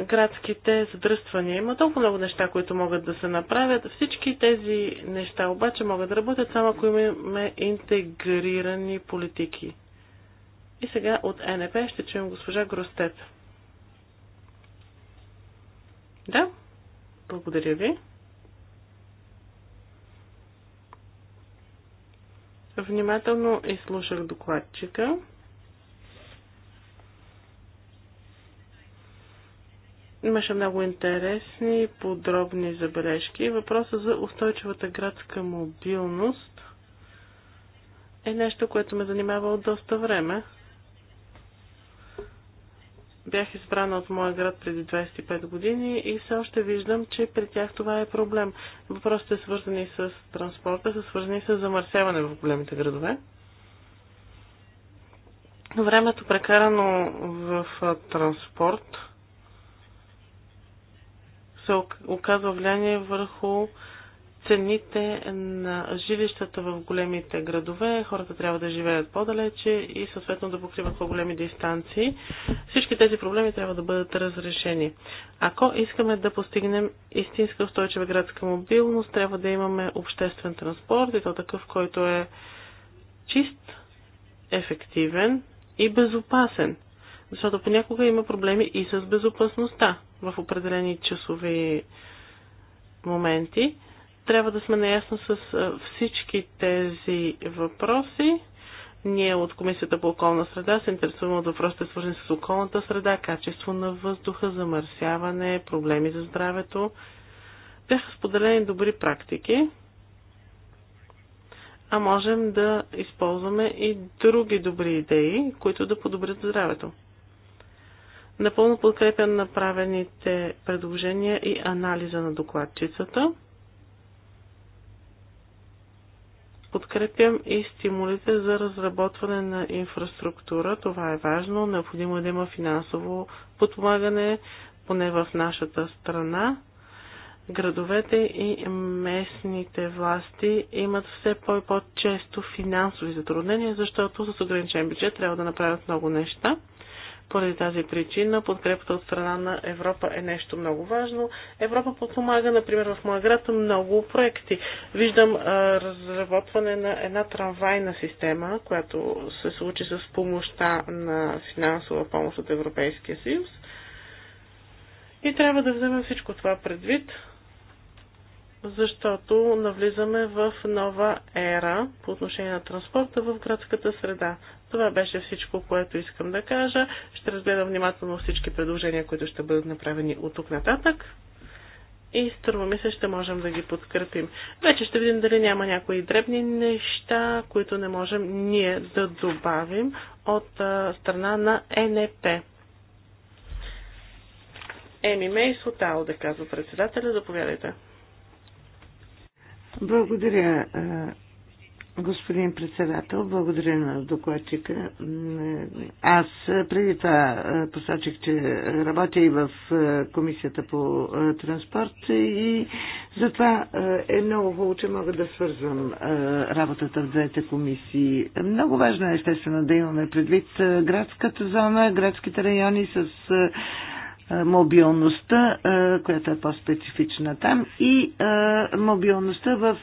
градските задръствания. Има толкова много неща, които могат да се направят. Всички тези неща обаче могат да работят само ако имаме интегрирани политики. И сега от НП ще чуем госпожа Гростет. Да, благодаря ви. Внимателно изслушах докладчика. Имаше много интересни, подробни забележки. Въпросът за устойчивата градска мобилност е нещо, което ме занимава от доста време. Бях избрана от моя град преди 25 години и все още виждам, че при тях това е проблем. Въпросите свързани с транспорта са свързани с замърсяване в големите градове. Времето прекарано в транспорт се оказва влияние върху цените на жилищата в големите градове. Хората трябва да живеят по-далече и съответно да покриват по-големи дистанции. Всички тези проблеми трябва да бъдат разрешени. Ако искаме да постигнем истинска устойчива градска мобилност, трябва да имаме обществен транспорт и то такъв, който е чист, ефективен и безопасен. Защото понякога има проблеми и с безопасността в определени часови моменти. Трябва да сме наясно с всички тези въпроси. Ние от Комисията по околна среда се интересуваме от въпросите свързани с околната среда, качество на въздуха, замърсяване, проблеми за здравето. Бяха споделени добри практики, а можем да използваме и други добри идеи, които да подобрят здравето. Напълно подкрепям направените предложения и анализа на докладчицата. Подкрепям и стимулите за разработване на инфраструктура. Това е важно. Необходимо е да има финансово подпомагане, поне в нашата страна. Градовете и местните власти имат все по- по-често финансови затруднения, защото с ограничен бюджет трябва да направят много неща. Поради тази причина подкрепата от страна на Европа е нещо много важно. Европа подпомага, например, в моя град много проекти. Виждам а, разработване на една трамвайна система, която се случи с помощта на финансова помощ от Европейския съюз. И трябва да вземем всичко това предвид, защото навлизаме в нова ера по отношение на транспорта в градската среда. Това беше всичко, което искам да кажа. Ще разгледам внимателно всички предложения, които ще бъдат направени от тук нататък. И струва ми се, ще можем да ги подкрепим. Вече ще видим дали няма някои дребни неща, които не можем ние да добавим от страна на НП. Еми Мейс от да казва председателя. Заповядайте. Благодаря, Господин председател, благодаря на докладчика. Аз преди това посочих, че работя и в е, комисията по е, транспорт и затова е, е много хубаво, че мога да свързвам работата в двете комисии. Много важно е естествено да имаме предвид градската зона, градските райони с мобилността, която е по-специфична там и мобилността в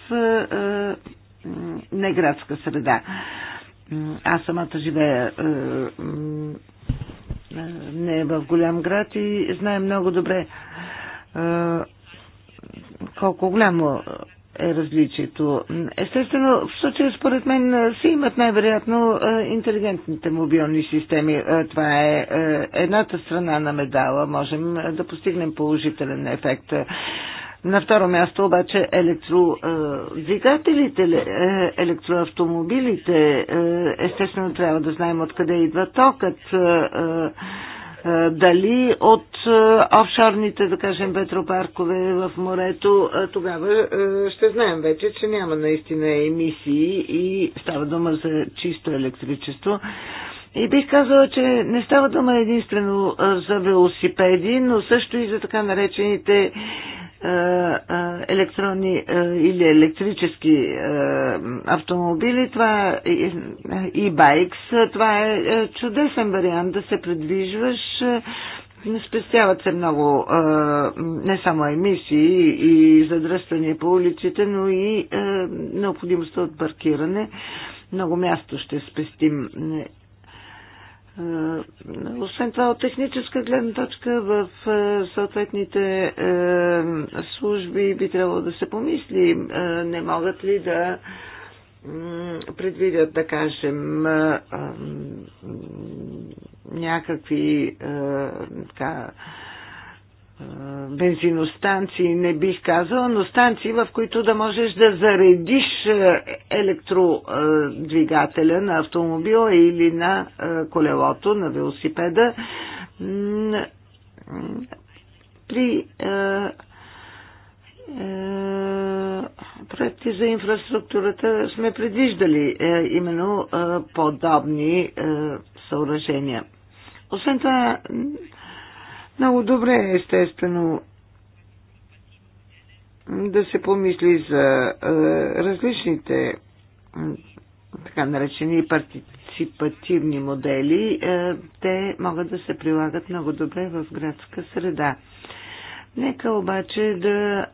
не градска среда. Аз самата живея е, не в голям град и знае много добре е, колко голямо е различието. Естествено, в случая според мен си имат най-вероятно е, интелигентните мобилни системи. Това е едната страна на медала. Можем да постигнем положителен ефект. На второ място обаче електродвигателите, е, електроавтомобилите, е, естествено трябва да знаем откъде идва токът е, дали от офшорните, да кажем, ветропаркове в морето, тогава ще знаем вече, че няма наистина емисии и става дума за чисто електричество. И бих казала, че не става дума единствено за велосипеди, но също и за така наречените електронни или електрически автомобили, това и байкс, това е, е чудесен вариант да се придвижваш. Спестяват се много не само емисии и задръстване по улиците, но и е, необходимостта от паркиране. Много място ще спестим е, е, освен това, от техническа гледна точка в е, съответните е, служби би трябвало да се помисли, не могат ли да предвидят, да кажем, някакви така, е, бензиностанции, не бих казала, но станции, в които да можеш да заредиш е, електродвигателя на автомобила или на е, колелото, на велосипеда. При проекти за инфраструктурата сме предвиждали именно подобни съоръжения. Освен това, много добре, естествено, да се помисли за е, различните така наречени партиципативни модели. Е, те могат да се прилагат много добре в градска среда. Нека обаче да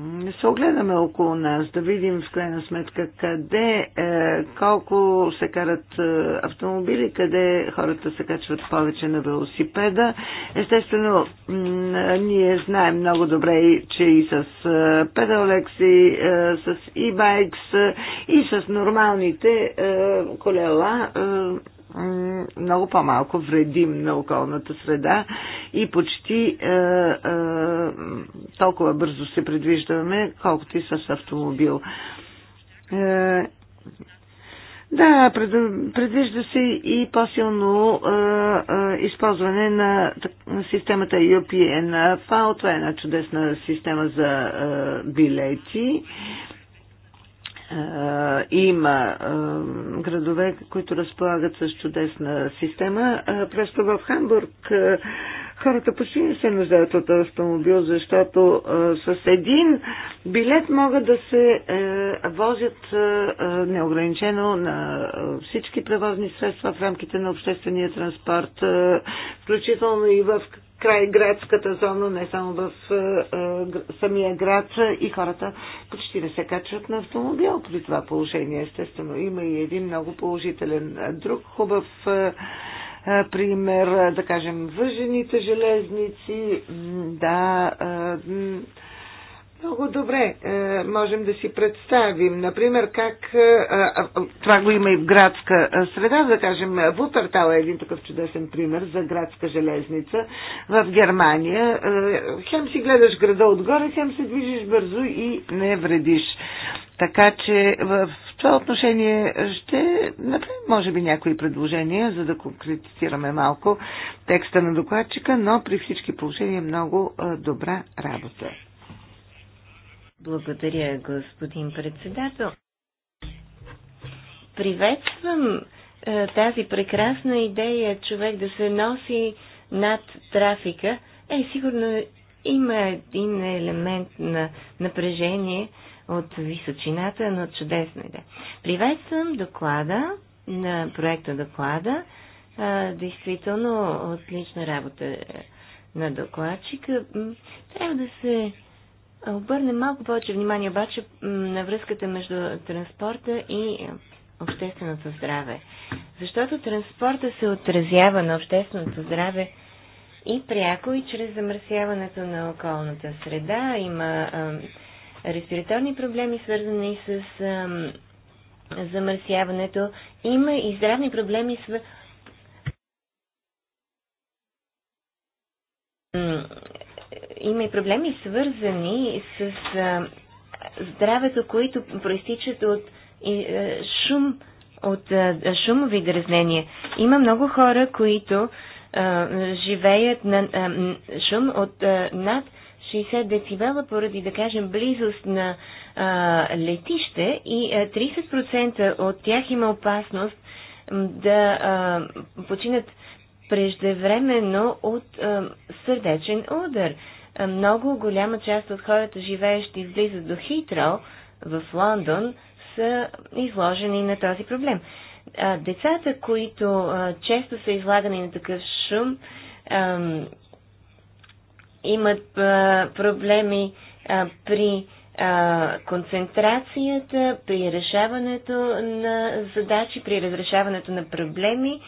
не се огледаме около нас, да видим в крайна сметка къде, е, колко се карат е, автомобили, къде хората се качват повече на велосипеда. Естествено, ние знаем много добре, че и с е, педалекси, е, с e-bikes, е, и с нормалните е, колела. Е, много по-малко вредим на околната среда и почти е, е, толкова бързо се предвиждаме, колкото и с автомобил. Е, да, пред, предвижда се и по-силно е, е, използване на, на системата UPN. Това е една чудесна система за е, билети. Е, е, има е, градове, които разполагат с чудесна система. Е, просто в Хамбург хората почти не се нуждаят от автомобил, защото с един билет могат да се возят неограничено на всички превозни средства в рамките на обществения транспорт, включително и в край градската зона, не само в е, е, самия град е, и хората почти не се качват на автомобил при това положение, естествено. Има и един много положителен друг хубав пример, да кажем, въжените железници, да, много добре е, можем да си представим, например, как е, това го има и в градска е, среда, да кажем, Вупертал е един такъв чудесен пример за градска железница в Германия. Е, хем си гледаш града отгоре, хем се движиш бързо и не вредиш. Така че в това отношение ще направим, може би, някои предложения, за да конкретизираме малко текста на докладчика, но при всички положения много е, добра работа. Благодаря, господин председател. Приветствам е, тази прекрасна идея човек да се носи над трафика. Е, сигурно има един елемент на напрежение от височината, но чудесна е, идея. Приветствам доклада, на проекта доклада. Е, действително отлична работа е, на докладчика. Трябва да се обърнем малко повече внимание обаче на връзката между транспорта и е, общественото здраве. Защото транспорта се отразява на общественото здраве и пряко, и чрез замърсяването на околната среда. Има а, е, респираторни проблеми, свързани с а, е, замърсяването. Има и здравни проблеми, с има и проблеми свързани с здравето, които проистичат от шум, от шумови дразнения. Има много хора, които живеят на шум от над 60 децибела поради, да кажем, близост на а, летище и 30% от тях има опасност да а, починат преждевременно от а, сърдечен удар много голяма част от хората, живеещи близо до Хитро в Лондон, са изложени на този проблем. Децата, които често са излагани на такъв шум, имат проблеми при концентрацията, при решаването на задачи, при разрешаването на проблеми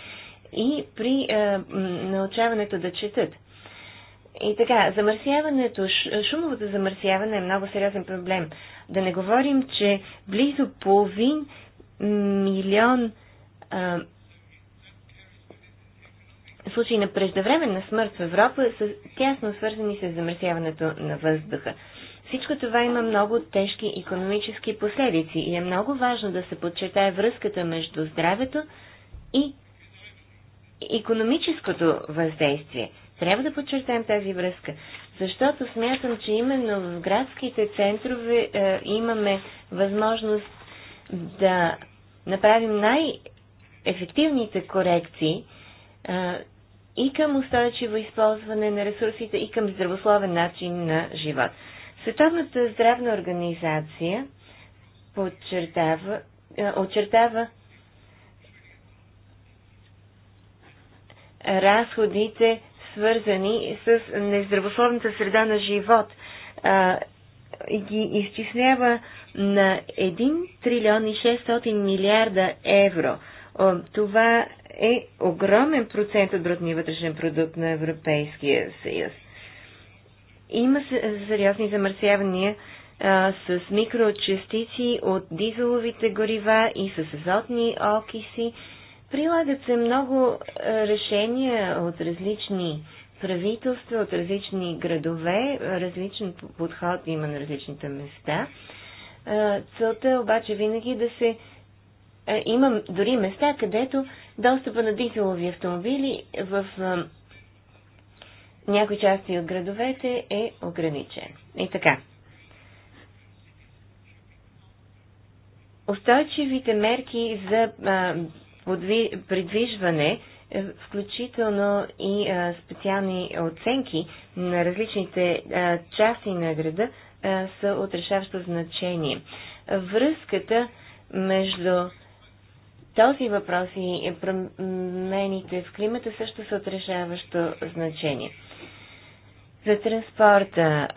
и при научаването да четат. И така, замърсяването, шумовото замърсяване е много сериозен проблем. Да не говорим, че близо половин милион а, случаи на преждевременна смърт в Европа са тясно свързани с замърсяването на въздуха. Всичко това има много тежки економически последици и е много важно да се подчертае връзката между здравето и економическото въздействие – трябва да подчертаем тази връзка, защото смятам, че именно в градските центрове е, имаме възможност да направим най-ефективните корекции е, и към устойчиво използване на ресурсите, и към здравословен начин на живот. Световната здравна организация подчертава, е, очертава разходите свързани с нездравословната среда на живот а, и ги изчислява на 1 трилион и 600 милиарда евро. А, това е огромен процент от брутния вътрешен продукт на Европейския съюз. Има сериозни замърсявания а, с микрочастици от дизеловите горива и с азотни окиси Прилагат се много е, решения от различни правителства, от различни градове, различен подход има на различните места. Е, целта е обаче винаги е да се... Има дори места, където достъпа на дизелови автомобили в някои части от градовете е ограничен. И така. Устойчивите мерки за придвижване, е, включително и е, специални оценки на различните е, части на града са от решаващо значение. Връзката между този въпрос и промените в климата също са от решаващо значение. За транспорта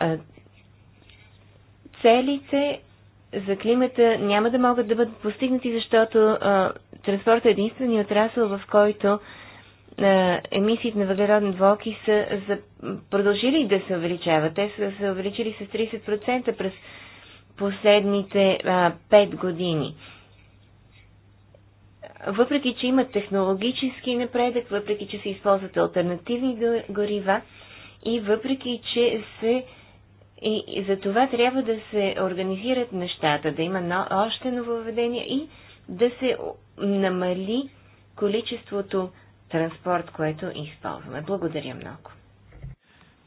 целите за климата няма да могат да бъдат постигнати, защото транспорта е единствения отрасъл, в който е, емисиите на въглеродни двуокис са за, продължили да се увеличават. Те са се увеличили с 30% през последните а, 5 години. Въпреки, че има технологически напредък, въпреки, че се използват альтернативни горива и въпреки, че се и за това трябва да се организират нещата, да има още нововведения и да се намали количеството транспорт, което използваме. Благодаря много.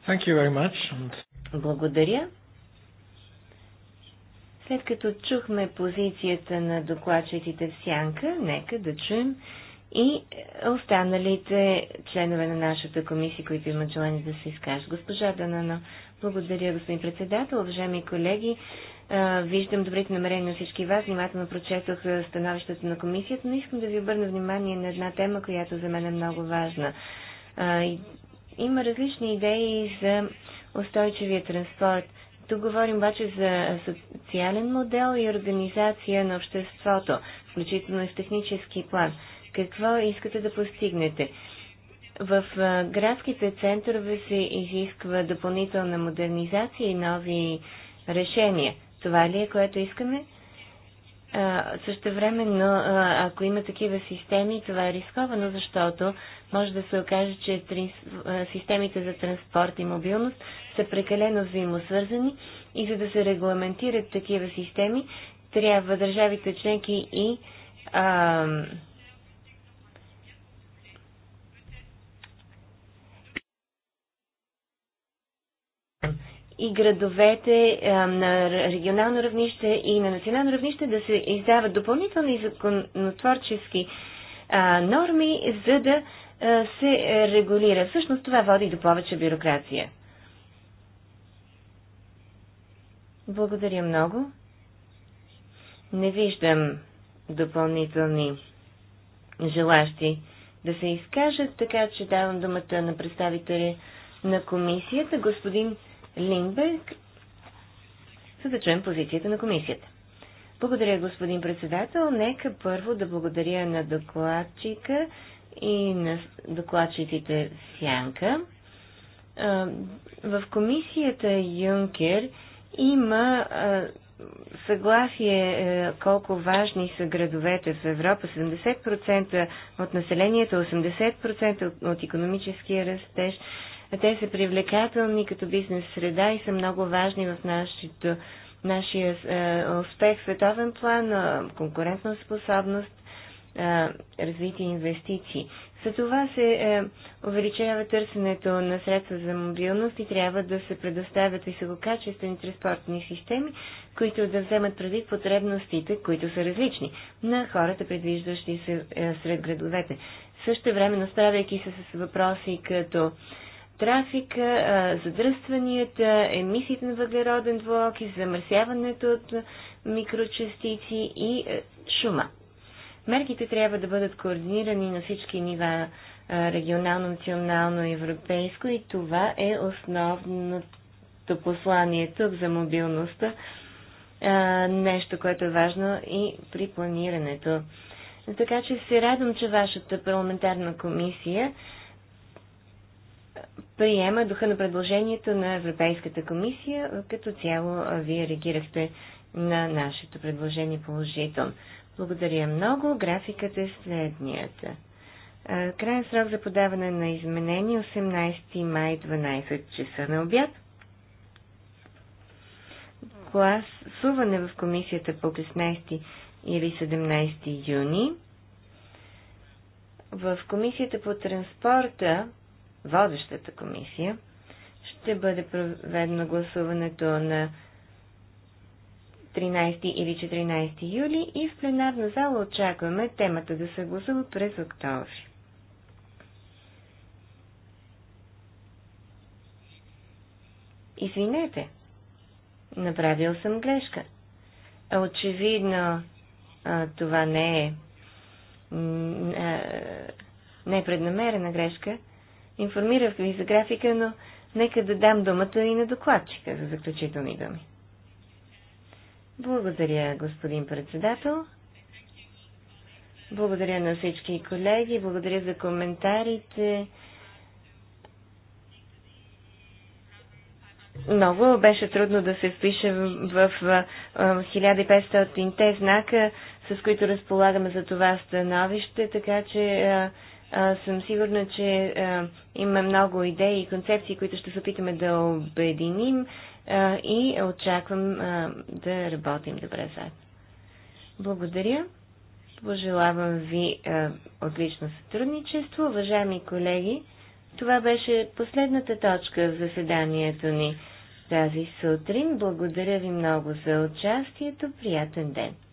Thank you very much. Благодаря. След като чухме позицията на докладчетите в Сянка, нека да чуем и останалите членове на нашата комисия, които имат желание да се изкажат. Госпожа Данана, благодаря, господин председател, уважаеми колеги. Виждам добрите намерения на всички вас. Внимателно прочетох становището на комисията, но искам да ви обърна внимание на една тема, която за мен е много важна. Има различни идеи за устойчивия транспорт. Тук говорим обаче за социален модел и организация на обществото, включително и в технически план. Какво искате да постигнете? В градските центрове се изисква допълнителна модернизация и нови решения – това ли е, което искаме? Също време, но ако има такива системи, това е рисковано, защото може да се окаже, че системите за транспорт и мобилност са прекалено взаимосвързани и за да се регламентират такива системи, трябва държавите членки и а, и градовете е, на регионално равнище и на национално равнище да се издават допълнителни законотворчески норми, за да е, се регулира. Всъщност това води до повече бюрокрация. Благодаря много. Не виждам допълнителни желащи да се изкажат, така че давам думата на представители на комисията, господин Линдберг, за да чуем позицията на комисията. Благодаря, господин председател. Нека първо да благодаря на докладчика и на докладчиците Сянка. В комисията Юнкер има съгласие е, колко важни са градовете в Европа. 70% от населението, 80% от економическия растеж, те са привлекателни като бизнес среда и са много важни в нашето, нашия е, успех в световен план, е, конкурентна способност, е, развитие инвестиции. За това се е, увеличава търсенето на средства за мобилност и трябва да се предоставят висококачествени транспортни системи, които да вземат предвид потребностите, които са различни на хората, предвиждащи се е, сред градовете. Също времено, справяйки се с въпроси като трафика, задръстванията, емисиите на въглероден двуокис, замърсяването от микрочастици и шума. Мерките трябва да бъдат координирани на всички нива регионално, национално, европейско и това е основното послание тук за мобилността, нещо, което е важно и при планирането. Така че се радвам, че вашата парламентарна комисия приема духа на предложението на Европейската комисия. Като цяло, вие реагирахте на нашето предложение положително. Благодаря много. Графикът е следният. Крайен срок за подаване на изменения 18 е май 12 часа на обяд. Гласуване в комисията по 16 или 17 юни. В комисията по транспорта водещата комисия, ще бъде проведено гласуването на 13 или 14 юли и в пленарна зала очакваме темата да се гласува през октомври. Извинете, направил съм грешка. Очевидно, това не е не е преднамерена грешка. Информирах ви за графика, но нека да дам думата и на докладчика за заключителни думи. Благодаря, господин председател. Благодаря на всички колеги, благодаря за коментарите. Много беше трудно да се впише в 1500-те знака, с които разполагаме за това становище, така че съм сигурна, че има много идеи и концепции, които ще се опитаме да обединим и очаквам да работим добре заедно. Благодаря. Пожелавам ви отлично сътрудничество. Уважаеми колеги, това беше последната точка в заседанието ни тази сутрин. Благодаря ви много за участието. Приятен ден!